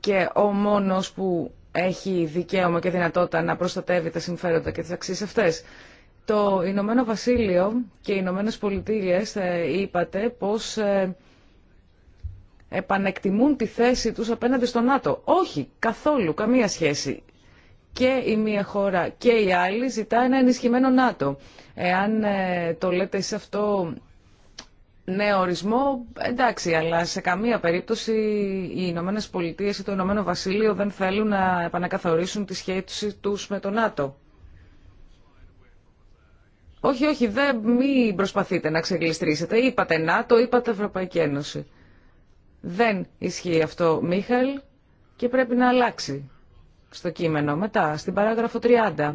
Speaker 4: και ο μόνος που έχει δικαίωμα και δυνατότητα να προστατεύει τα συμφέροντα και τις αξίες αυτές. Το Ηνωμένο Βασίλειο και οι Ηνωμένε Πολιτείε ε, είπατε πως ε, επανεκτιμούν τη θέση τους απέναντι στο ΝΑΤΟ. Όχι, καθόλου, καμία σχέση. Και η μία χώρα και η άλλη ζητά ένα ενισχυμένο ΝΑΤΟ. Εάν ε, το λέτε εσείς αυτό νέο ναι, ορισμό, εντάξει, αλλά σε καμία περίπτωση οι Ηνωμένε Πολιτείε ή το Ηνωμένο Βασίλειο δεν θέλουν να επανακαθορίσουν τη σχέση τους με το ΝΑΤΟ. Όχι, όχι, δεν, μην προσπαθείτε να ξεγλιστρήσετε. Είπατε ΝΑΤΟ, είπατε Ευρωπαϊκή Ένωση. Δεν ισχύει αυτό, Μίχαλ, και πρέπει να αλλάξει στο κείμενο. Μετά, στην παράγραφο 30.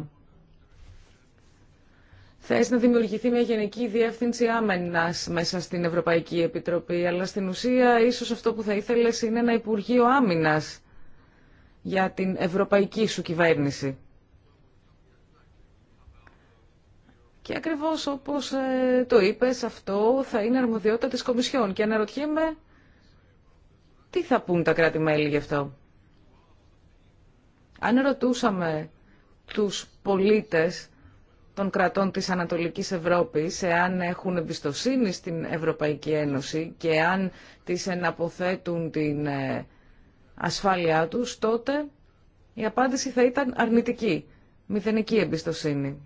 Speaker 4: Θε να δημιουργηθεί μια γενική διεύθυνση άμενα μέσα στην Ευρωπαϊκή Επιτροπή, αλλά στην ουσία ίσως αυτό που θα ήθελες είναι ένα Υπουργείο Άμυνα για την ευρωπαϊκή σου κυβέρνηση. Και ακριβώς όπως ε, το είπες, αυτό θα είναι αρμοδιότητα της Κομισιόν. Και αναρωτιέμαι τι θα πούν τα κράτη-μέλη γι' αυτό. Αν ρωτούσαμε τους πολίτες των κρατών της Ανατολικής Ευρώπης, εάν έχουν εμπιστοσύνη στην Ευρωπαϊκή Ένωση και αν τις εναποθέτουν την ε, ασφάλειά τους, τότε η απάντηση θα ήταν αρνητική, μηδενική εμπιστοσύνη.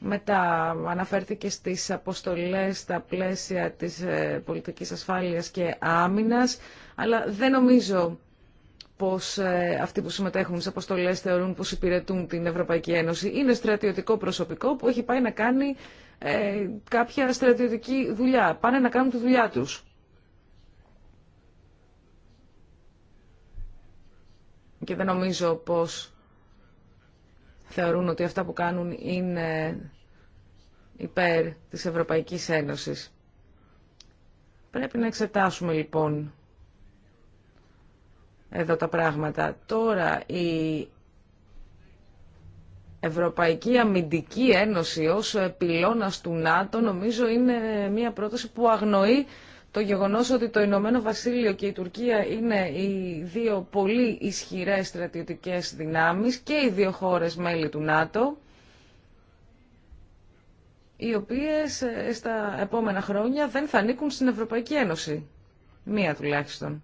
Speaker 4: Μετά αναφέρθηκε στις αποστολές στα πλαίσια της ε, πολιτικής ασφάλειας και άμυνας, αλλά δεν νομίζω πως ε, αυτοί που συμμετέχουν στι αποστολές θεωρούν πως υπηρετούν την Ευρωπαϊκή Ένωση. Είναι στρατιωτικό προσωπικό που έχει πάει να κάνει ε, κάποια στρατιωτική δουλειά. Πάνε να κάνουν τη δουλειά τους. Και δεν νομίζω πως θεωρούν ότι αυτά που κάνουν είναι υπέρ της Ευρωπαϊκής Ένωσης. Πρέπει να εξετάσουμε λοιπόν εδώ τα πράγματα. Τώρα η Ευρωπαϊκή Αμυντική Ένωση ως επιλώνας του ΝΑΤΟ νομίζω είναι μια πρόταση που αγνοεί το γεγονός ότι το Ηνωμένο Βασίλειο και η Τουρκία είναι οι δύο πολύ ισχυρές στρατιωτικές δυνάμεις και οι δύο χώρες μέλη του ΝΑΤΟ οι οποίες ε, στα επόμενα χρόνια δεν θα ανήκουν στην Ευρωπαϊκή Ένωση. Μία τουλάχιστον.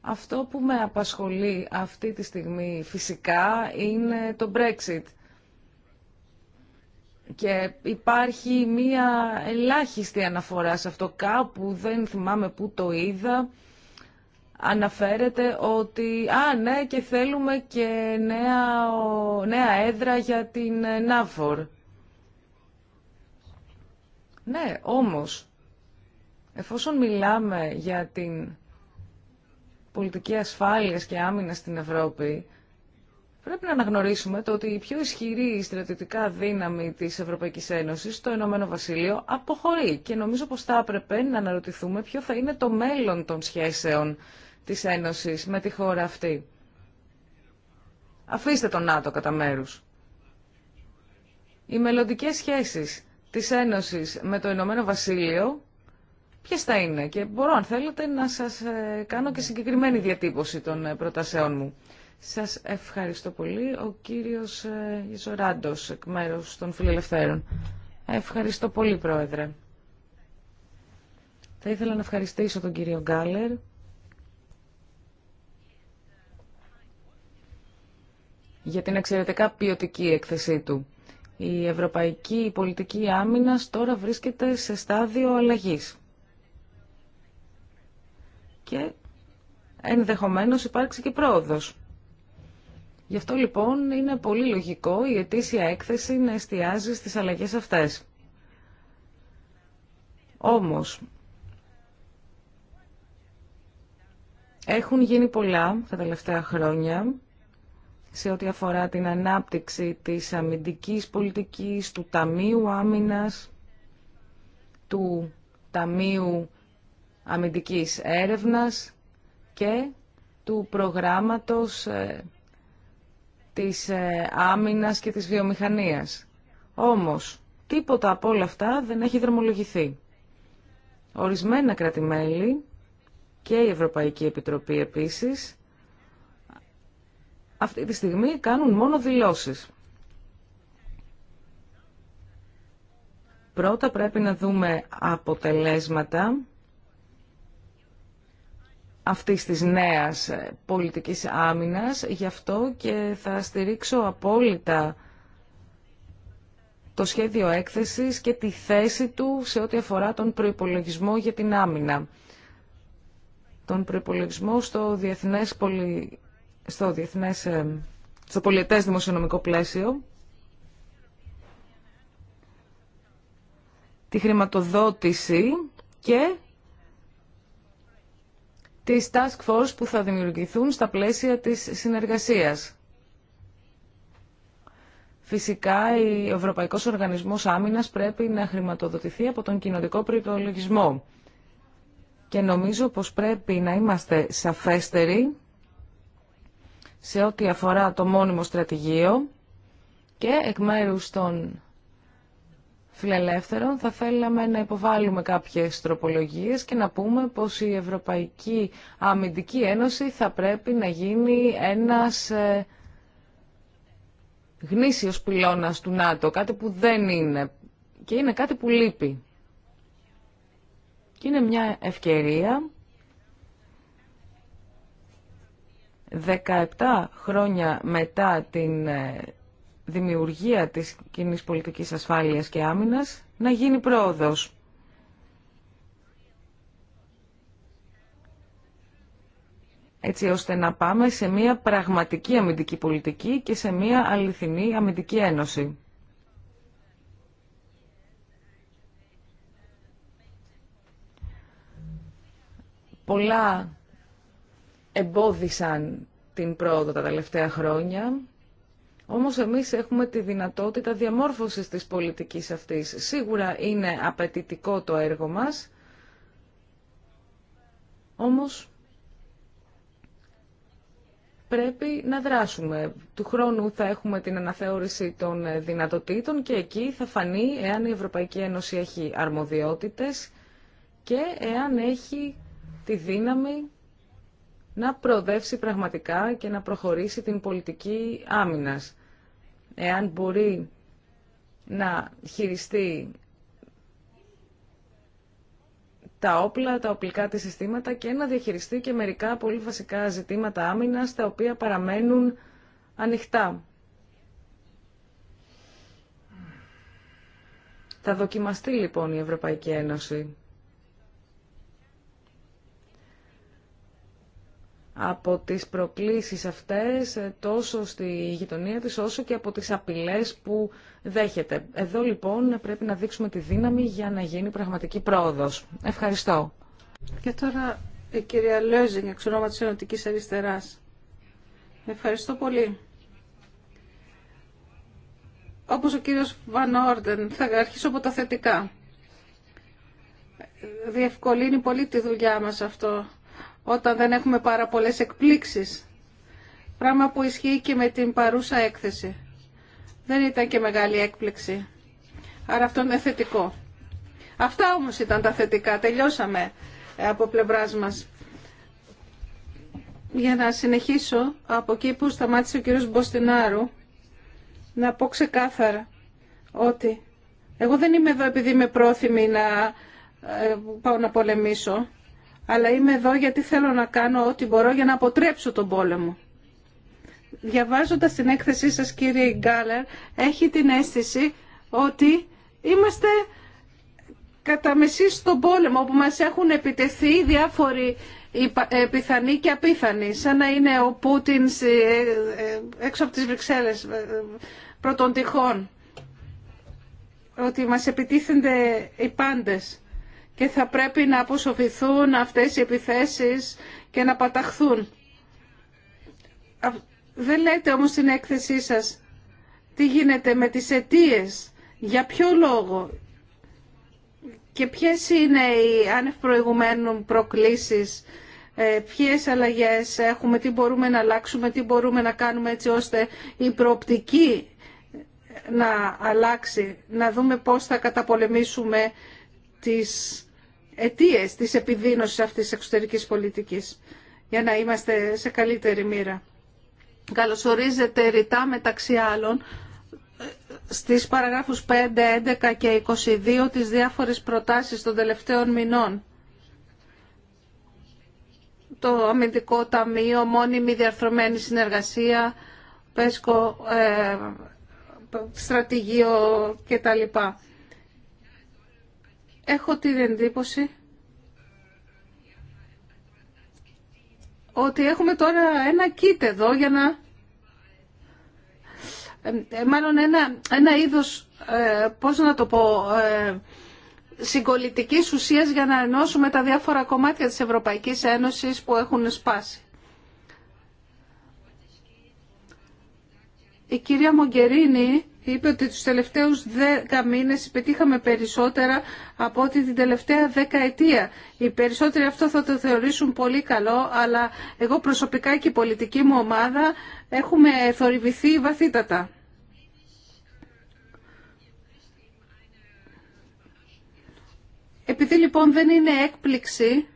Speaker 4: Αυτό που με απασχολεί αυτή τη στιγμή φυσικά είναι το Brexit. Και υπάρχει μία ελάχιστη αναφορά σε αυτό κάπου, δεν θυμάμαι πού το είδα. Αναφέρεται ότι, α ναι, και θέλουμε και νέα, νέα έδρα για την ε, ΝΑΦΟΡ. Ναι, όμως, εφόσον μιλάμε για την πολιτική ασφάλειας και άμυνα στην Ευρώπη, πρέπει να αναγνωρίσουμε το ότι η πιο ισχυρή στρατιωτικά δύναμη της Ευρωπαϊκής Ένωσης, το Ηνωμένο Βασίλειο, αποχωρεί και νομίζω πως θα έπρεπε να αναρωτηθούμε ποιο θα είναι το μέλλον των σχέσεων της Ένωσης με τη χώρα αυτή. Αφήστε τον ΝΑΤΟ κατά μέρου. Οι μελλοντικέ σχέσεις της Ένωσης με το Ηνωμένο Βασίλειο Ποιε θα είναι και μπορώ αν θέλετε να σας ε, κάνω και συγκεκριμένη διατύπωση των ε, προτασεών μου. Σας ευχαριστώ πολύ. Ο κύριος ε, Ζωράντος εκ μέρους των Φιλελευθέρων. Ευχαριστώ πολύ Πρόεδρε. Θα ήθελα να ευχαριστήσω τον κύριο Γκάλερ. για την εξαιρετικά ποιοτική έκθεσή του. Η ευρωπαϊκή πολιτική άμυνας τώρα βρίσκεται σε στάδιο αλλαγής και ενδεχομένως υπάρξει και πρόοδος. Γι' αυτό λοιπόν είναι πολύ λογικό η ετήσια έκθεση να εστιάζει στις αλλαγές αυτές. Όμως, έχουν γίνει πολλά τα τελευταία χρόνια σε ό,τι αφορά την ανάπτυξη της αμυντικής πολιτικής, του Ταμείου Άμυνας, του Ταμείου αμυντικής έρευνας και του προγράμματος ε, της ε, άμυνας και της βιομηχανίας. Όμως, τίποτα από όλα αυτά δεν έχει δρομολογηθεί. Ορισμένα κρατημέλη και η Ευρωπαϊκή Επιτροπή επίσης αυτή τη στιγμή κάνουν μόνο δηλώσεις. Πρώτα πρέπει να δούμε αποτελέσματα αυτής της νέας πολιτικής άμυνας. Γι' αυτό και θα στηρίξω απόλυτα το σχέδιο έκθεσης και τη θέση του σε ό,τι αφορά τον προϋπολογισμό για την άμυνα. Τον προϋπολογισμό στο διεθνές, στο, διεθνές... Ε, στο δημοσιονομικό πλαίσιο. Τη χρηματοδότηση και τις task force που θα δημιουργηθούν στα πλαίσια της συνεργασίας. Φυσικά, ο Ευρωπαϊκός Οργανισμός Άμυνας πρέπει να χρηματοδοτηθεί από τον κοινοτικό προϋπολογισμό. Και νομίζω πως πρέπει να είμαστε σαφέστεροι σε ό,τι αφορά το μόνιμο στρατηγείο και εκ μέρους των θα θέλαμε να υποβάλουμε κάποιες τροπολογίες και να πούμε πως η Ευρωπαϊκή Αμυντική Ένωση θα πρέπει να γίνει ένας ε, γνήσιος πυλώνας του ΝΑΤΟ, κάτι που δεν είναι και είναι κάτι που λείπει. Και είναι μια ευκαιρία 17 χρόνια μετά την ε, δημιουργία της κοινή πολιτικής ασφάλειας και άμυνας να γίνει πρόοδος. έτσι ώστε να πάμε σε μια πραγματική αμυντική πολιτική και σε μια αληθινή αμυντική ένωση. Πολλά εμπόδισαν την πρόοδο τα τελευταία χρόνια. Όμως εμείς έχουμε τη δυνατότητα διαμόρφωσης της πολιτικής αυτής. Σίγουρα είναι απαιτητικό το έργο μας, όμως πρέπει να δράσουμε. Του χρόνου θα έχουμε την αναθεώρηση των δυνατοτήτων και εκεί θα φανεί εάν η Ευρωπαϊκή Ένωση έχει αρμοδιότητες και εάν έχει τη δύναμη να προοδεύσει πραγματικά και να προχωρήσει την πολιτική άμυνας εάν μπορεί να χειριστεί τα όπλα, τα οπλικά της συστήματα και να διαχειριστεί και μερικά πολύ βασικά ζητήματα άμυνας τα οποία παραμένουν ανοιχτά. Θα δοκιμαστεί λοιπόν η Ευρωπαϊκή Ένωση από τις προκλήσεις αυτές ε, τόσο στη γειτονία της όσο και από τις απειλές που δέχεται. Εδώ λοιπόν πρέπει να δείξουμε τη δύναμη για να γίνει πραγματική πρόοδος. Ευχαριστώ. Και τώρα
Speaker 1: η κυρία Λόζινγκ, εξ ονόματος της Ενωτικής Αριστεράς. Ευχαριστώ πολύ. Όπως ο κύριος Βαν Όρντεν, θα αρχίσω από τα θετικά. Διευκολύνει πολύ τη δουλειά μας αυτό όταν δεν έχουμε πάρα πολλές εκπλήξεις. Πράγμα που ισχύει και με την παρούσα έκθεση. Δεν ήταν και μεγάλη έκπληξη. Άρα αυτό είναι θετικό. Αυτά όμως ήταν τα θετικά. Τελειώσαμε από πλευράς μας. Για να συνεχίσω από εκεί που σταμάτησε ο κύριος Μποστινάρου, να πω ξεκάθαρα ότι εγώ δεν είμαι εδώ επειδή είμαι πρόθυμη να ε, πάω να πολεμήσω αλλά είμαι εδώ γιατί θέλω να κάνω ό,τι μπορώ για να αποτρέψω τον πόλεμο. Διαβάζοντας την έκθεσή σας κύριε Γκάλερ, έχει την αίσθηση ότι είμαστε κατά μεσή στον πόλεμο όπου μας έχουν επιτεθεί διάφοροι ε, πιθανοί και απίθανοι, σαν να είναι ο Πούτιν ε, ε, έξω από τις Βρυξέλλες πρώτων τυχών, ότι μας επιτίθενται οι πάντες και θα πρέπει να αποσοφηθούν αυτές οι επιθέσεις και να παταχθούν. Δεν λέτε όμως στην έκθεσή σας τι γίνεται με τις αιτίε, για ποιο λόγο και ποιες είναι οι άνευ προηγουμένων προκλήσεις, ε, ποιες αλλαγές έχουμε, τι μπορούμε να αλλάξουμε, τι μπορούμε να κάνουμε έτσι ώστε η προοπτική να αλλάξει, να δούμε πώς θα καταπολεμήσουμε τις Αιτίε τη επιδείνωση αυτής τη εξωτερικής πολιτικής για να είμαστε σε καλύτερη μοίρα. Καλωσορίζεται ρητά μεταξύ άλλων ε, στις παραγράφους 5, 11 και 22 τις διάφορες προτάσεις των τελευταίων μηνών. Το Αμυντικό Ταμείο, μόνιμη διαρθρωμένη συνεργασία, ΠΕΣΚΟ, ε, στρατηγείο κτλ έχω την εντύπωση ότι έχουμε τώρα ένα κίτ εδώ για να... Ε, μάλλον ένα, ένα είδος, ε, πώς να το πω, ε, συγκολητικής για να ενώσουμε τα διάφορα κομμάτια της Ευρωπαϊκής Ένωσης που έχουν σπάσει. Η κυρία Μογκερίνη είπε ότι τους τελευταίους δέκα μήνες πετύχαμε περισσότερα από ότι την τελευταία δεκαετία. Οι περισσότεροι αυτό θα το θεωρήσουν πολύ καλό, αλλά εγώ προσωπικά και η πολιτική μου ομάδα έχουμε θορυβηθεί βαθύτατα. Επειδή λοιπόν δεν είναι έκπληξη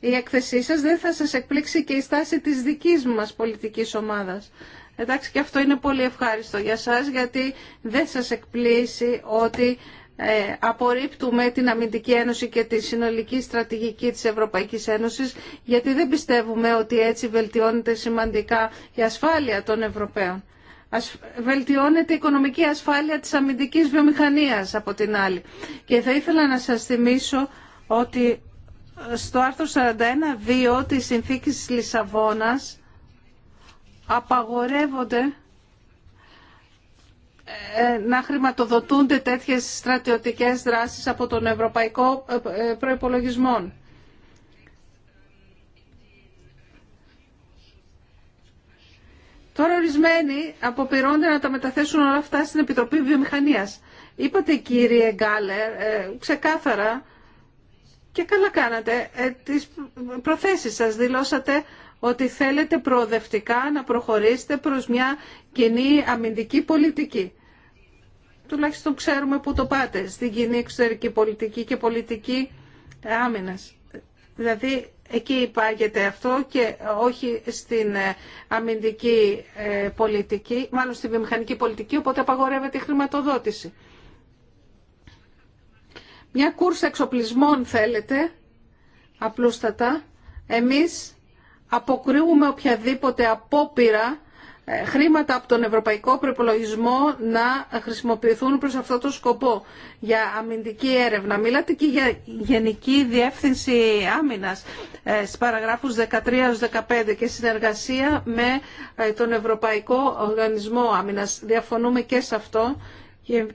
Speaker 1: η έκθεσή σας, δεν θα σας εκπλήξει και η στάση της δικής μας πολιτικής ομάδας. Εντάξει, και αυτό είναι πολύ ευχάριστο για σας, γιατί δεν σας εκπλήσει ότι ε, απορρίπτουμε την Αμυντική Ένωση και τη συνολική στρατηγική της Ευρωπαϊκής Ένωσης, γιατί δεν πιστεύουμε ότι έτσι βελτιώνεται σημαντικά η ασφάλεια των Ευρωπαίων. Βελτιώνεται η οικονομική ασφάλεια της αμυντικής βιομηχανίας από την άλλη. Και θα ήθελα να σας θυμίσω ότι στο άρθρο 41.2 της Συνθήκης Λισαβόνας απαγορεύονται ε, να χρηματοδοτούνται τέτοιες στρατιωτικές δράσεις από τον Ευρωπαϊκό ε, ε, Προϋπολογισμό. Τώρα ορισμένοι αποπειρώνται να τα μεταθέσουν όλα αυτά στην Επιτροπή Βιομηχανίας. Είπατε κύριε Γκάλερ ξεκάθαρα και καλά κάνατε τις προθέσεις σας δηλώσατε ότι θέλετε προοδευτικά να προχωρήσετε προς μια κοινή αμυντική πολιτική. Τουλάχιστον ξέρουμε που το πάτε, στην κοινή εξωτερική πολιτική και πολιτική άμυνας. Δηλαδή εκεί υπάγεται αυτό και όχι στην ε, αμυντική ε, πολιτική, μάλλον στην βιομηχανική πολιτική, οπότε απαγορεύεται η χρηματοδότηση. Μια κούρσα εξοπλισμών θέλετε, απλούστατα. Εμείς αποκρύουμε οποιαδήποτε απόπειρα ε, χρήματα από τον Ευρωπαϊκό Προπολογισμό να χρησιμοποιηθούν προς αυτό το σκοπό για αμυντική έρευνα. Μιλάτε και για Γενική Διεύθυνση Άμυνας ε, στις παραγράφους 13-15 και συνεργασία με ε, τον Ευρωπαϊκό Οργανισμό Άμυνας. Διαφωνούμε και σε αυτό και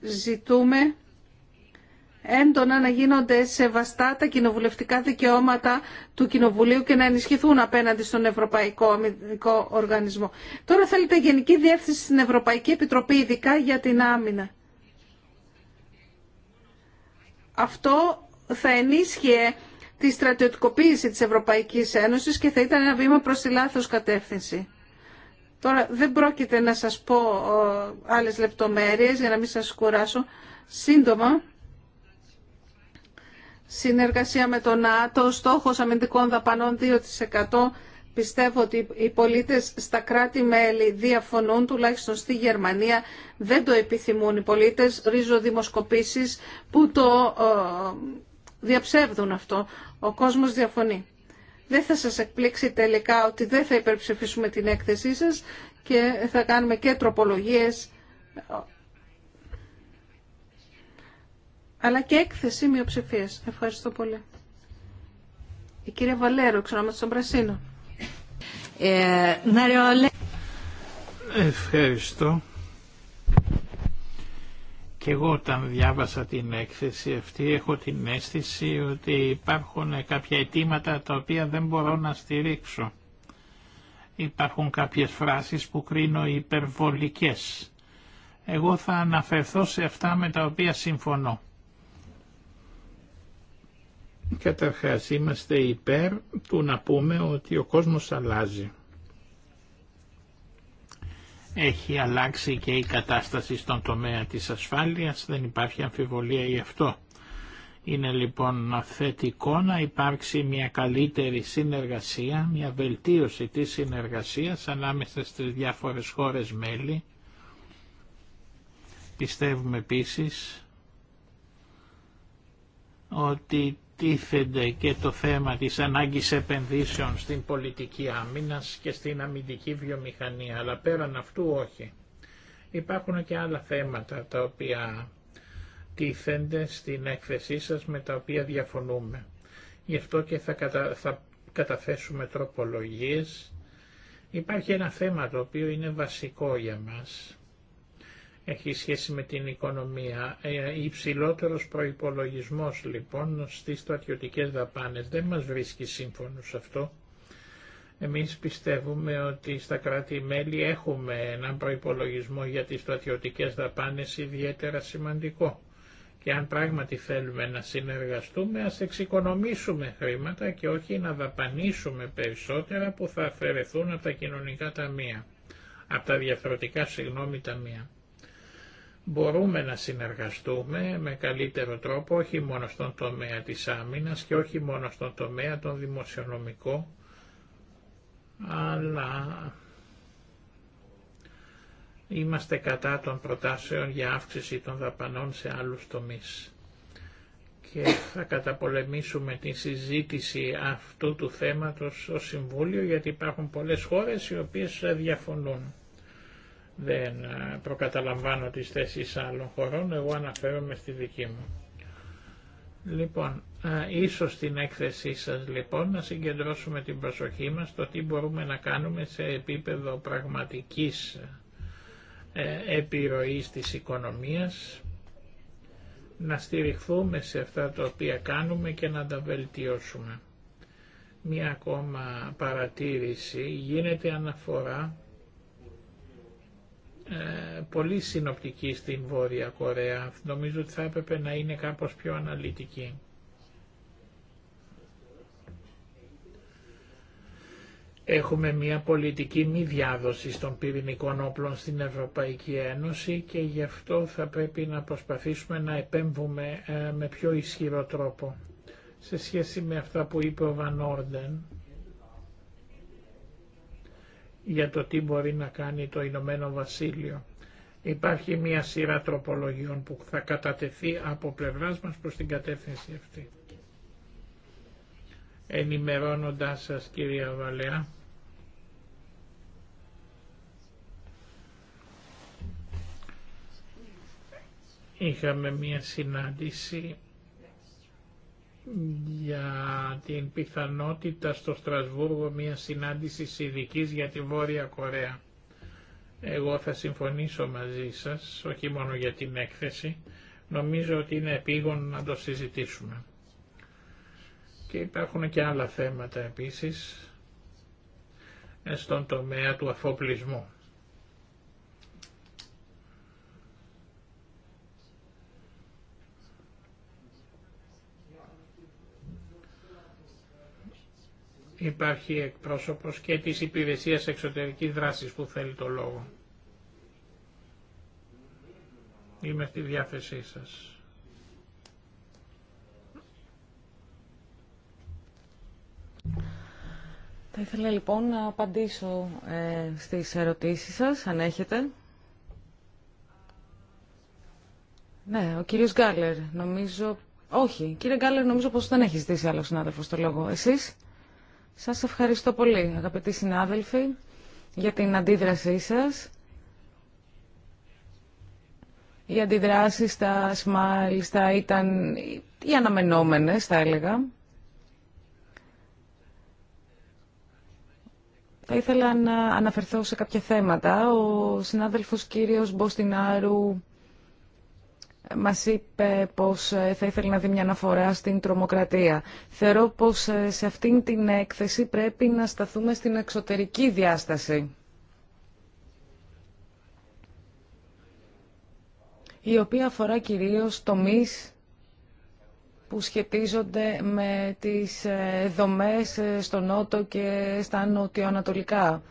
Speaker 1: ζητούμε έντονα να γίνονται σεβαστά τα κοινοβουλευτικά δικαιώματα του Κοινοβουλίου και να ενισχυθούν απέναντι στον Ευρωπαϊκό Αμυντικό Οργανισμό. Τώρα θέλετε Γενική Διεύθυνση στην Ευρωπαϊκή Επιτροπή, ειδικά για την άμυνα. Αυτό θα ενίσχυε τη στρατιωτικοποίηση της Ευρωπαϊκής Ένωσης και θα ήταν ένα βήμα προς τη λάθος κατεύθυνση. Τώρα δεν πρόκειται να σας πω ε, άλλες λεπτομέρειες για να μην σας κουράσω. Σύντομα, συνεργασία με τον ΝΑΤΟ, στόχος αμυντικών δαπανών 2%. Πιστεύω ότι οι πολίτες στα κράτη-μέλη διαφωνούν, τουλάχιστον στη Γερμανία δεν το επιθυμούν οι πολίτες. Ρίζω δημοσκοπήσεις που το ε, διαψεύδουν αυτό. Ο κόσμος διαφωνεί. Δεν θα σας εκπλήξει τελικά ότι δεν θα υπερψηφίσουμε την έκθεσή σας και θα κάνουμε και τροπολογίες αλλά και έκθεση μειοψηφία. Ευχαριστώ πολύ. Η κυρία Βαλέρο, με τον Πρασίνων. Ε,
Speaker 2: Ευχαριστώ. Και εγώ όταν διάβασα την έκθεση αυτή έχω την αίσθηση ότι υπάρχουν κάποια αιτήματα τα οποία δεν μπορώ να στηρίξω. Υπάρχουν κάποιες φράσεις που κρίνω υπερβολικές. Εγώ θα αναφερθώ σε αυτά με τα οποία συμφωνώ. Καταρχάς είμαστε υπέρ του να πούμε ότι ο κόσμος αλλάζει. Έχει αλλάξει και η κατάσταση στον τομέα της ασφάλειας, δεν υπάρχει αμφιβολία γι' αυτό. Είναι λοιπόν θετικό να υπάρξει μια καλύτερη συνεργασία, μια βελτίωση της συνεργασίας ανάμεσα στις διάφορες χώρες μέλη. Πιστεύουμε επίσης ότι τίθενται και το θέμα της ανάγκης επενδύσεων στην πολιτική άμυνας και στην αμυντική βιομηχανία, αλλά πέραν αυτού όχι. Υπάρχουν και άλλα θέματα τα οποία τίθενται στην έκθεσή σας με τα οποία διαφωνούμε. Γι' αυτό και θα, θα καταθέσουμε τροπολογίες. Υπάρχει ένα θέμα το οποίο είναι βασικό για μας έχει σχέση με την οικονομία. Ε, υψηλότερος προϋπολογισμός λοιπόν στις στρατιωτικές δαπάνες δεν μας βρίσκει σύμφωνο σε αυτό. Εμείς πιστεύουμε ότι στα κράτη-μέλη έχουμε έναν προϋπολογισμό για τις στρατιωτικές δαπάνες ιδιαίτερα σημαντικό. Και αν πράγματι θέλουμε να συνεργαστούμε, ας εξοικονομήσουμε χρήματα και όχι να δαπανίσουμε περισσότερα που θα αφαιρεθούν από τα κοινωνικά ταμεία, από τα διαφορετικά συγγνώμη ταμεία μπορούμε να συνεργαστούμε με καλύτερο τρόπο όχι μόνο στον τομέα της άμυνας και όχι μόνο στον τομέα των δημοσιονομικών αλλά είμαστε κατά των προτάσεων για αύξηση των δαπανών σε άλλους τομείς. Και θα καταπολεμήσουμε τη συζήτηση αυτού του θέματος στο Συμβούλιο, γιατί υπάρχουν πολλές χώρες οι οποίες διαφωνούν δεν ε, προκαταλαμβάνω τις θέσεις άλλων χωρών, εγώ αναφέρομαι στη δική μου. Λοιπόν, ε, ίσως στην έκθεσή σας λοιπόν να συγκεντρώσουμε την προσοχή μας στο τι μπορούμε να κάνουμε σε επίπεδο πραγματικής ε, επιρροής της οικονομίας, να στηριχθούμε σε αυτά τα οποία κάνουμε και να τα βελτιώσουμε. Μία ακόμα παρατήρηση γίνεται αναφορά ε, πολύ συνοπτική στην Βόρεια Κορέα. Νομίζω ότι θα έπρεπε να είναι κάπως πιο αναλυτική. Έχουμε μια πολιτική μη διάδοση των πυρηνικών όπλων στην Ευρωπαϊκή Ένωση και γι' αυτό θα πρέπει να προσπαθήσουμε να επέμβουμε ε, με πιο ισχυρό τρόπο. Σε σχέση με αυτά που είπε ο Βαν για το τι μπορεί να κάνει το Ηνωμένο Βασίλειο. Υπάρχει μια σειρά τροπολογιών που θα κατατεθεί από πλευράς μας προς την κατεύθυνση αυτή. Ενημερώνοντάς σας κυρία Βαλεά, είχαμε μια συνάντηση για την πιθανότητα στο Στρασβούργο μια συνάντηση ειδική για τη Βόρεια Κορέα. Εγώ θα συμφωνήσω μαζί σας, όχι μόνο για την έκθεση, νομίζω ότι είναι επίγον να το συζητήσουμε. Και υπάρχουν και άλλα θέματα επίσης στον τομέα του αφοπλισμού. Υπάρχει εκπρόσωπος και της Υπηρεσίας Εξωτερικής Δράσης που θέλει το λόγο. Είμαι στη διάθεσή σας.
Speaker 4: Θα ήθελα λοιπόν να απαντήσω ε, στις ερωτήσεις σας, αν έχετε. Ναι, ο κύριος Γκάλερ, νομίζω... Όχι, κύριε Γκάλερ, νομίζω πως δεν έχει ζητήσει άλλο συνάδελφο το λόγο. Εσείς? Σας ευχαριστώ πολύ, αγαπητοί συνάδελφοι, για την αντίδρασή σας. Οι αντιδράσεις τα μάλιστα ήταν οι αναμενόμενες, θα έλεγα. Θα ήθελα να αναφερθώ σε κάποια θέματα. Ο συνάδελφος κύριος Μποστινάρου Μα είπε πως ε, θα ήθελε να δει μια αναφορά στην τρομοκρατία. Θεωρώ πως ε, σε αυτήν την έκθεση πρέπει να σταθούμε στην εξωτερική διάσταση. η οποία αφορά κυρίως τομείς που σχετίζονται με τις ε, δομές στο νότο και στα νοτιοανατολικά.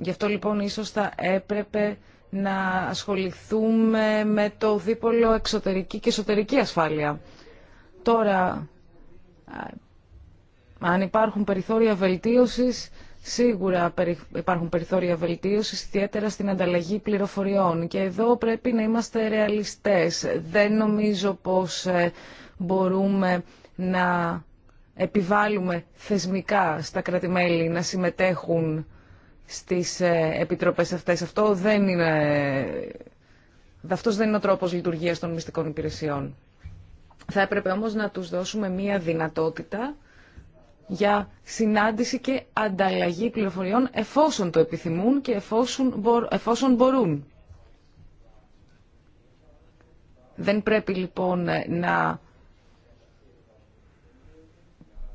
Speaker 4: Γι' αυτό λοιπόν ίσως θα έπρεπε να ασχοληθούμε με το δίπολο εξωτερική και εσωτερική ασφάλεια. Τώρα, αν υπάρχουν περιθώρια βελτίωσης, σίγουρα υπάρχουν περιθώρια βελτίωσης, ιδιαίτερα στην ανταλλαγή πληροφοριών. Και εδώ πρέπει να είμαστε ρεαλιστές. Δεν νομίζω πως ε, μπορούμε να επιβάλλουμε θεσμικά στα κρατημέλη να συμμετέχουν στις ε, επιτροπές αυτές. Αυτό δεν είναι... Ε, αυτός δεν είναι ο τρόπος λειτουργίας των μυστικών υπηρεσιών. Θα έπρεπε όμως να τους δώσουμε μία δυνατότητα για συνάντηση και ανταλλαγή πληροφοριών εφόσον το επιθυμούν και εφόσον μπορούν. Δεν πρέπει λοιπόν ε, να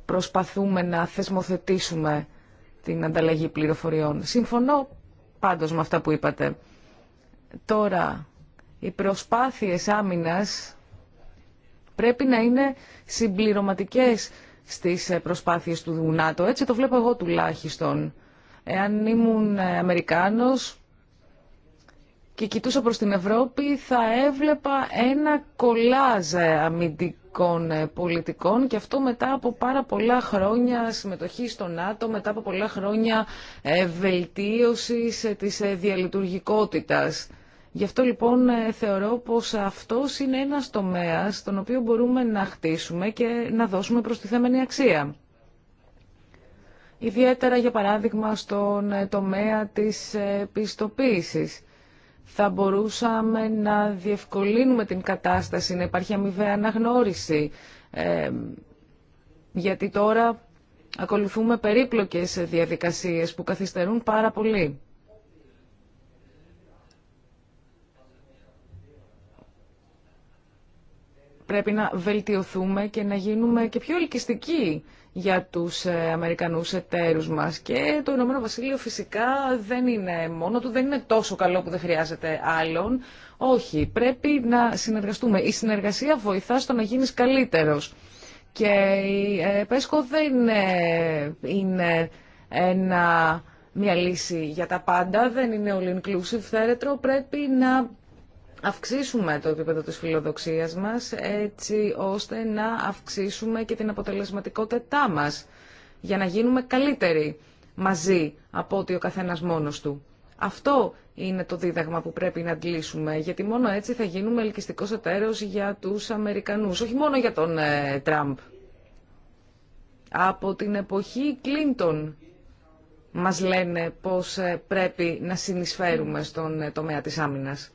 Speaker 4: προσπαθούμε να θεσμοθετήσουμε την ανταλλαγή πληροφοριών. Συμφωνώ πάντως με αυτά που είπατε. Τώρα, οι προσπάθειες άμυνας πρέπει να είναι συμπληρωματικές στις προσπάθειες του ΝΑΤΟ. Έτσι το βλέπω εγώ τουλάχιστον. Εάν ήμουν Αμερικάνος και κοιτούσα προς την Ευρώπη θα έβλεπα ένα κολάζ αμυντικό ε, πολιτικών και αυτό μετά από πάρα πολλά χρόνια συμμετοχή στο ΝΑΤΟ, μετά από πολλά χρόνια ε, βελτίωσης ε, της διαλειτουργικότητας. Γι' αυτό λοιπόν θεωρώ πως αυτός είναι ένας τομέας στον οποίο μπορούμε να χτίσουμε και να δώσουμε προστιθέμενη αξία. Ιδιαίτερα για παράδειγμα στον τομέα της πιστοποίησης θα μπορούσαμε να διευκολύνουμε την κατάσταση, να υπάρχει αμοιβαία αναγνώριση. Ε, γιατί τώρα ακολουθούμε περίπλοκες διαδικασίες που καθυστερούν πάρα πολύ. Πρέπει να βελτιωθούμε και να γίνουμε και πιο ελκυστικοί για τους ε, Αμερικανούς εταίρους μας. Και το Ηνωμένο Βασίλειο φυσικά δεν είναι μόνο του, δεν είναι τόσο καλό που δεν χρειάζεται άλλον. Όχι, πρέπει να συνεργαστούμε. Η συνεργασία βοηθά στο να γίνεις καλύτερος. Και η ε, ΠΕΣΚΟ δεν ε, είναι ένα, μια λύση για τα πάντα, δεν είναι all inclusive θέρετρο, πρέπει να αυξήσουμε το επίπεδο της φιλοδοξίας μας έτσι ώστε να αυξήσουμε και την αποτελεσματικότητά μας για να γίνουμε καλύτεροι μαζί από ότι ο καθένας μόνος του. Αυτό είναι το δίδαγμα που πρέπει να αντλήσουμε, γιατί μόνο έτσι θα γίνουμε ελκυστικός εταίρος για τους Αμερικανούς, όχι μόνο για τον ε, Τραμπ. Από την εποχή Κλίντον μας λένε πώς ε, πρέπει να συνεισφέρουμε στον ε, τομέα της άμυνας.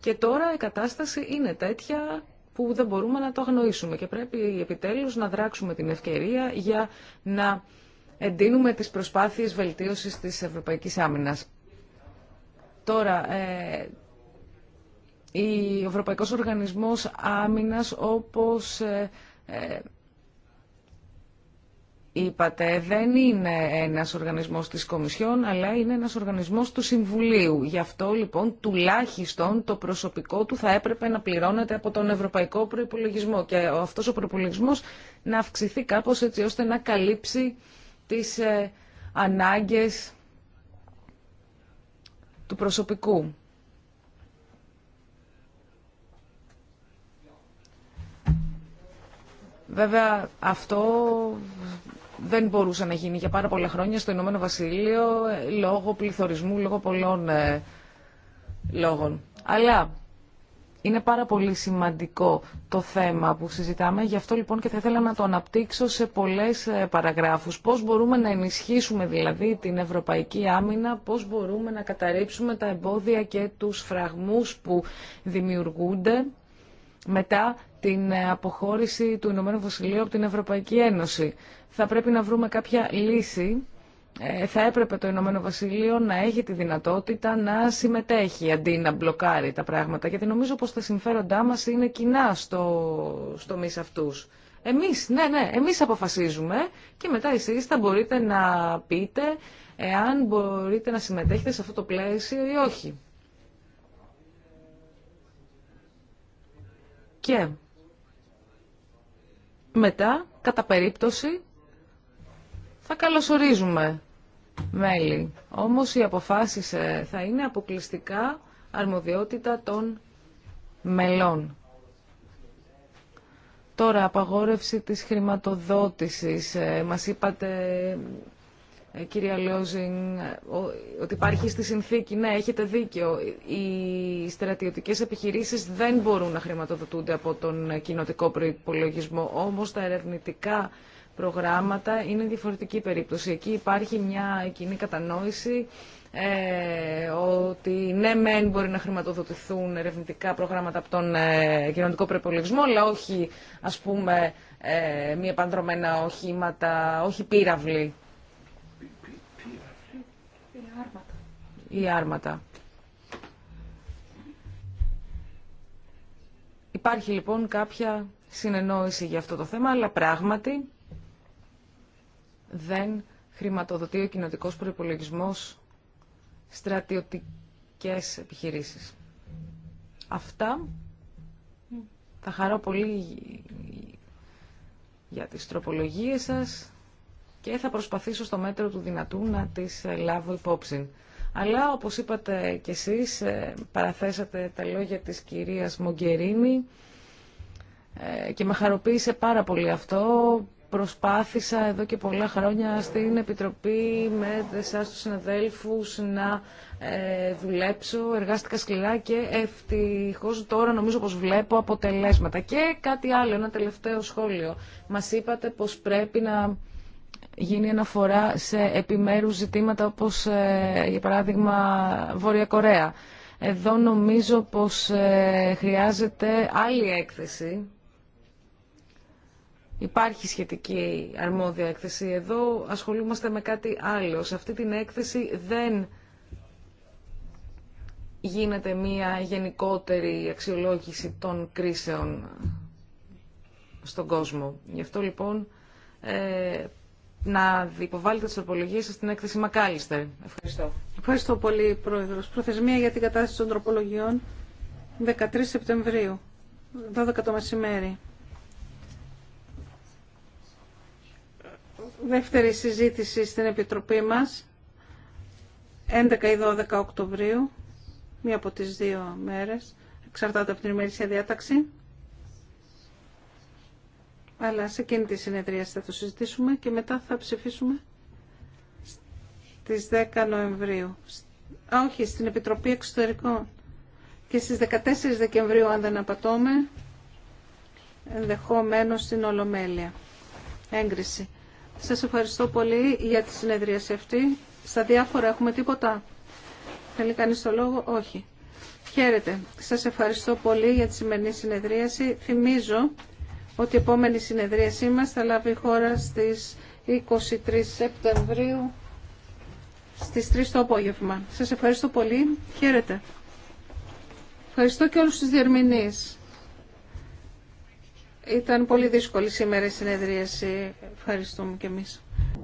Speaker 4: Και τώρα η κατάσταση είναι τέτοια που δεν μπορούμε να το αγνοήσουμε και πρέπει επιτέλους να δράξουμε την ευκαιρία για να εντείνουμε τις προσπάθειες βελτίωσης της ευρωπαϊκής άμυνας. Τώρα, ε, ο Ευρωπαϊκός Οργανισμός Άμυνας όπως... Ε, ε, είπατε, δεν είναι ένας οργανισμός της Κομισιόν, αλλά είναι ένας οργανισμός του Συμβουλίου. Γι' αυτό, λοιπόν, τουλάχιστον το προσωπικό του θα έπρεπε να πληρώνεται από τον Ευρωπαϊκό Προϋπολογισμό και αυτός ο προϋπολογισμός να αυξηθεί κάπως έτσι ώστε να καλύψει τις ε, ανάγκες του προσωπικού. Βέβαια αυτό δεν μπορούσε να γίνει για πάρα πολλά χρόνια στο Ηνωμένο Βασίλειο ε, λόγω πληθωρισμού, λόγω πολλών ε, λόγων. Αλλά είναι πάρα πολύ σημαντικό το θέμα που συζητάμε, γι' αυτό λοιπόν και θα ήθελα να το αναπτύξω σε πολλές ε, παραγράφους. Πώς μπορούμε να ενισχύσουμε δηλαδή την ευρωπαϊκή άμυνα, πώς μπορούμε να καταρρύψουμε τα εμπόδια και τους φραγμούς που δημιουργούνται μετά την αποχώρηση του Ηνωμένου Βασιλείου από την Ευρωπαϊκή Ένωση θα πρέπει να βρούμε κάποια λύση. Ε, θα έπρεπε το Ηνωμένο Βασίλειο να έχει τη δυνατότητα να συμμετέχει αντί να μπλοκάρει τα πράγματα. Γιατί νομίζω πως τα συμφέροντά μας είναι κοινά στο, στο μης αυτούς. Εμείς, ναι, ναι, εμείς αποφασίζουμε και μετά εσείς θα μπορείτε να πείτε εάν μπορείτε να συμμετέχετε σε αυτό το πλαίσιο ή όχι. Και μετά, κατά περίπτωση, θα καλωσορίζουμε μέλη. Όμως οι αποφάσεις ε, θα είναι αποκλειστικά αρμοδιότητα των μελών. Τώρα, απαγόρευση της χρηματοδότησης. Ε, μας είπατε, ε, κυρία Λόζιν, ότι υπάρχει στη συνθήκη. Ναι, έχετε δίκιο. Οι στρατιωτικές επιχειρήσεις δεν μπορούν να χρηματοδοτούνται από τον κοινοτικό προϋπολογισμό. Όμως τα ερευνητικά προγράμματα είναι διαφορετική περίπτωση. Εκεί υπάρχει μια κοινή κατανόηση ε, ότι ναι μεν μπορεί να χρηματοδοτηθούν ερευνητικά προγράμματα από τον ε, κοινωνικό προπολογισμό, αλλά όχι ας πούμε ε, μη επανδρομένα οχήματα, όχι πύραυλοι. Ή άρματα. Υπάρχει λοιπόν κάποια συνεννόηση για αυτό το θέμα, αλλά πράγματι δεν χρηματοδοτεί ο κοινοτικό προπολογισμό στρατιωτικές επιχειρήσεις. Αυτά θα χαρώ πολύ για τις τροπολογίες σας και θα προσπαθήσω στο μέτρο του δυνατού να τις ε, λάβω υπόψη. Αλλά, όπως είπατε και εσείς, ε, παραθέσατε τα λόγια της κυρίας Μογκερίνη ε, και με χαροποίησε πάρα πολύ αυτό προσπάθησα εδώ και πολλά χρόνια στην Επιτροπή με εσάς τους συναδέλφους να ε, δουλέψω. Εργάστηκα σκληρά και ευτυχώς τώρα νομίζω πως βλέπω αποτελέσματα. Και κάτι άλλο, ένα τελευταίο σχόλιο. Μας είπατε πως πρέπει να γίνει αναφορά σε επιμέρους ζητήματα όπως ε, για παράδειγμα Βόρεια Κορέα. Εδώ νομίζω πως ε, χρειάζεται άλλη έκθεση Υπάρχει σχετική αρμόδια έκθεση. Εδώ ασχολούμαστε με κάτι άλλο. Σε αυτή την έκθεση δεν γίνεται μία γενικότερη αξιολόγηση των κρίσεων στον κόσμο. Γι' αυτό λοιπόν ε, να υποβάλλετε τις τροπολογίες σας στην έκθεση Μακάλιστερ. Ευχαριστώ. Ευχαριστώ πολύ Πρόεδρος. Προθεσμία
Speaker 1: για την κατάσταση των τροπολογιών 13 Σεπτεμβρίου, 12 το μεσημέρι. δεύτερη συζήτηση στην Επιτροπή μας, 11 ή 12 Οκτωβρίου, μία από τις δύο μέρες, εξαρτάται από την ημερήσια διάταξη. Αλλά σε εκείνη τη συνεδρία θα το συζητήσουμε και μετά θα ψηφίσουμε στις 10 Νοεμβρίου. Α, όχι, στην Επιτροπή Εξωτερικών. Και στις 14 Δεκεμβρίου, αν δεν απατώμε, ενδεχομένως στην Ολομέλεια. Έγκριση. Σας ευχαριστώ πολύ για τη συνεδρίαση αυτή. Στα διάφορα έχουμε τίποτα. Θέλει κανεί το λόγο. Όχι. Χαίρετε. Σας ευχαριστώ πολύ για τη σημερινή συνεδρίαση. Θυμίζω ότι η επόμενη συνεδρίασή μας θα λάβει η χώρα στις 23 Σεπτεμβρίου στις 3 το απόγευμα. Σας ευχαριστώ πολύ. Χαίρετε. Ευχαριστώ και όλους τους διερμηνείς. Ήταν πολύ δύσκολη σήμερα η συνεδρίαση. Ευχαριστούμε και εμείς.